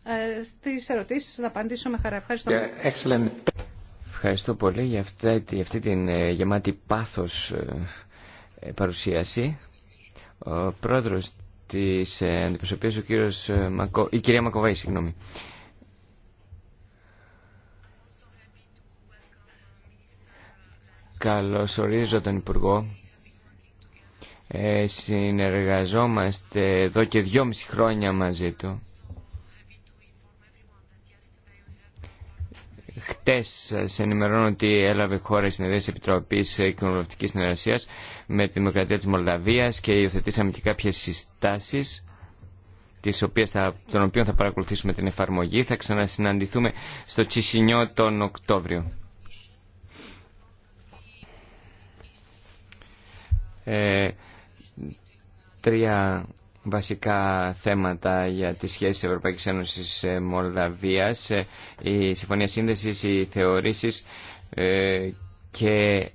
Speaker 2: ε, στις ερωτήσεις να απαντήσω με χαρά. Ευχαριστώ
Speaker 3: yeah, Ευχαριστώ πολύ για αυτή, αυτή την ε, γεμάτη πάθος ε, ε, παρουσίαση. Ο πρόεδρος της ε, αντιπροσωπείας, ο κύριος ε, Μακο... η κυρία Μακοβάη, συγγνώμη. ορίζω τον Υπουργό. Ε, συνεργαζόμαστε εδώ και δυόμιση χρόνια μαζί του. Χτες σας ενημερώνω ότι έλαβε χώρα η συνεδρία Επιτροπής Κοινοβουλευτικής Συνεργασίας με τη Δημοκρατία της Μολδαβίας και υιοθετήσαμε και κάποιες συστάσεις τις οποίες θα, των οποίων θα παρακολουθήσουμε την εφαρμογή. Θα ξανασυναντηθούμε στο Τσισινιό τον Οκτώβριο. Ε, τρία βασικά θέματα για τις σχέσεις Ευρωπαϊκής Ένωσης ε, Μολδαβίας, ε, η Συμφωνία Σύνδεσης, οι θεωρήσεις ε, και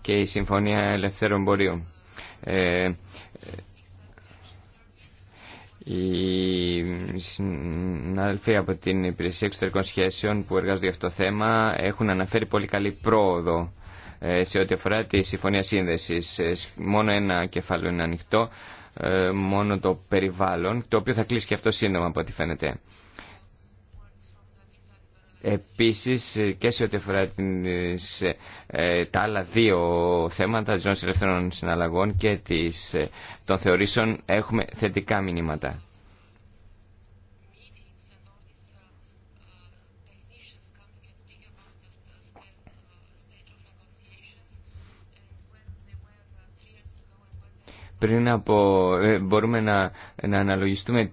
Speaker 3: και η Συμφωνία Ελευθέρων Εμπορίου. Ε, οι ε, συνάδελφοι από την Υπηρεσία Εξωτερικών Σχέσεων που εργάζονται για αυτό το θέμα έχουν αναφέρει πολύ καλή πρόοδο ε, σε ό,τι αφορά τη Συμφωνία Σύνδεσης. Ε, μόνο ένα κεφάλαιο είναι ανοιχτό, μόνο το περιβάλλον, το οποίο θα κλείσει και αυτό σύντομα από ό,τι φαίνεται. Επίσης και σε ό,τι αφορά τις, ε, τα άλλα δύο θέματα της ζώνης ελεύθερων συναλλαγών και της, ε, των θεωρήσεων έχουμε θετικά μηνύματα. Πριν από... Ε, μπορούμε να, να αναλογιστούμε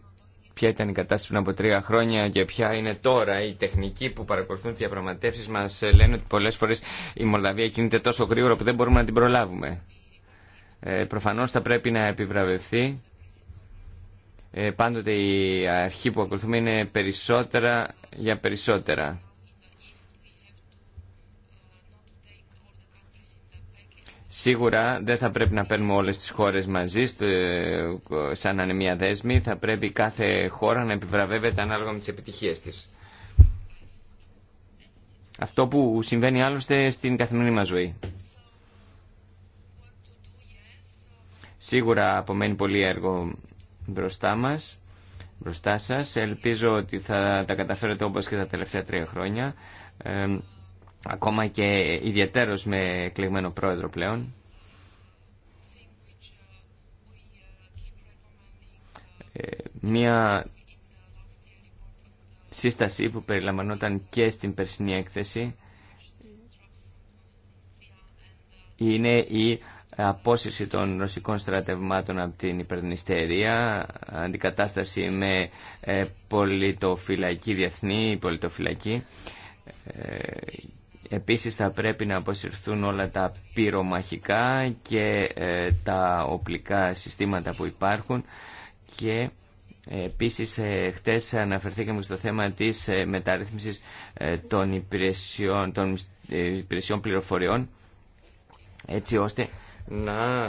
Speaker 3: ποια ήταν η κατάσταση πριν από τρία χρόνια και ποια είναι τώρα. Οι τεχνικοί που παρακολουθούν τι διαπραγματεύσει μα λένε ότι πολλέ φορέ η Μολδαβία κινείται τόσο γρήγορα που δεν μπορούμε να την προλάβουμε. Ε, Προφανώ θα πρέπει να επιβραβευθεί. Ε, πάντοτε η αρχή που ακολουθούμε είναι περισσότερα για περισσότερα. Σίγουρα δεν θα πρέπει να παίρνουμε όλες τις χώρες μαζί ε, σαν να είναι μια δέσμη. Θα πρέπει κάθε χώρα να επιβραβεύεται ανάλογα με τις επιτυχίες της. Αυτό που συμβαίνει άλλωστε στην καθημερινή μας ζωή. Σίγουρα απομένει πολύ έργο μπροστά μας, μπροστά σας. Ελπίζω ότι θα τα καταφέρετε όπως και τα τελευταία τρία χρόνια. Ε, ακόμα και ιδιαίτερος με κλεγμένο πρόεδρο πλέον. Ε, μία σύσταση που περιλαμβανόταν και στην περσινή έκθεση είναι η απόσυρση των ρωσικών στρατευμάτων από την υπερνηστερία, αντικατάσταση με ε, πολιτοφυλακή διεθνή, πολιτοφυλακή ε, Επίσης θα πρέπει να αποσυρθούν όλα τα πυρομαχικά και ε, τα οπλικά συστήματα που υπάρχουν και ε, επίσης ε, χτες αναφερθήκαμε στο θέμα της μεταρρύθμισης των υπηρεσιών, των υπηρεσιών πληροφοριών έτσι ώστε να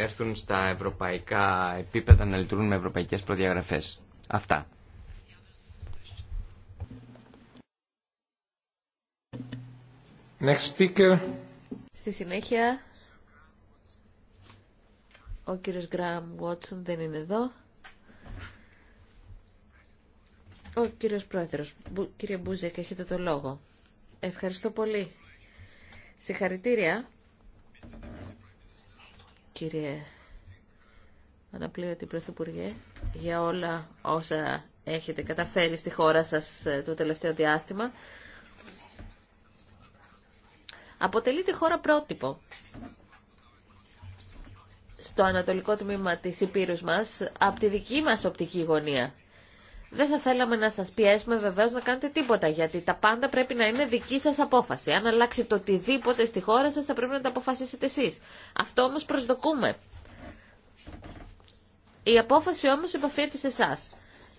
Speaker 3: έρθουν στα ευρωπαϊκά επίπεδα να λειτουργούν με ευρωπαϊκές προδιαγραφές. Αυτά.
Speaker 1: Στη συνέχεια, ο κύριος Γκραμ Βότσον δεν είναι εδώ. Ο κύριος Πρόεδρος, κύριε Μπούζεκ, έχετε το λόγο. Ευχαριστώ πολύ. Συγχαρητήρια, κύριε Αναπλήρωτη Πρωθυπουργέ, για όλα όσα έχετε καταφέρει στη χώρα σας ε, το τελευταίο διάστημα αποτελεί τη χώρα πρότυπο. Στο ανατολικό τμήμα της Υπήρους μας, από τη δική μας οπτική γωνία. Δεν θα θέλαμε να σας πιέσουμε βεβαίως να κάνετε τίποτα, γιατί τα πάντα πρέπει να είναι δική σας απόφαση. Αν αλλάξει το οτιδήποτε στη χώρα σας, θα πρέπει να τα αποφασίσετε εσείς. Αυτό όμως προσδοκούμε. Η απόφαση όμως επαφείται σε εσάς.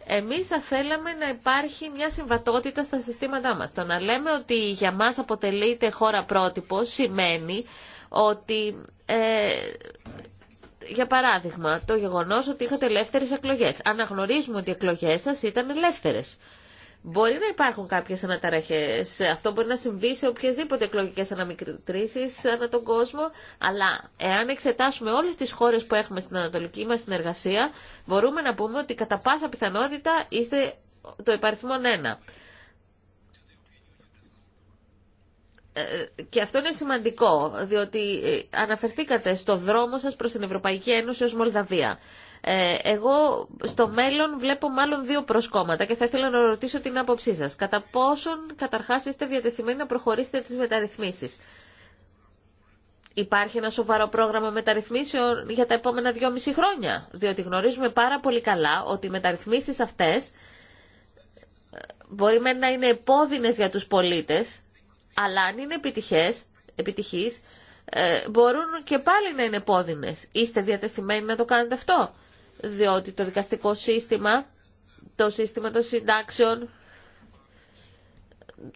Speaker 1: Εμείς θα θέλαμε να υπάρχει μια συμβατότητα στα συστήματά μας. Το να λέμε ότι για μας αποτελείται χώρα πρότυπο σημαίνει ότι, ε, για παράδειγμα, το γεγονός ότι είχατε ελεύθερες εκλογές. Αναγνωρίζουμε ότι οι εκλογές σας ήταν ελεύθερες. Μπορεί να υπάρχουν κάποιες αναταραχές. Αυτό μπορεί να συμβεί σε οποιασδήποτε εκλογικές αναμικρήσεις ανά τον κόσμο. Αλλά εάν εξετάσουμε όλες τις χώρες που έχουμε στην ανατολική μας συνεργασία, μπορούμε να πούμε ότι κατά πάσα πιθανότητα είστε το υπαριθμόν ένα. Ε, και αυτό είναι σημαντικό, διότι ε, αναφερθήκατε στο δρόμο σας προς την Ευρωπαϊκή Ένωση ως Μολδαβία. Ε, εγώ στο μέλλον βλέπω μάλλον δύο προσκόμματα και θα ήθελα να ρωτήσω την άποψή σα. Κατά πόσον καταρχά είστε διατεθειμένοι να προχωρήσετε τι μεταρρυθμίσεις. Υπάρχει ένα σοβαρό πρόγραμμα μεταρρυθμίσεων για τα επόμενα δυόμιση χρόνια, διότι γνωρίζουμε πάρα πολύ καλά ότι οι μεταρρυθμίσεις αυτέ ε, μπορεί να είναι επώδυνε για του πολίτε, αλλά αν είναι επιτυχές, επιτυχής, ε, μπορούν και πάλι να είναι επώδυνε. Είστε διατεθειμένοι να το κάνετε αυτό διότι το δικαστικό σύστημα, το σύστημα των συντάξεων,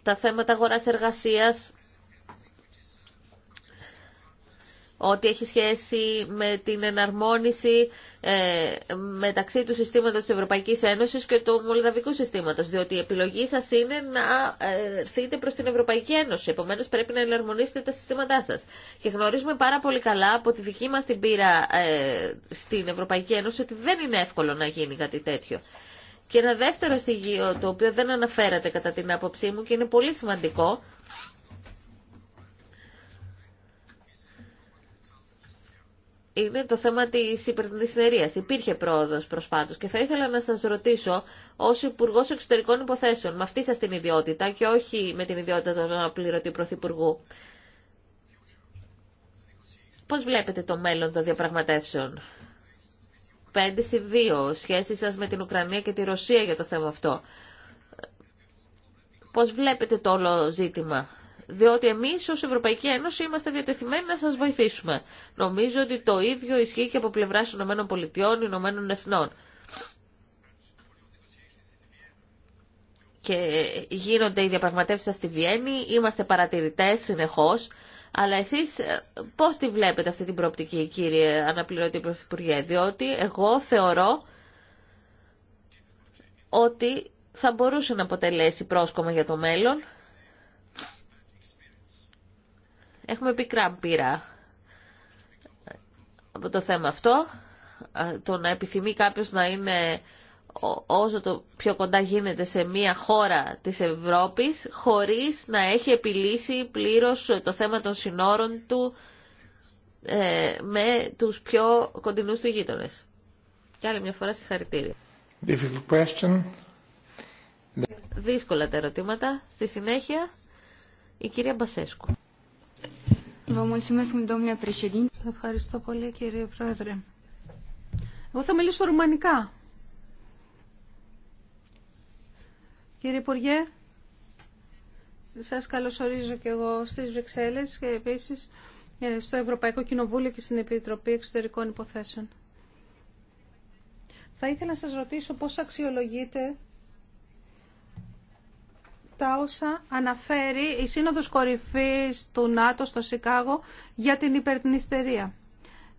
Speaker 1: τα θέματα αγοράς εργασίας ό,τι έχει σχέση με την εναρμόνιση ε, μεταξύ του συστήματος της Ευρωπαϊκής Ένωσης και του Μολδαβικού συστήματος, διότι η επιλογή σας είναι να ε, έρθείτε προς την Ευρωπαϊκή Ένωση, επομένως πρέπει να εναρμονίσετε τα συστήματά σας. Και γνωρίζουμε πάρα πολύ καλά από τη δική μας την πείρα ε, στην Ευρωπαϊκή Ένωση ότι δεν είναι εύκολο να γίνει κάτι τέτοιο. Και ένα δεύτερο στοιχείο το οποίο δεν αναφέρατε κατά την άποψή μου και είναι πολύ σημαντικό είναι το θέμα της υπερδυστερία. Υπήρχε πρόοδο προσφάτως και θα ήθελα να σας ρωτήσω ω υπουργό Εξωτερικών Υποθέσεων, με αυτή σα την ιδιότητα και όχι με την ιδιότητα του αναπληρωτή Πρωθυπουργού, πώς βλέπετε το μέλλον των διαπραγματεύσεων. Πέντε ή 2, σχέση σας με την Ουκρανία και τη Ρωσία για το θέμα αυτό. Πώς βλέπετε το όλο ζήτημα διότι εμείς ως Ευρωπαϊκή Ένωση είμαστε διατεθειμένοι να σας βοηθήσουμε. Νομίζω ότι το ίδιο ισχύει και από πλευρά Ηνωμένων Πολιτειών, Ηνωμένων Εθνών. Και γίνονται οι διαπραγματεύσεις στη Βιέννη, είμαστε παρατηρητές συνεχώς. Αλλά εσεί ε, πώ τη βλέπετε αυτή την προοπτική, κύριε Αναπληρωτή Πρωθυπουργέ, διότι εγώ θεωρώ ότι θα μπορούσε να αποτελέσει πρόσκομα για το μέλλον Έχουμε πει πείρα από το θέμα αυτό. Το να επιθυμεί κάποιο να είναι όσο το πιο κοντά γίνεται σε μια χώρα της Ευρώπης χωρίς να έχει επιλύσει πλήρως το θέμα των συνόρων του ε, με τους πιο κοντινούς του γείτονες. Και άλλη μια φορά συγχαρητήρια. Δύσκολα τα ερωτήματα. Στη συνέχεια η κυρία Μπασέσκου.
Speaker 2: Ευχαριστώ πολύ κύριε Πρόεδρε. Εγώ θα μιλήσω ρουμανικά. Κύριε Υπουργέ, σας καλωσορίζω και εγώ στις Βρυξέλλες και επίσης ε, στο Ευρωπαϊκό Κοινοβούλιο και στην Επιτροπή Εξωτερικών Υποθέσεων. Θα ήθελα να σας ρωτήσω πώς αξιολογείτε τα όσα αναφέρει η Σύνοδος Κορυφής του ΝΑΤΟ στο Σικάγο για την υπερνηστερία.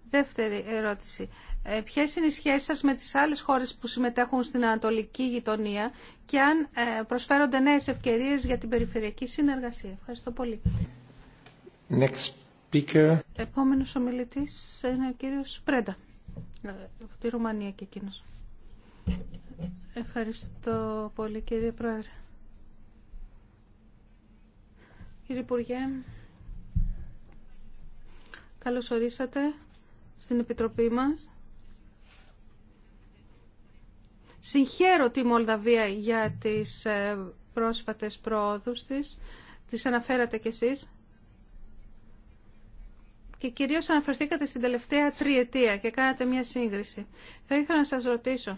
Speaker 2: Δεύτερη ερώτηση. Ε, ποιες είναι οι σχέσεις σας με τις άλλες χώρες που συμμετέχουν στην Ανατολική γειτονία και αν ε, προσφέρονται νέες ευκαιρίες για την περιφερειακή συνεργασία. Ευχαριστώ πολύ.
Speaker 3: Next speaker.
Speaker 2: Επόμενος ομιλητής είναι ο κύριος Πρέντα, ε, από τη Ρουμανία και εκείνος. Ευχαριστώ πολύ κύριε Πρόεδρε. Κύριε Υπουργέ, καλώς ορίσατε στην Επιτροπή μας. Συγχαίρω τη Μολδαβία για τις ε, πρόσφατες προόδους της. Τις αναφέρατε κι εσείς. Και κυρίως αναφερθήκατε στην τελευταία τριετία και κάνατε μια σύγκριση. Θα ήθελα να σας ρωτήσω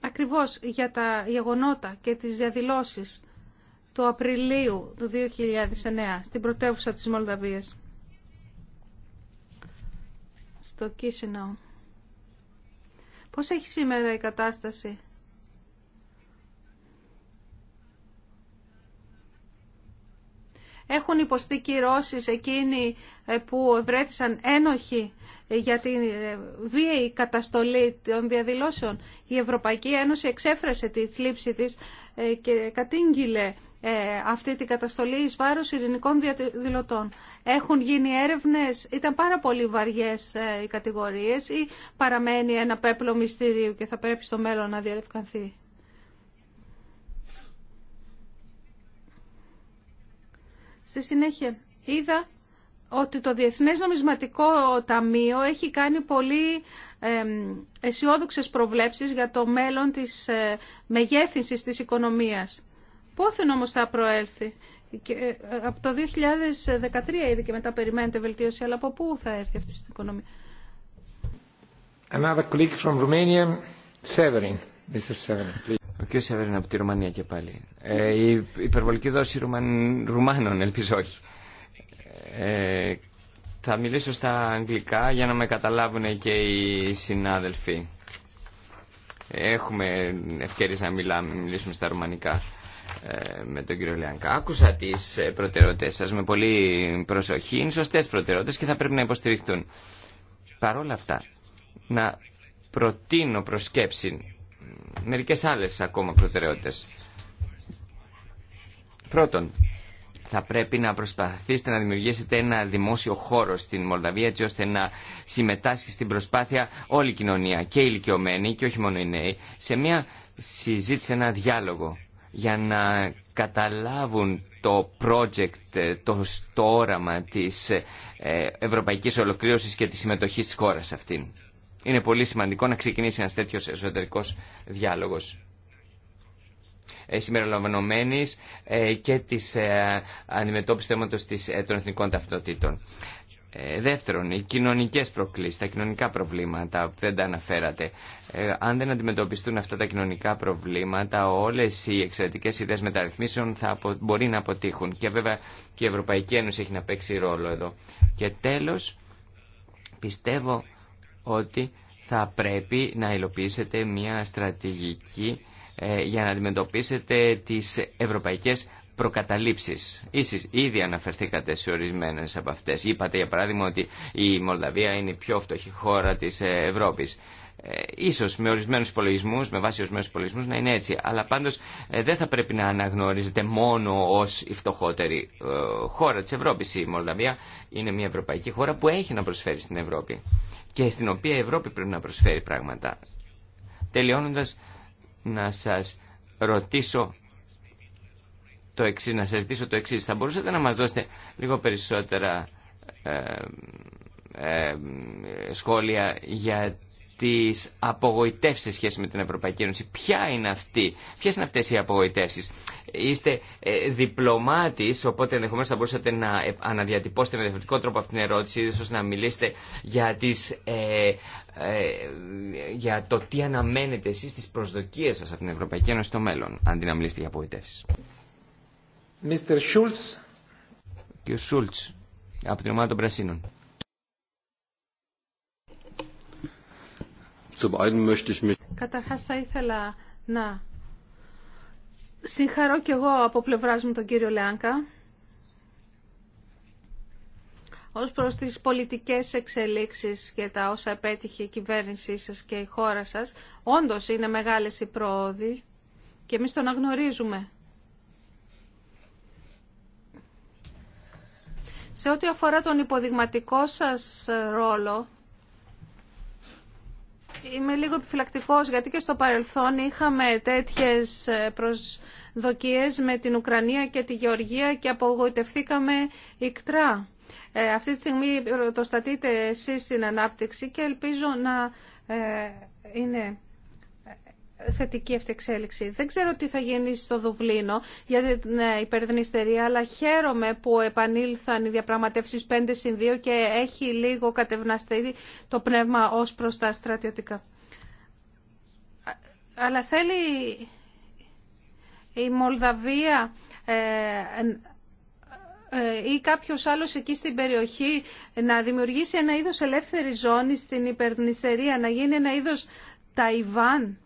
Speaker 2: ακριβώς για τα γεγονότα και τις διαδηλώσεις του Απριλίου του 2009 στην πρωτεύουσα της Μολδαβίας. Στο Κίσινο. Πώς έχει σήμερα η κατάσταση. Έχουν υποστεί κυρώσεις εκείνοι ε, που βρέθησαν ένοχοι για την ε, βίαιη καταστολή των διαδηλώσεων. Η Ευρωπαϊκή Ένωση εξέφρασε τη θλίψη της ε, και κατήγγειλε ε, αυτή την καταστολή εις βάρος ειρηνικών διαδηλωτών. Έχουν γίνει έρευνες, ήταν πάρα πολύ βαριές ε, οι κατηγορίες ή παραμένει ένα πέπλο μυστηρίου και θα πρέπει στο μέλλον να διαλευκανθεί. Στη συνέχεια, είδα ότι το Διεθνές Νομισματικό Ταμείο έχει κάνει πολύ αισιόδοξε προβλέψεις για το μέλλον της ε, μεγέθυνσης της οικονομίας. Πόθεν όμως θα προέλθει. Ε, από το 2013 ήδη και μετά περιμένετε βελτίωση, αλλά από πού θα έρθει αυτή στην οικονομία.
Speaker 3: Another click from Romania, Severin. Mr. Severin, please. Ο κ. Σεβερίν από τη Ρουμανία και πάλι. Ε, η υπερβολική δόση Ρουμαν... Ρουμάνων, ελπίζω όχι. Ε, θα μιλήσω στα αγγλικά για να με καταλάβουν και οι συνάδελφοι. Έχουμε ευκαιρίες να μιλάμε, μιλήσουμε στα ρουμανικά. Ε, με τον κύριο Λεανκά. Άκουσα τι ε, προτεραιότητε σα με πολύ προσοχή. Είναι σωστέ προτεραιότητε και θα πρέπει να υποστηριχτούν. Παρ' όλα αυτά, να προτείνω προσκέψη μερικέ άλλες ακόμα προτεραιότητε. Πρώτον, θα πρέπει να προσπαθήσετε να δημιουργήσετε ένα δημόσιο χώρο στην Μολδαβία έτσι ώστε να συμμετάσχει στην προσπάθεια όλη η κοινωνία και οι ηλικιωμένοι και όχι μόνο οι νέοι σε μια συζήτηση, ένα διάλογο για να καταλάβουν το project, ε, το, στόραμα όραμα της ε, ευρωπαϊκής ολοκλήρωσης και της συμμετοχής της χώρας αυτήν. Είναι πολύ σημαντικό να ξεκινήσει ένας τέτοιος εσωτερικός διάλογος ε, συμπεριλαμβανομένης και της αντιμετώπισης θέματος των εθνικών ταυτοτήτων. Ε, δεύτερον, οι κοινωνικές προκλήσεις, τα κοινωνικά προβλήματα που δεν τα αναφέρατε. Ε, αν δεν αντιμετωπιστούν αυτά τα κοινωνικά προβλήματα, όλες οι εξαιρετικέ ιδέες μεταρρυθμίσεων θα μπορεί να αποτύχουν. Και βέβαια και η Ευρωπαϊκή Ένωση έχει να παίξει ρόλο εδώ. Και τέλος, πιστεύω ότι θα πρέπει να υλοποιήσετε μια στρατηγική ε, για να αντιμετωπίσετε τις ευρωπαϊκές προκαταλήψεις. Ίσως ήδη αναφερθήκατε σε ορισμένες από αυτές. Είπατε για παράδειγμα ότι η Μολδαβία είναι η πιο φτωχή χώρα της ε, Ευρώπης. Ε, ίσως με ορισμένους υπολογισμού, με βάση ορισμένους υπολογισμού να είναι έτσι. Αλλά πάντως ε, δεν θα πρέπει να αναγνωρίζεται μόνο ως η φτωχότερη ε, χώρα της Ευρώπης. Η Μολδαβία είναι μια ευρωπαϊκή χώρα που έχει να προσφέρει στην Ευρώπη και στην οποία η Ευρώπη πρέπει να προσφέρει πράγματα. Τελειώνοντας να σας ρωτήσω το εξή, να σα ζητήσω το εξή. Θα μπορούσατε να μα δώσετε λίγο περισσότερα ε, ε, σχόλια για τις απογοητεύσεις σχέση με την Ευρωπαϊκή Ένωση. Ποια είναι αυτή, ποιε είναι αυτέ οι απογοητεύσει. Είστε ε, διπλωμάτης, οπότε ενδεχομένω θα μπορούσατε να ε, αναδιατυπώσετε με διαφορετικό τρόπο αυτή την ερώτηση, ίσως να μιλήσετε για, τις, ε, ε, για το τι αναμένετε εσείς, τις προσδοκίες σας από την Ευρωπαϊκή Ένωση στο μέλλον, αντί να μιλήσετε για απογοητεύσεις. Mr. από την ομάδα των Πρασίνων.
Speaker 2: Καταρχάς θα ήθελα να συγχαρώ κι εγώ από πλευράς μου τον κύριο Λεάνκα ως προς τις πολιτικές εξελίξεις και τα όσα επέτυχε η κυβέρνησή σας και η χώρα σας. Όντως είναι μεγάλες οι πρόοδοι και εμείς τον αγνωρίζουμε. Σε ό,τι αφορά τον υποδειγματικό σας ε, ρόλο, είμαι λίγο επιφυλακτικός γιατί και στο παρελθόν είχαμε τέτοιες ε, προσδοκίες με την Ουκρανία και τη Γεωργία και απογοητευθήκαμε ικτρά. Ε, αυτή τη στιγμή το στατείτε εσείς στην ανάπτυξη και ελπίζω να είναι θετική αυτή εξέλιξη. Δεν ξέρω τι θα γίνει στο Δουβλίνο για την ε, υπερδνηστερία, αλλά χαίρομαι που επανήλθαν οι διαπραγματεύσει 5 συν 2 και έχει λίγο κατευναστεί το πνεύμα ως προ τα στρατιωτικά. Αλλά θέλει η Μολδαβία ε, ε, ή κάποιος άλλος εκεί στην περιοχή να δημιουργήσει ένα είδος ελεύθερη ζώνη στην υπερνηστερία, να γίνει ένα είδος Ταϊβάν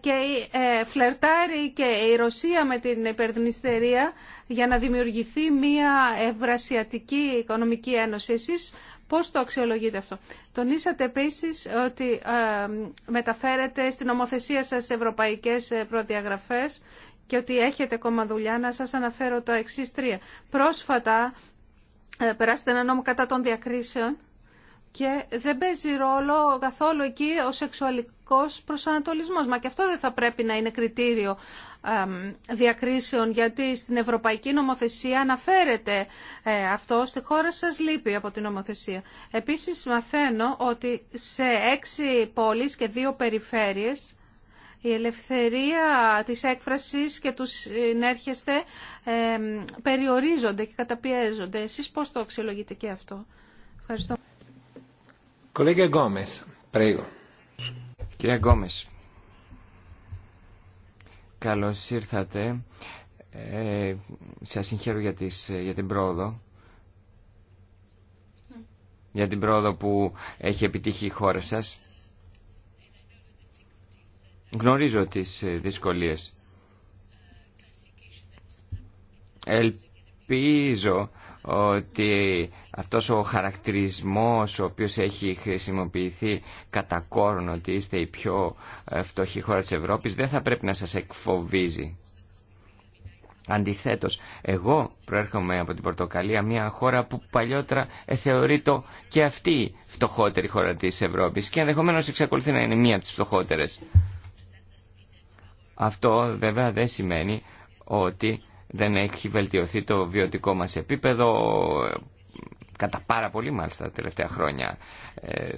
Speaker 2: και ε, φλερτάρει και η Ρωσία με την υπερδνηστερία για να δημιουργηθεί μια ευρασιατική οικονομική ένωση. Εσείς πώς το αξιολογείτε αυτό. Τονίσατε επίση ότι ε, μεταφέρετε στην ομοθεσία σας ευρωπαϊκές ε, προδιαγραφές και ότι έχετε ακόμα δουλειά. Να σας αναφέρω το εξή τρία. Πρόσφατα περάσετε ένα νόμο κατά των διακρίσεων και δεν παίζει ρόλο καθόλου εκεί ο σεξουαλικός πολιτικός Μα και αυτό δεν θα πρέπει να είναι κριτήριο διακρίσεων, γιατί στην ευρωπαϊκή νομοθεσία αναφέρεται ε, αυτό, στη χώρα σας λείπει από την νομοθεσία. Επίσης μαθαίνω ότι σε έξι πόλεις και δύο περιφέρειες η ελευθερία της έκφρασης και του συνέρχεστε περιορίζονται και καταπιέζονται. Εσείς πώς το αξιολογείτε και αυτό. Ευχαριστώ.
Speaker 3: Κολέγια Γκόμες, Κυρία Γκόμες, καλώς ήρθατε. Ε, σας συγχαίρω για, την πρόοδο. Για την πρόοδο που έχει επιτύχει η χώρα σας. Γνωρίζω τις ε, δυσκολίες. Ελπίζω ότι αυτός ο χαρακτηρισμός ο οποίος έχει χρησιμοποιηθεί κατά κόρον ότι είστε η πιο ε, φτωχή χώρα της Ευρώπης δεν θα πρέπει να σας εκφοβίζει. Αντιθέτως, εγώ προέρχομαι από την Πορτοκαλία, μια χώρα που παλιότερα θεωρείται και αυτή η φτωχότερη χώρα της Ευρώπης και ενδεχομένως εξακολουθεί να είναι μία από τις φτωχότερες. Αυτό βέβαια δεν σημαίνει ότι δεν έχει βελτιωθεί το βιωτικό μας επίπεδο κατά πάρα πολύ μάλιστα τα τελευταία χρόνια. Ε,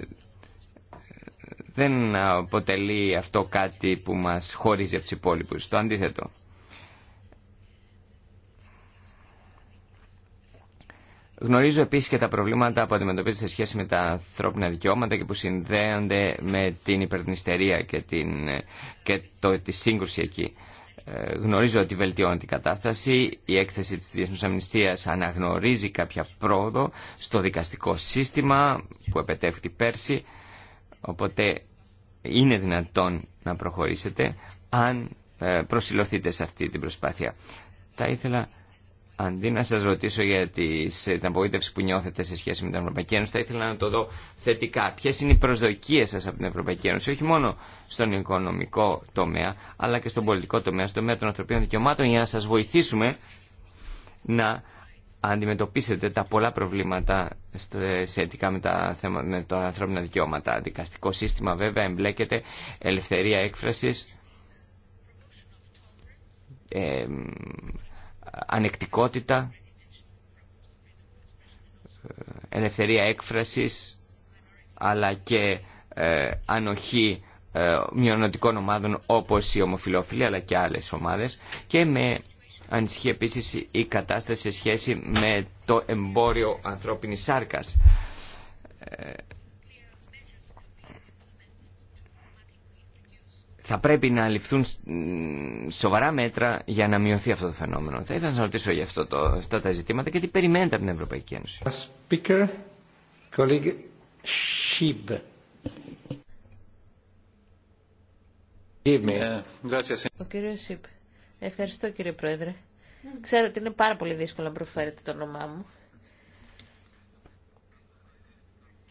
Speaker 3: δεν αποτελεί αυτό κάτι που μας χωρίζει από τους υπόλοιπους. Το αντίθετο. Γνωρίζω επίσης και τα προβλήματα που αντιμετωπίζεται σε σχέση με τα ανθρώπινα δικαιώματα και που συνδέονται με την υπερνηστερία και, την, και το, τη σύγκρουση εκεί γνωρίζω ότι βελτιώνει την κατάσταση. Η έκθεση της Διεθνούς Αμνηστίας αναγνωρίζει κάποια πρόοδο στο δικαστικό σύστημα που επετεύχθη πέρσι. Οπότε είναι δυνατόν να προχωρήσετε αν ε, προσιλωθείτε σε αυτή την προσπάθεια. Θα ήθελα Αντί να σας ρωτήσω για τις, την απογοήτευση που νιώθετε σε σχέση με την Ευρωπαϊκή Ένωση, θα ήθελα να το δω θετικά. Ποιες είναι οι προσδοκίες σας από την Ευρωπαϊκή Ένωση, όχι μόνο στον οικονομικό τομέα, αλλά και στον πολιτικό τομέα, στον τομέα των ανθρωπίνων δικαιωμάτων, για να σας βοηθήσουμε να αντιμετωπίσετε τα πολλά προβλήματα σχετικά με τα, με τα ανθρώπινα δικαιώματα. Δικαστικό σύστημα βέβαια εμπλέκεται, ελευθερία έκφρασης, ε, ανεκτικότητα, ε, ελευθερία έκφρασης, αλλά και ε, ανοχή ε, ομάδων όπως οι ομοφιλόφιλοι αλλά και άλλες ομάδες και με ανησυχεί επίσης η κατάσταση σε σχέση με το εμπόριο ανθρώπινης σάρκας. Ε, θα πρέπει να ληφθούν σοβαρά μέτρα για να μειωθεί αυτό το φαινόμενο. Θα ήθελα να σα ρωτήσω για αυτό το, αυτά τα ζητήματα και τι περιμένετε από την Ευρωπαϊκή Ένωση. Speaker, colleague
Speaker 1: ε, Ο κύριος Σιπ. Ευχαριστώ κύριε Πρόεδρε. Ξέρω ότι είναι πάρα πολύ δύσκολο να προφέρετε το όνομά μου.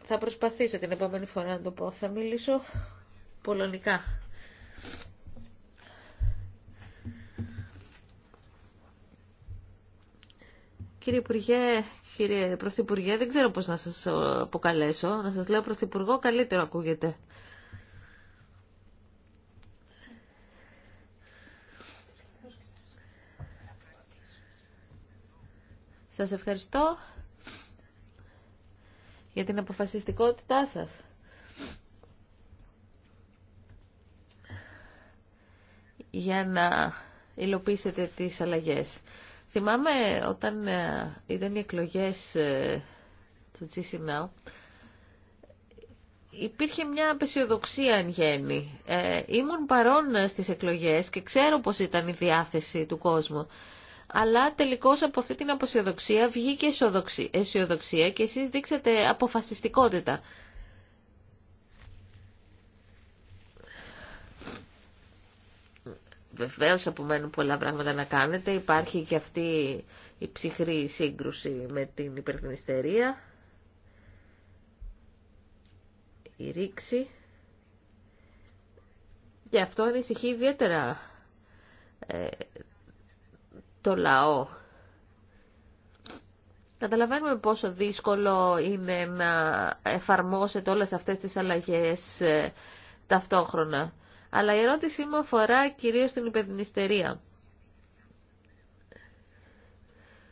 Speaker 1: Θα προσπαθήσω την επόμενη φορά να το πω. Θα μιλήσω πολωνικά. Κύριε Υπουργέ, κύριε Πρωθυπουργέ, δεν ξέρω πώς να σας αποκαλέσω. Να σας λέω Πρωθυπουργό, καλύτερο ακούγεται. Σας ευχαριστώ για την αποφασιστικότητά σας. για να υλοποιήσετε τις αλλαγές. Θυμάμαι όταν ε, ήταν οι εκλογές ε, του GCNOW, υπήρχε μια απεσιοδοξία εν γέννη. Ε, ήμουν παρόν ε, στις εκλογές και ξέρω πώς ήταν η διάθεση του κόσμου. Αλλά τελικώς από αυτή την απεσιοδοξία βγήκε αισιοδοξία και εσείς δείξατε αποφασιστικότητα. βεβαίως απομένουν πολλά πράγματα να κάνετε. Υπάρχει και αυτή η ψυχρή σύγκρουση με την υπερθυμιστερία Η ρήξη. Και αυτό ανησυχεί ιδιαίτερα ε, το λαό. Καταλαβαίνουμε πόσο δύσκολο είναι να εφαρμόσετε όλες αυτές τις αλλαγές ε, ταυτόχρονα. Αλλά η ερώτησή μου αφορά κυρίως την υπερδυνιστερία.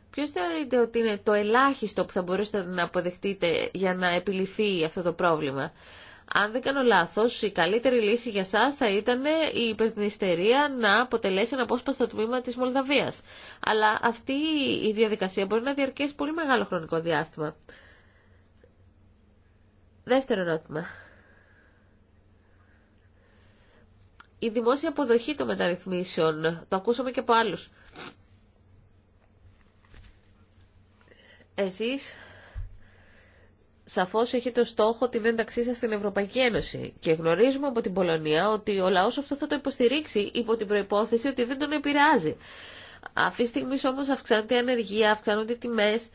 Speaker 1: Ποιος θεωρείτε ότι είναι το ελάχιστο που θα μπορούσατε να αποδεχτείτε για να επιληθεί αυτό το πρόβλημα. Αν δεν κάνω λάθος, η καλύτερη λύση για σας θα ήταν η υπερδυνιστερία να αποτελέσει ένα απόσπαστο τμήμα της Μολδαβίας. Αλλά αυτή η διαδικασία μπορεί να διαρκέσει πολύ μεγάλο χρονικό διάστημα. Δεύτερο ερώτημα. η δημόσια αποδοχή των μεταρρυθμίσεων. Το ακούσαμε και από άλλου. Εσείς σαφώς έχετε το στόχο την ένταξή σας στην Ευρωπαϊκή Ένωση και γνωρίζουμε από την Πολωνία ότι ο λαός αυτό θα το υποστηρίξει υπό την προϋπόθεση ότι δεν τον επηρεάζει. Αυτή τη στιγμή όμως αυξάνεται η ανεργία, αυξάνονται οι τιμές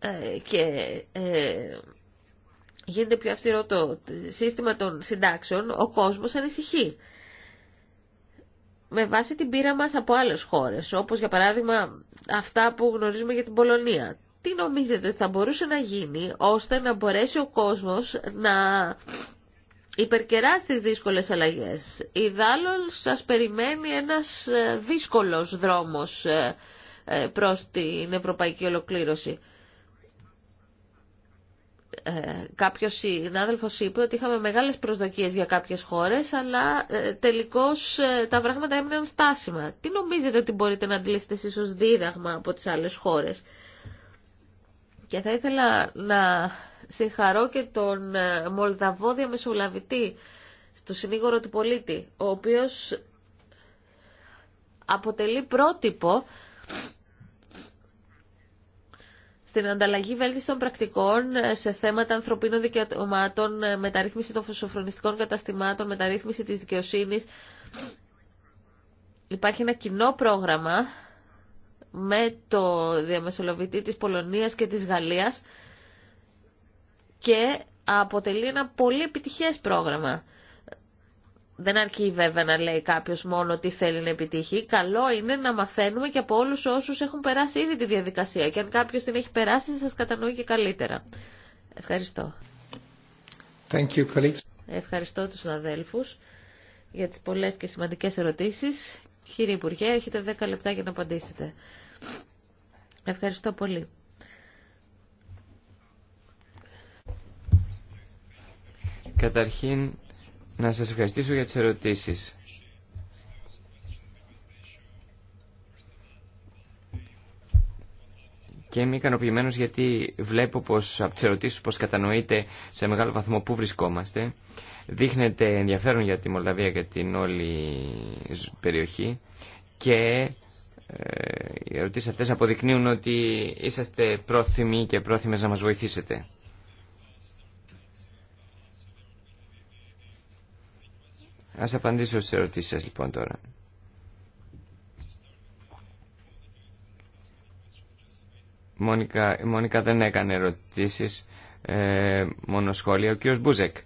Speaker 1: ε, και ε, γίνεται πιο αυστηρό το σύστημα των συντάξεων, ο κόσμος ανησυχεί. Με βάση την πείρα μας από άλλες χώρες, όπως για παράδειγμα αυτά που γνωρίζουμε για την Πολωνία. Τι νομίζετε ότι θα μπορούσε να γίνει ώστε να μπορέσει ο κόσμος να υπερκεράσει τις δύσκολες αλλαγές. Ιδάλλον σας περιμένει ένας ε, δύσκολος δρόμος ε, ε, προς την ευρωπαϊκή ολοκλήρωση ε, κάποιος είπε ότι είχαμε μεγάλες προσδοκίες για κάποιες χώρες, αλλά ε, τελικώς ε, τα πράγματα έμειναν στάσιμα. Τι νομίζετε ότι μπορείτε να αντιλήσετε εσείς ως δίδαγμα από τις άλλες χώρες. Και θα ήθελα να συγχαρώ και τον ε, Μολδαβό διαμεσολαβητή στο συνήγορο του πολίτη, ο οποίος αποτελεί πρότυπο στην ανταλλαγή των πρακτικών ε, σε θέματα ανθρωπίνων δικαιωμάτων, ε, μεταρρύθμιση των φωσοφρονιστικών καταστημάτων, μεταρρύθμιση της δικαιοσύνης. Υπάρχει ένα κοινό πρόγραμμα με το διαμεσολαβητή της Πολωνίας και της Γαλλίας και αποτελεί ένα πολύ επιτυχές πρόγραμμα. Δεν αρκεί βέβαια να λέει κάποιο μόνο τι θέλει να επιτύχει. Καλό είναι να μαθαίνουμε και από όλου όσου έχουν περάσει ήδη τη διαδικασία. Και αν κάποιο την έχει περάσει, σα κατανοεί και καλύτερα. Ευχαριστώ.
Speaker 3: Thank you,
Speaker 1: Ευχαριστώ τους αδέλφους για τις πολλές και σημαντικές ερωτήσεις. Κύριε Υπουργέ, έχετε 10 λεπτά για να απαντήσετε. Ευχαριστώ πολύ.
Speaker 3: Καταρχήν, να σας ευχαριστήσω για τις ερωτήσεις. Και είμαι ικανοποιημένο γιατί βλέπω πως από τις ερωτήσεις πως κατανοείτε σε μεγάλο βαθμό πού βρισκόμαστε. Δείχνετε ενδιαφέρον για τη Μολδαβία και την όλη περιοχή και ε, οι ερωτήσεις αυτές αποδεικνύουν ότι είσαστε πρόθυμοι και πρόθυμες να μας βοηθήσετε. Ας απαντήσω στις ερωτήσεις σας λοιπόν τώρα. Μόνικα, Μόνικα δεν έκανε ερωτήσεις, ε, μόνο σχόλια. Ο κ. Μπούζεκ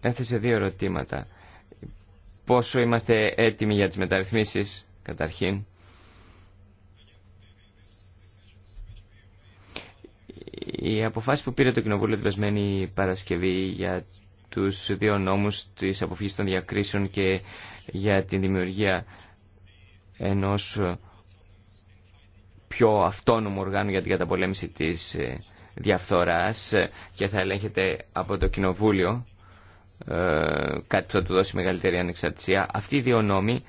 Speaker 3: έθεσε δύο ερωτήματα. Πόσο είμαστε έτοιμοι για τις μεταρρυθμίσεις, καταρχήν. Η αποφάση που πήρε το Κοινοβούλιο περασμένη Παρασκευή για τους δύο νόμους της αποφύγης των διακρίσεων και για την δημιουργία ενός πιο αυτόνομου οργάνου για την καταπολέμηση της ε, διαφθοράς ε, και θα ελέγχεται από το Κοινοβούλιο ε, κάτι που θα του δώσει μεγαλύτερη ανεξαρτησία. Αυτοί οι δύο νόμοι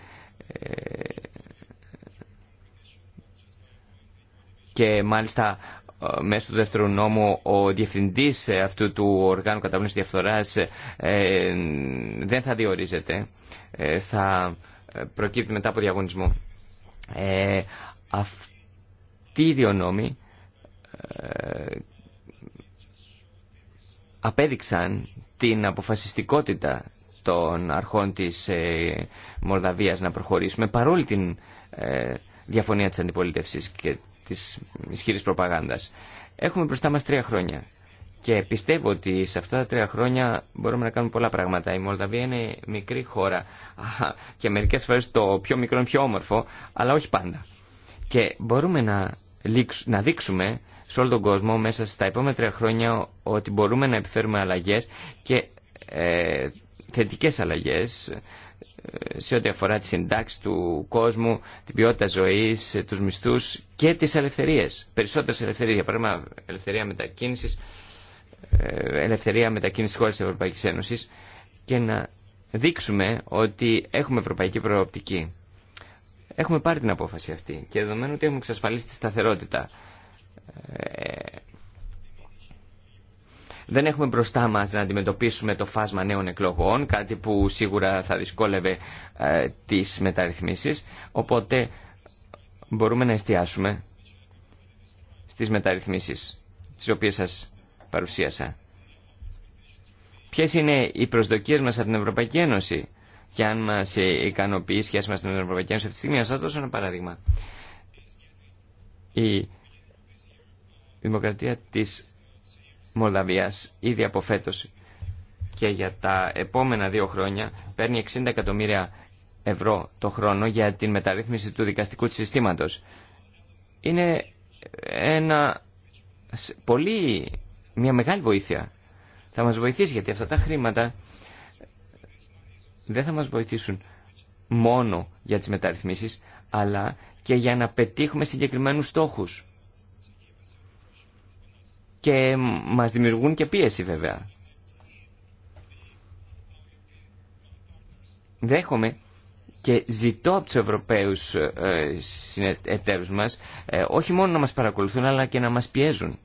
Speaker 3: και μάλιστα ε, μέσω του δεύτερου νόμου ο διευθυντής ε, αυτού του οργάνου καταπολέμησης διαφθοράς ε, δεν θα διορίζεται, θα προκύπτει μετά από διαγωνισμό. Ε, αυτοί οι δύο νόμοι απέδειξαν την αποφασιστικότητα των αρχών της Μολδαβίας να προχωρήσουμε παρόλη την διαφωνία της αντιπολίτευσης και της ισχυρή προπαγάνδας. Έχουμε μπροστά μας τρία χρόνια και πιστεύω ότι σε αυτά τα τρία χρόνια μπορούμε να κάνουμε πολλά πράγματα. Η Μολδαβία είναι μικρή χώρα και μερικές φορές το πιο μικρό είναι πιο όμορφο, αλλά όχι πάντα. Και μπορούμε να, να δείξουμε σε όλο τον κόσμο μέσα στα επόμενα τρία χρόνια ότι μπορούμε να επιφέρουμε αλλαγές και ε, θετικές σε ό,τι αφορά τη συντάξη του κόσμου, την ποιότητα ζωής, τους μισθούς και τις ελευθερίες. Περισσότερες ελευθερίες, για παράδειγμα ελευθερία μετακίνησης, ε, ελευθερία μετακίνησης χώρες της Ευρωπαϊκής Ένωσης και να δείξουμε ότι έχουμε ευρωπαϊκή προοπτική. Έχουμε πάρει την απόφαση αυτή και δεδομένου ότι έχουμε εξασφαλίσει τη σταθερότητα ε, δεν έχουμε μπροστά μας να αντιμετωπίσουμε το φάσμα νέων εκλογών, κάτι που σίγουρα θα δυσκόλευε ε, τις μεταρρυθμίσεις, οπότε μπορούμε να εστιάσουμε στις μεταρρυθμίσεις τις οποίες σας παρουσίασα. Ποιες είναι οι προσδοκίες μας από την Ευρωπαϊκή Ένωση και αν μας ε, ικανοποιεί η σχέση μας με την Ευρωπαϊκή Ένωση αυτή τη στιγμή. Να δώσω ένα παράδειγμα. Η δημοκρατία της Μολδαβίας ήδη από φέτος και για τα επόμενα δύο χρόνια παίρνει 60 εκατομμύρια ευρώ το χρόνο για την μεταρρύθμιση του δικαστικού συστήματος. Είναι ένα πολύ, μια μεγάλη βοήθεια. Θα μας βοηθήσει γιατί αυτά τα χρήματα δεν θα μας βοηθήσουν μόνο για τις μεταρρυθμίσεις αλλά και για να πετύχουμε συγκεκριμένους στόχους και μας δημιουργούν και πίεση βέβαια. Δέχομαι και ζητώ από τους Ευρωπαίους ε, εταίρους μας ε, όχι μόνο να μας παρακολουθούν αλλά και να μας πιέζουν.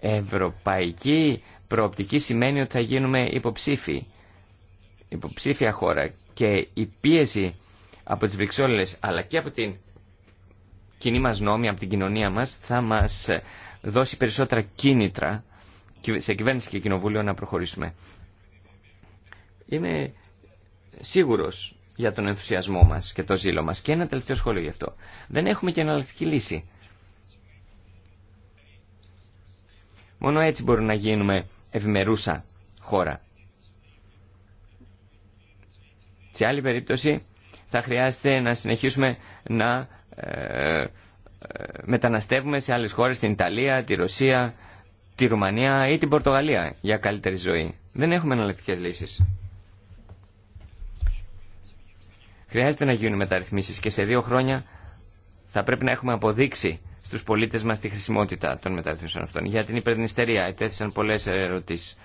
Speaker 3: Ευρωπαϊκή προοπτική σημαίνει ότι θα γίνουμε υποψήφοι, υποψήφια χώρα και η πίεση από τις Βρυξόλλες αλλά και από την κοινή μας νόμη, από την κοινωνία μας, θα μας δώσει περισσότερα κίνητρα σε κυβέρνηση και κοινοβούλιο να προχωρήσουμε. Είμαι σίγουρος για τον ενθουσιασμό μας και το ζήλο μας. Και ένα τελευταίο σχόλιο γι' αυτό. Δεν έχουμε και εναλλακτική λύση. Μόνο έτσι μπορούμε να γίνουμε ευημερούσα χώρα. Σε άλλη περίπτωση θα χρειάζεται να συνεχίσουμε να ε, ε, μεταναστεύουμε σε άλλες χώρες, την Ιταλία, τη Ρωσία, τη Ρουμανία ή την Πορτογαλία για καλύτερη ζωή. Δεν έχουμε εναλλακτικέ λύσεις. Χρειάζεται να γίνουν μεταρρυθμίσεις και σε δύο χρόνια θα πρέπει να έχουμε αποδείξει στους πολίτες μας τη χρησιμότητα των μεταρρυθμίσεων αυτών. Για την υπερδυνιστερία ετέθησαν πολλές ερωτήσεις.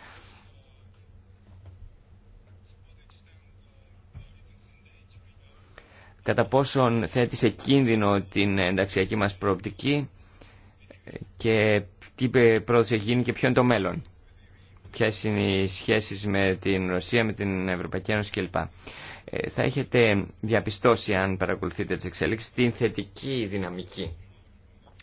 Speaker 3: κατά πόσον θέτει σε κίνδυνο την ενταξιακή μας προοπτική και τι πρόοδος έχει γίνει και ποιο είναι το μέλλον. ποιε είναι οι σχέσεις με την Ρωσία, με την Ευρωπαϊκή Ένωση κλπ. Ε, θα έχετε διαπιστώσει, αν παρακολουθείτε τι εξέλιξει, την θετική δυναμική.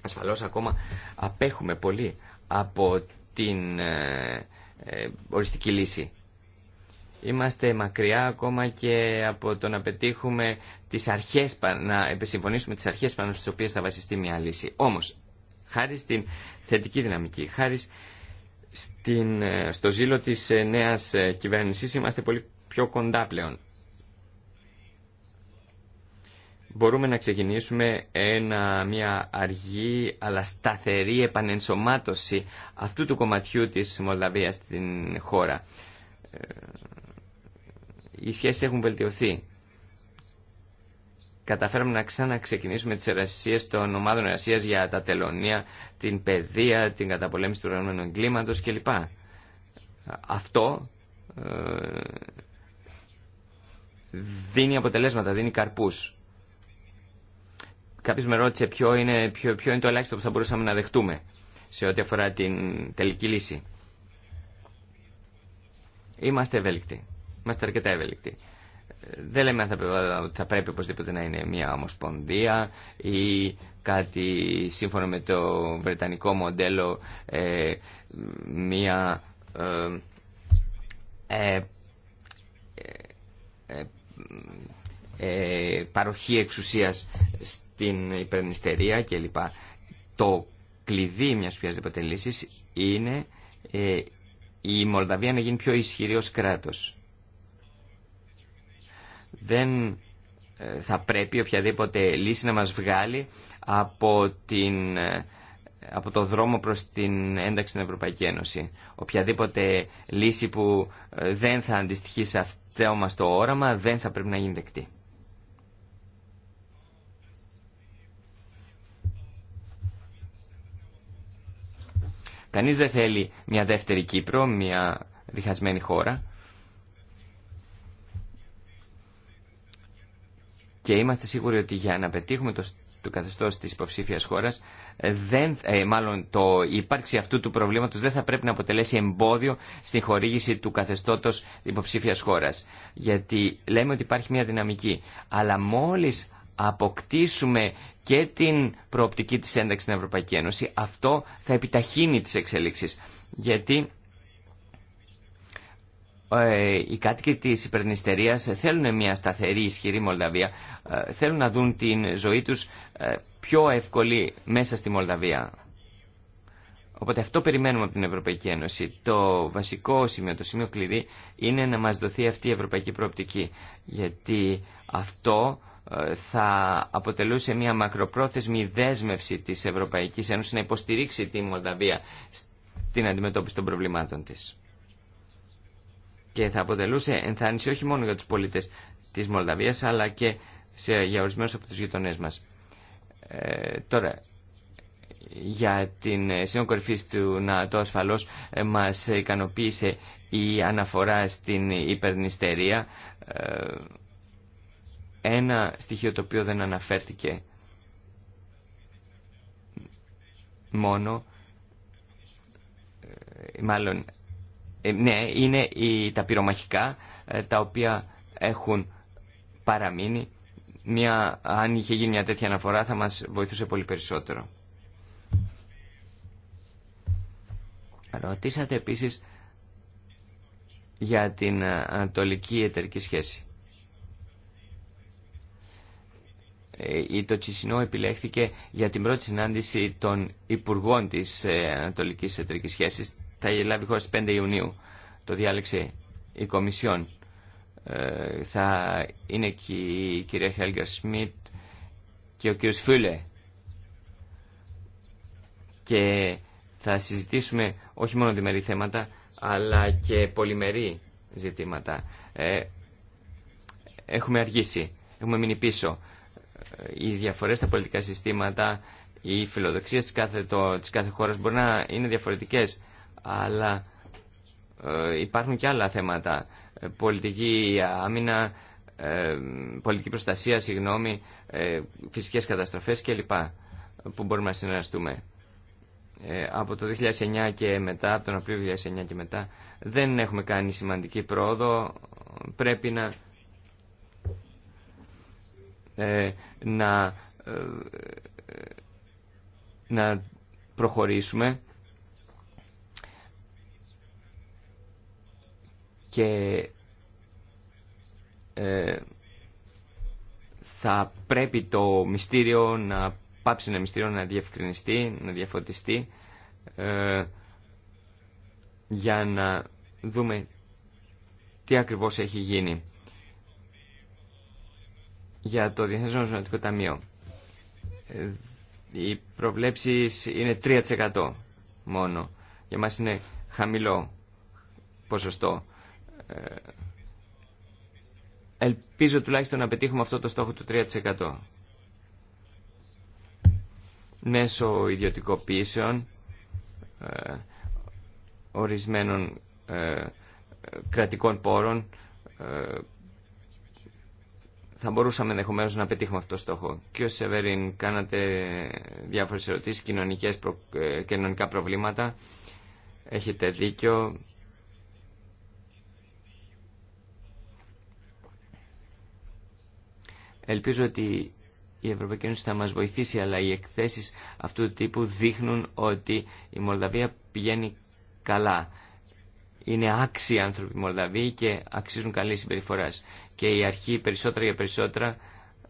Speaker 3: Ασφαλώς ακόμα απέχουμε πολύ από την ε, ε, οριστική λύση Είμαστε μακριά ακόμα και από το να πετύχουμε τις αρχές, να επισυμφωνήσουμε τις αρχές πάνω στις οποίες θα βασιστεί μια λύση. Όμως, χάρη στην θετική δυναμική, χάρη στην, ε, στο ζήλο της ε, νέας ε, κυβέρνησης είμαστε πολύ πιο κοντά πλέον. Μπορούμε να ξεκινήσουμε ένα, μια αργή αλλά σταθερή επανενσωμάτωση αυτού του κομματιού της Μολδαβίας στην χώρα οι σχέσεις έχουν βελτιωθεί. Καταφέραμε να ξαναξεκινήσουμε τις εργασίες των ομάδων εργασίας για τα τελωνία, την παιδεία, την καταπολέμηση του ρεωμένου εγκλήματος κλπ. Αυτό ε, δίνει αποτελέσματα, δίνει καρπούς. Κάποιος με ρώτησε ποιο είναι, ποιο, ποιο είναι το ελάχιστο που θα μπορούσαμε να δεχτούμε σε ό,τι αφορά την τελική λύση. Είμαστε ευέλικτοι. Είμαστε αρκετά ευελικτοί. Δεν λέμε ότι θα, θα πρέπει οπωσδήποτε να είναι μια ομοσπονδία ή κάτι σύμφωνα με το βρετανικό μοντέλο ε, μια ε, ε, παροχή εξουσίας στην υπερνηστερία κλπ. Το κλειδί μιας οποιασδήποτε λύσης είναι η Μολδαβία να γίνει πιο ισχυρή ως κράτος δεν ε, θα πρέπει οποιαδήποτε λύση να μας βγάλει από, την, ε, από το δρόμο προς την ένταξη στην Ευρωπαϊκή Ένωση. Οποιαδήποτε λύση που ε, δεν θα αντιστοιχεί σε αυτό μας το όραμα δεν θα πρέπει να γίνει δεκτή. Κανείς δεν θέλει μια δεύτερη Κύπρο, μια διχασμένη χώρα. και είμαστε σίγουροι ότι για να πετύχουμε το, το καθεστώς της υποψήφιας χώρας, ε, ε, μάλλον το, η ύπαρξη αυτού του προβλήματος δεν θα πρέπει να αποτελέσει εμπόδιο στην χορήγηση του καθεστώτος υποψήφια χώρας. Γιατί λέμε ότι υπάρχει μια δυναμική, αλλά μόλις αποκτήσουμε και την προοπτική της ένταξης στην Ευρωπαϊκή Ένωση, αυτό θα επιταχύνει τις εξελίξεις. Γιατί ε, οι κάτοικοι τη υπερνηστερία θέλουν μια σταθερή, ισχυρή Μολδαβία. Ε, θέλουν να δουν την ζωή τους ε, πιο εύκολη μέσα στη Μολδαβία. Οπότε αυτό περιμένουμε από την Ευρωπαϊκή Ένωση. Το βασικό σημείο, το σημείο κλειδί είναι να μας δοθεί αυτή η ευρωπαϊκή προοπτική. Γιατί αυτό θα αποτελούσε μια μακροπρόθεσμη δέσμευση της Ευρωπαϊκής Ένωσης να υποστηρίξει τη Μολδαβία στην αντιμετώπιση των προβλημάτων της και θα αποτελούσε ενθάρρυνση όχι μόνο για τους πολίτες της Μολδαβίας αλλά και σε, για ορισμένους από τους γειτονές μας. Ε, τώρα, για την σύνολο κορυφή του ΝΑΤΟ ασφαλώς ε, μας ικανοποίησε η αναφορά στην υπερνηστερία. Ε, ένα στοιχείο το οποίο δεν αναφέρθηκε μόνο, ε, μάλλον ε, ναι, είναι τα πυρομαχικά ε, τα οποία έχουν παραμείνει. Μια, αν είχε γίνει μια τέτοια αναφορά θα μας βοηθούσε πολύ περισσότερο. Ρωτήσατε επίσης για την ανατολική εταιρική σχέση. Ε, το Τσισινό επιλέχθηκε για την πρώτη συνάντηση των Υπουργών της Ανατολικής Εταιρικής Σχέσης θα λάβει χώρα στις 5 Ιουνίου. Το διάλεξε η Κομισιόν. Ε, θα είναι και η κυρία Χέλγκερ Σμιτ και ο κύριος Φούλε. Και θα συζητήσουμε όχι μόνο διμερεί θέματα, αλλά και πολυμερή ζητήματα. Ε, έχουμε αργήσει, έχουμε μείνει πίσω. Ε, οι διαφορές στα πολιτικά συστήματα, οι φιλοδοξίε τη κάθε, το, κάθε χώρας μπορεί να είναι διαφορετικές αλλά ε, υπάρχουν και άλλα θέματα. Ε, πολιτική άμυνα, ε, πολιτική προστασία, συγγνώμη, φυσικές καταστροφές κλπ. που μπορούμε να συνεργαστούμε. από το 2009 και μετά, από τον Απρίλιο 2009 και μετά, δεν έχουμε κάνει σημαντική πρόοδο. Πρέπει να, να, να προχωρήσουμε και ε, θα πρέπει το μυστήριο να πάψει ένα μυστήριο να διευκρινιστεί, να διαφωτιστεί ε, για να δούμε τι ακριβώς έχει γίνει για το Διεθνές Νομισματικό Ταμείο. Ε, οι προβλέψεις είναι 3% μόνο. Για μας είναι χαμηλό ποσοστό. Ε, ελπίζω τουλάχιστον να πετύχουμε αυτό το στόχο του 3% μέσω ιδιωτικοποίησεων ε, ορισμένων ε, κρατικών πόρων θα μπορούσαμε ενδεχομένω να πετύχουμε αυτό το στόχο. Κύριε Σεβερίν, κάνατε διάφορε ερωτήσει, προ, κοινωνικά προβλήματα. Έχετε δίκιο. Ελπίζω ότι η Ευρωπαϊκή Ένωση θα μας βοηθήσει, αλλά οι εκθέσεις αυτού του τύπου δείχνουν ότι η Μολδαβία πηγαίνει καλά. Είναι άξιοι άνθρωποι οι Μολδαβοί και αξίζουν καλή συμπεριφορά. Και η αρχή περισσότερα για περισσότερα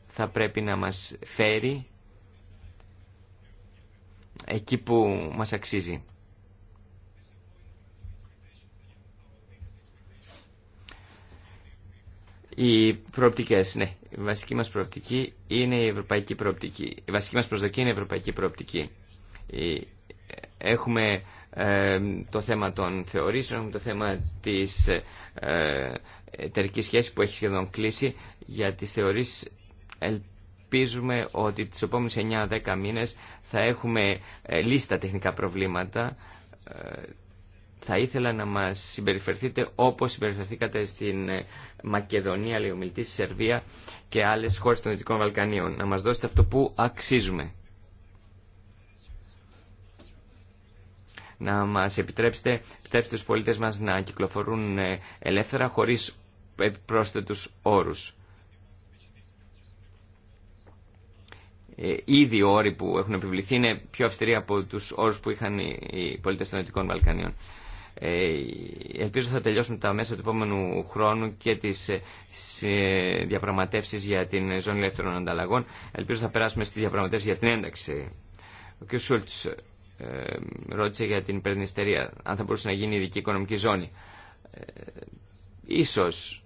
Speaker 3: θα πρέπει να μας φέρει εκεί που μας αξίζει. Οι προοπτικέ, ναι. Η βασική μας προοπτική είναι η ευρωπαϊκή προοπτική. Η βασική μας προσδοκία είναι η ευρωπαϊκή προοπτική. Έχουμε ε, το θέμα των θεωρήσεων, το θέμα της ε, εταιρικής σχέσης που έχει σχεδόν κλείσει. Για τις θεωρήσει ελπίζουμε ότι τις επομενε 9 9-10 μήνες θα έχουμε ε, λίστα τεχνικά προβλήματα ε, θα ήθελα να μας συμπεριφερθείτε όπως συμπεριφερθήκατε στην ε, Μακεδονία, Λεωμιλτή, Σερβία και άλλες χώρες των Δυτικών Βαλκανίων. Να μας δώσετε αυτό που αξίζουμε. Να μας επιτρέψετε, επιτρέψετε τους πολίτες μας να κυκλοφορούν ε, ελεύθερα χωρίς ε, πρόσθετους όρους. ήδη όροι που έχουν επιβληθεί είναι πιο αυστηροί από τους όρους που είχαν οι πολίτες των Δυτικών Βαλκανίων. Ε, ελπίζω θα τελειώσουν τα μέσα του επόμενου χρόνου και τις ε, διαπραγματεύσει για την ζώνη ελεύθερων ανταλλαγών. Ελπίζω θα περάσουμε στις διαπραγματεύσει για την ένταξη. Ο κ. Σούλτς ε, ρώτησε για την Περνιστερία, αν θα μπορούσε να γίνει ειδική οικονομική ζώνη. ίσως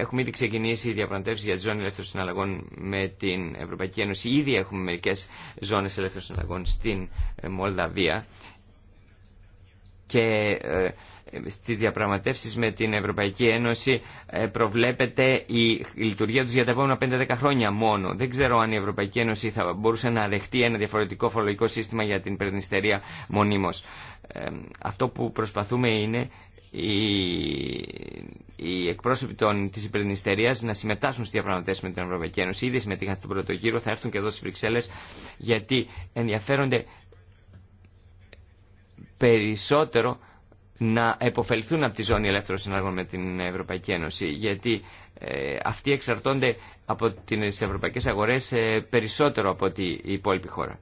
Speaker 3: έχουμε ήδη ξεκινήσει διαπραγματεύσει για τη ζώνη ελεύθερων συναλλαγών με την Ευρωπαϊκή Ένωση. Ήδη έχουμε μερικέ ζώνε ελεύθερων συναλλαγών στην ε, Μολδαβία. Και ε, στις διαπραγματεύσεις με την Ευρωπαϊκή Ένωση ε, προβλέπεται η λειτουργία τους για τα επόμενα 5-10 χρόνια μόνο. Δεν ξέρω αν η Ευρωπαϊκή Ένωση θα μπορούσε να δεχτεί ένα διαφορετικό φορολογικό σύστημα για την περνηστερία μονίμως. Αυτό που προσπαθούμε είναι οι, οι εκπρόσωποι τη της να συμμετάσχουν στις διαπραγματεύσεις με την Ευρωπαϊκή Ένωση. Ήδη συμμετείχαν στον πρώτο γύρο, θα έρθουν και εδώ στις Βρυξέλλες γιατί ενδιαφέρονται περισσότερο να επωφελθούν από τη ζώνη ελεύθερων συνάργων με την Ευρωπαϊκή Ένωση γιατί ε, αυτοί εξαρτώνται από τις ευρωπαϊκές αγορές ε, περισσότερο από την η υπόλοιπη χώρα.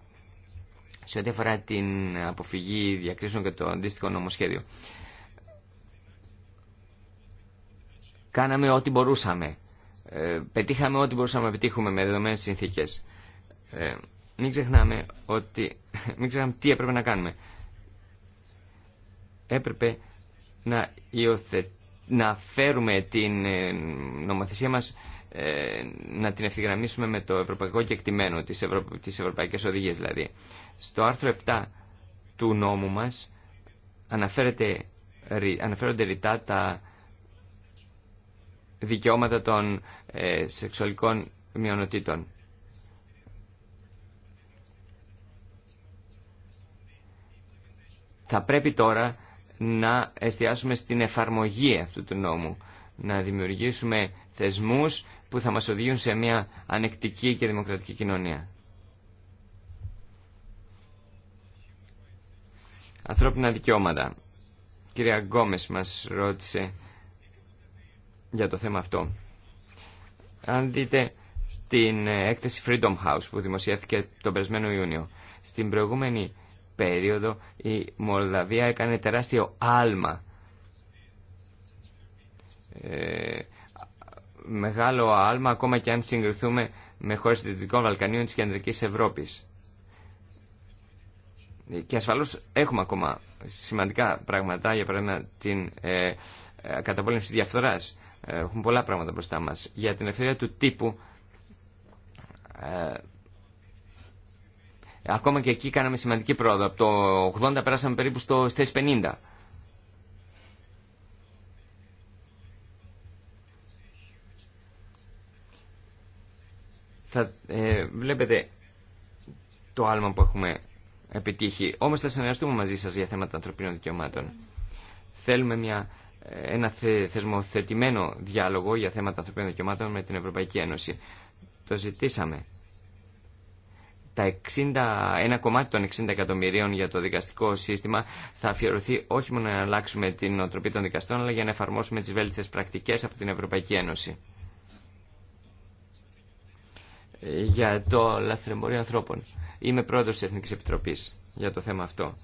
Speaker 3: Σε ό,τι αφορά την αποφυγή διακρίσεων και το αντίστοιχο νομοσχέδιο. Κάναμε ό,τι μπορούσαμε. Ε, πετύχαμε ό,τι μπορούσαμε να πετύχουμε με δεδομένες συνθήκες. Ε, μην ξεχνάμε ότι... <laughs> Μην ξεχνάμε τι έπρεπε να κάνουμε. Έπρεπε να, να φέρουμε την ε, νομοθεσία μας ε, να την ευθυγραμμίσουμε με το ευρωπαϊκό κεκτημένο, τις, ευρω... τις ευρωπαϊκές οδηγίες δηλαδή. Στο άρθρο 7 του νόμου μας αναφέρεται, αναφέρονται ρητά τα δικαιώματα των ε, σεξουαλικών μειονοτήτων. Θα πρέπει τώρα να εστιάσουμε στην εφαρμογή αυτού του νόμου, να δημιουργήσουμε θεσμούς που θα μας οδηγούν σε μια ανεκτική και δημοκρατική κοινωνία. Ανθρώπινα δικαιώματα. Κυρία Γκόμες μας ρώτησε για το θέμα αυτό. Αν δείτε την ε, έκθεση Freedom House που δημοσιεύθηκε τον περασμένο Ιούνιο. Στην προηγούμενη περίοδο η Μολδαβία έκανε τεράστιο άλμα. Ε, μεγάλο άλμα ακόμα και αν συγκριθούμε με χώρες Δυτικών Βαλκανίων της Κεντρικής Ευρώπης. Και ασφαλώς έχουμε ακόμα σημαντικά πράγματα, για παράδειγμα την ε, ε καταπόλεμηση διαφθοράς Έχουμε πολλά πράγματα μπροστά μας. Για την ελευθερία του τύπου, ε, ακόμα και εκεί κάναμε σημαντική πρόοδο. Από το 80 περάσαμε περίπου στο, στις 50. Θα, ε, βλέπετε το άλμα που έχουμε επιτύχει. Όμως θα συνεργαστούμε μαζί σας για θέματα ανθρωπίνων δικαιωμάτων. Θέλουμε μια ένα θεσμοθετημένο διάλογο για θέματα ανθρωπίνων δικαιωμάτων με την Ευρωπαϊκή Ένωση. Το ζητήσαμε. Τα 60, ένα κομμάτι των 60 εκατομμυρίων για το δικαστικό σύστημα θα αφιερωθεί όχι μόνο να αλλάξουμε την νοοτροπία των δικαστών, αλλά για να εφαρμόσουμε τις βέλτιστες πρακτικές από την Ευρωπαϊκή Ένωση. Για το λαθρεμπορίο ανθρώπων. Είμαι πρόεδρος της Εθνικής Επιτροπής για το θέμα αυτό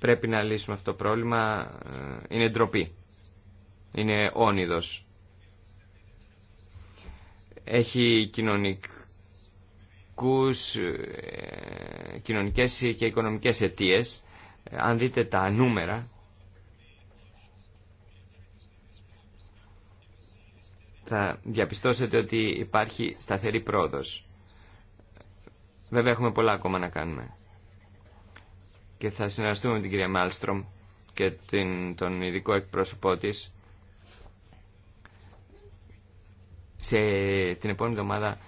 Speaker 3: πρέπει να λύσουμε αυτό το πρόβλημα ε, είναι ντροπή. Είναι όνειδος. Έχει κοινωνικούς, ε, κοινωνικές και οικονομικές αιτίες. Ε, αν δείτε τα νούμερα, θα διαπιστώσετε ότι υπάρχει σταθερή πρόοδος. Βέβαια έχουμε πολλά ακόμα να κάνουμε και θα συνεργαστούμε με την κυρία Μάλστρομ και τον ειδικό εκπρόσωπό της σε την επόμενη εβδομάδα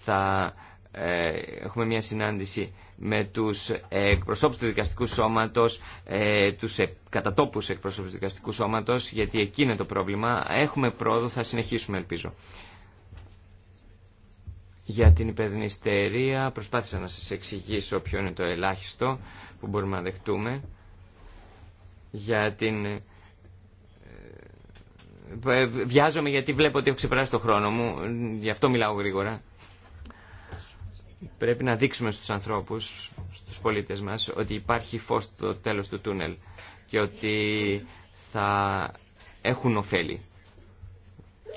Speaker 3: θα ε, έχουμε μια συνάντηση με τους εκπροσώπους του δικαστικού σώματος, ε, τους ε, κατατόπους εκπροσώπους του δικαστικού σώματος, γιατί εκεί είναι το πρόβλημα. Έχουμε πρόοδο, θα συνεχίσουμε ελπίζω. Για την υπερνηστερία προσπάθησα να σας εξηγήσω ποιο είναι το ελάχιστο που μπορούμε να δεχτούμε. Για την... Ε, ε, βιάζομαι γιατί βλέπω ότι έχω ξεπεράσει το χρόνο μου, γι' αυτό μιλάω γρήγορα. Πρέπει να δείξουμε στους ανθρώπους, στους πολίτες μας, ότι υπάρχει φως στο τέλος του τούνελ και ότι θα έχουν ωφέλη.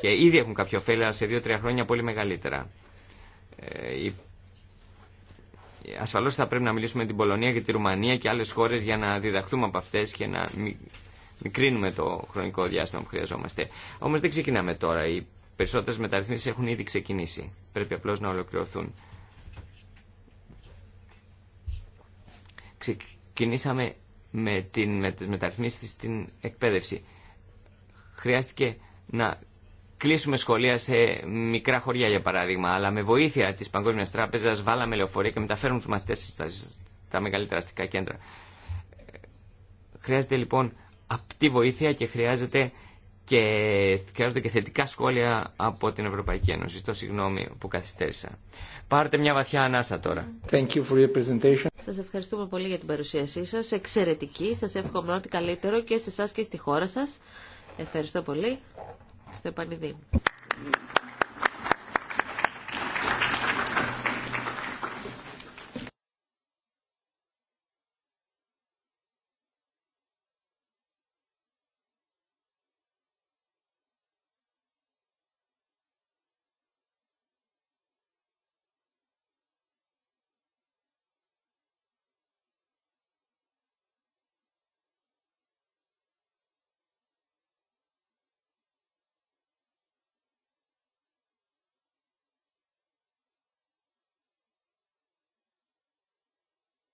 Speaker 3: Και ήδη έχουν κάποιο ωφέλη, αλλά σε δύο-τρία χρόνια πολύ μεγαλύτερα. Ε, ασφαλώς θα πρέπει να μιλήσουμε με την Πολωνία και τη Ρουμανία και άλλες χώρες για να διδαχθούμε από αυτές και να μικρύνουμε το χρονικό διάστημα που χρειαζόμαστε. Όμως δεν ξεκινάμε τώρα. Οι περισσότερες μεταρρυθμίσεις έχουν ήδη ξεκινήσει. Πρέπει απλώς να ολοκληρωθούν. Ξεκινήσαμε με, την, με τις μεταρρυθμίσεις στην εκπαίδευση. Χρειάστηκε να κλείσουμε σχολεία σε μικρά χωριά για παράδειγμα, αλλά με βοήθεια τη Παγκόσμια Τράπεζα, βάλαμε λεωφορεία και μεταφέρουμε του μαθητές στα, στα μεγαλύτερα αστικά κέντρα. Χρειάζεται λοιπόν απτή βοήθεια και χρειάζεται και χρειάζονται και θετικά σχόλια από την Ευρωπαϊκή Ένωση. Το συγγνώμη που καθυστέρησα. Πάρτε μια βαθιά ανάσα τώρα. Thank you
Speaker 1: Σας ευχαριστούμε πολύ για την παρουσίασή σας. Εξαιρετική. Σας εύχομαι ό,τι καλύτερο και σε εσά και στη χώρα σας. Ευχαριστώ πολύ στο επανειδή.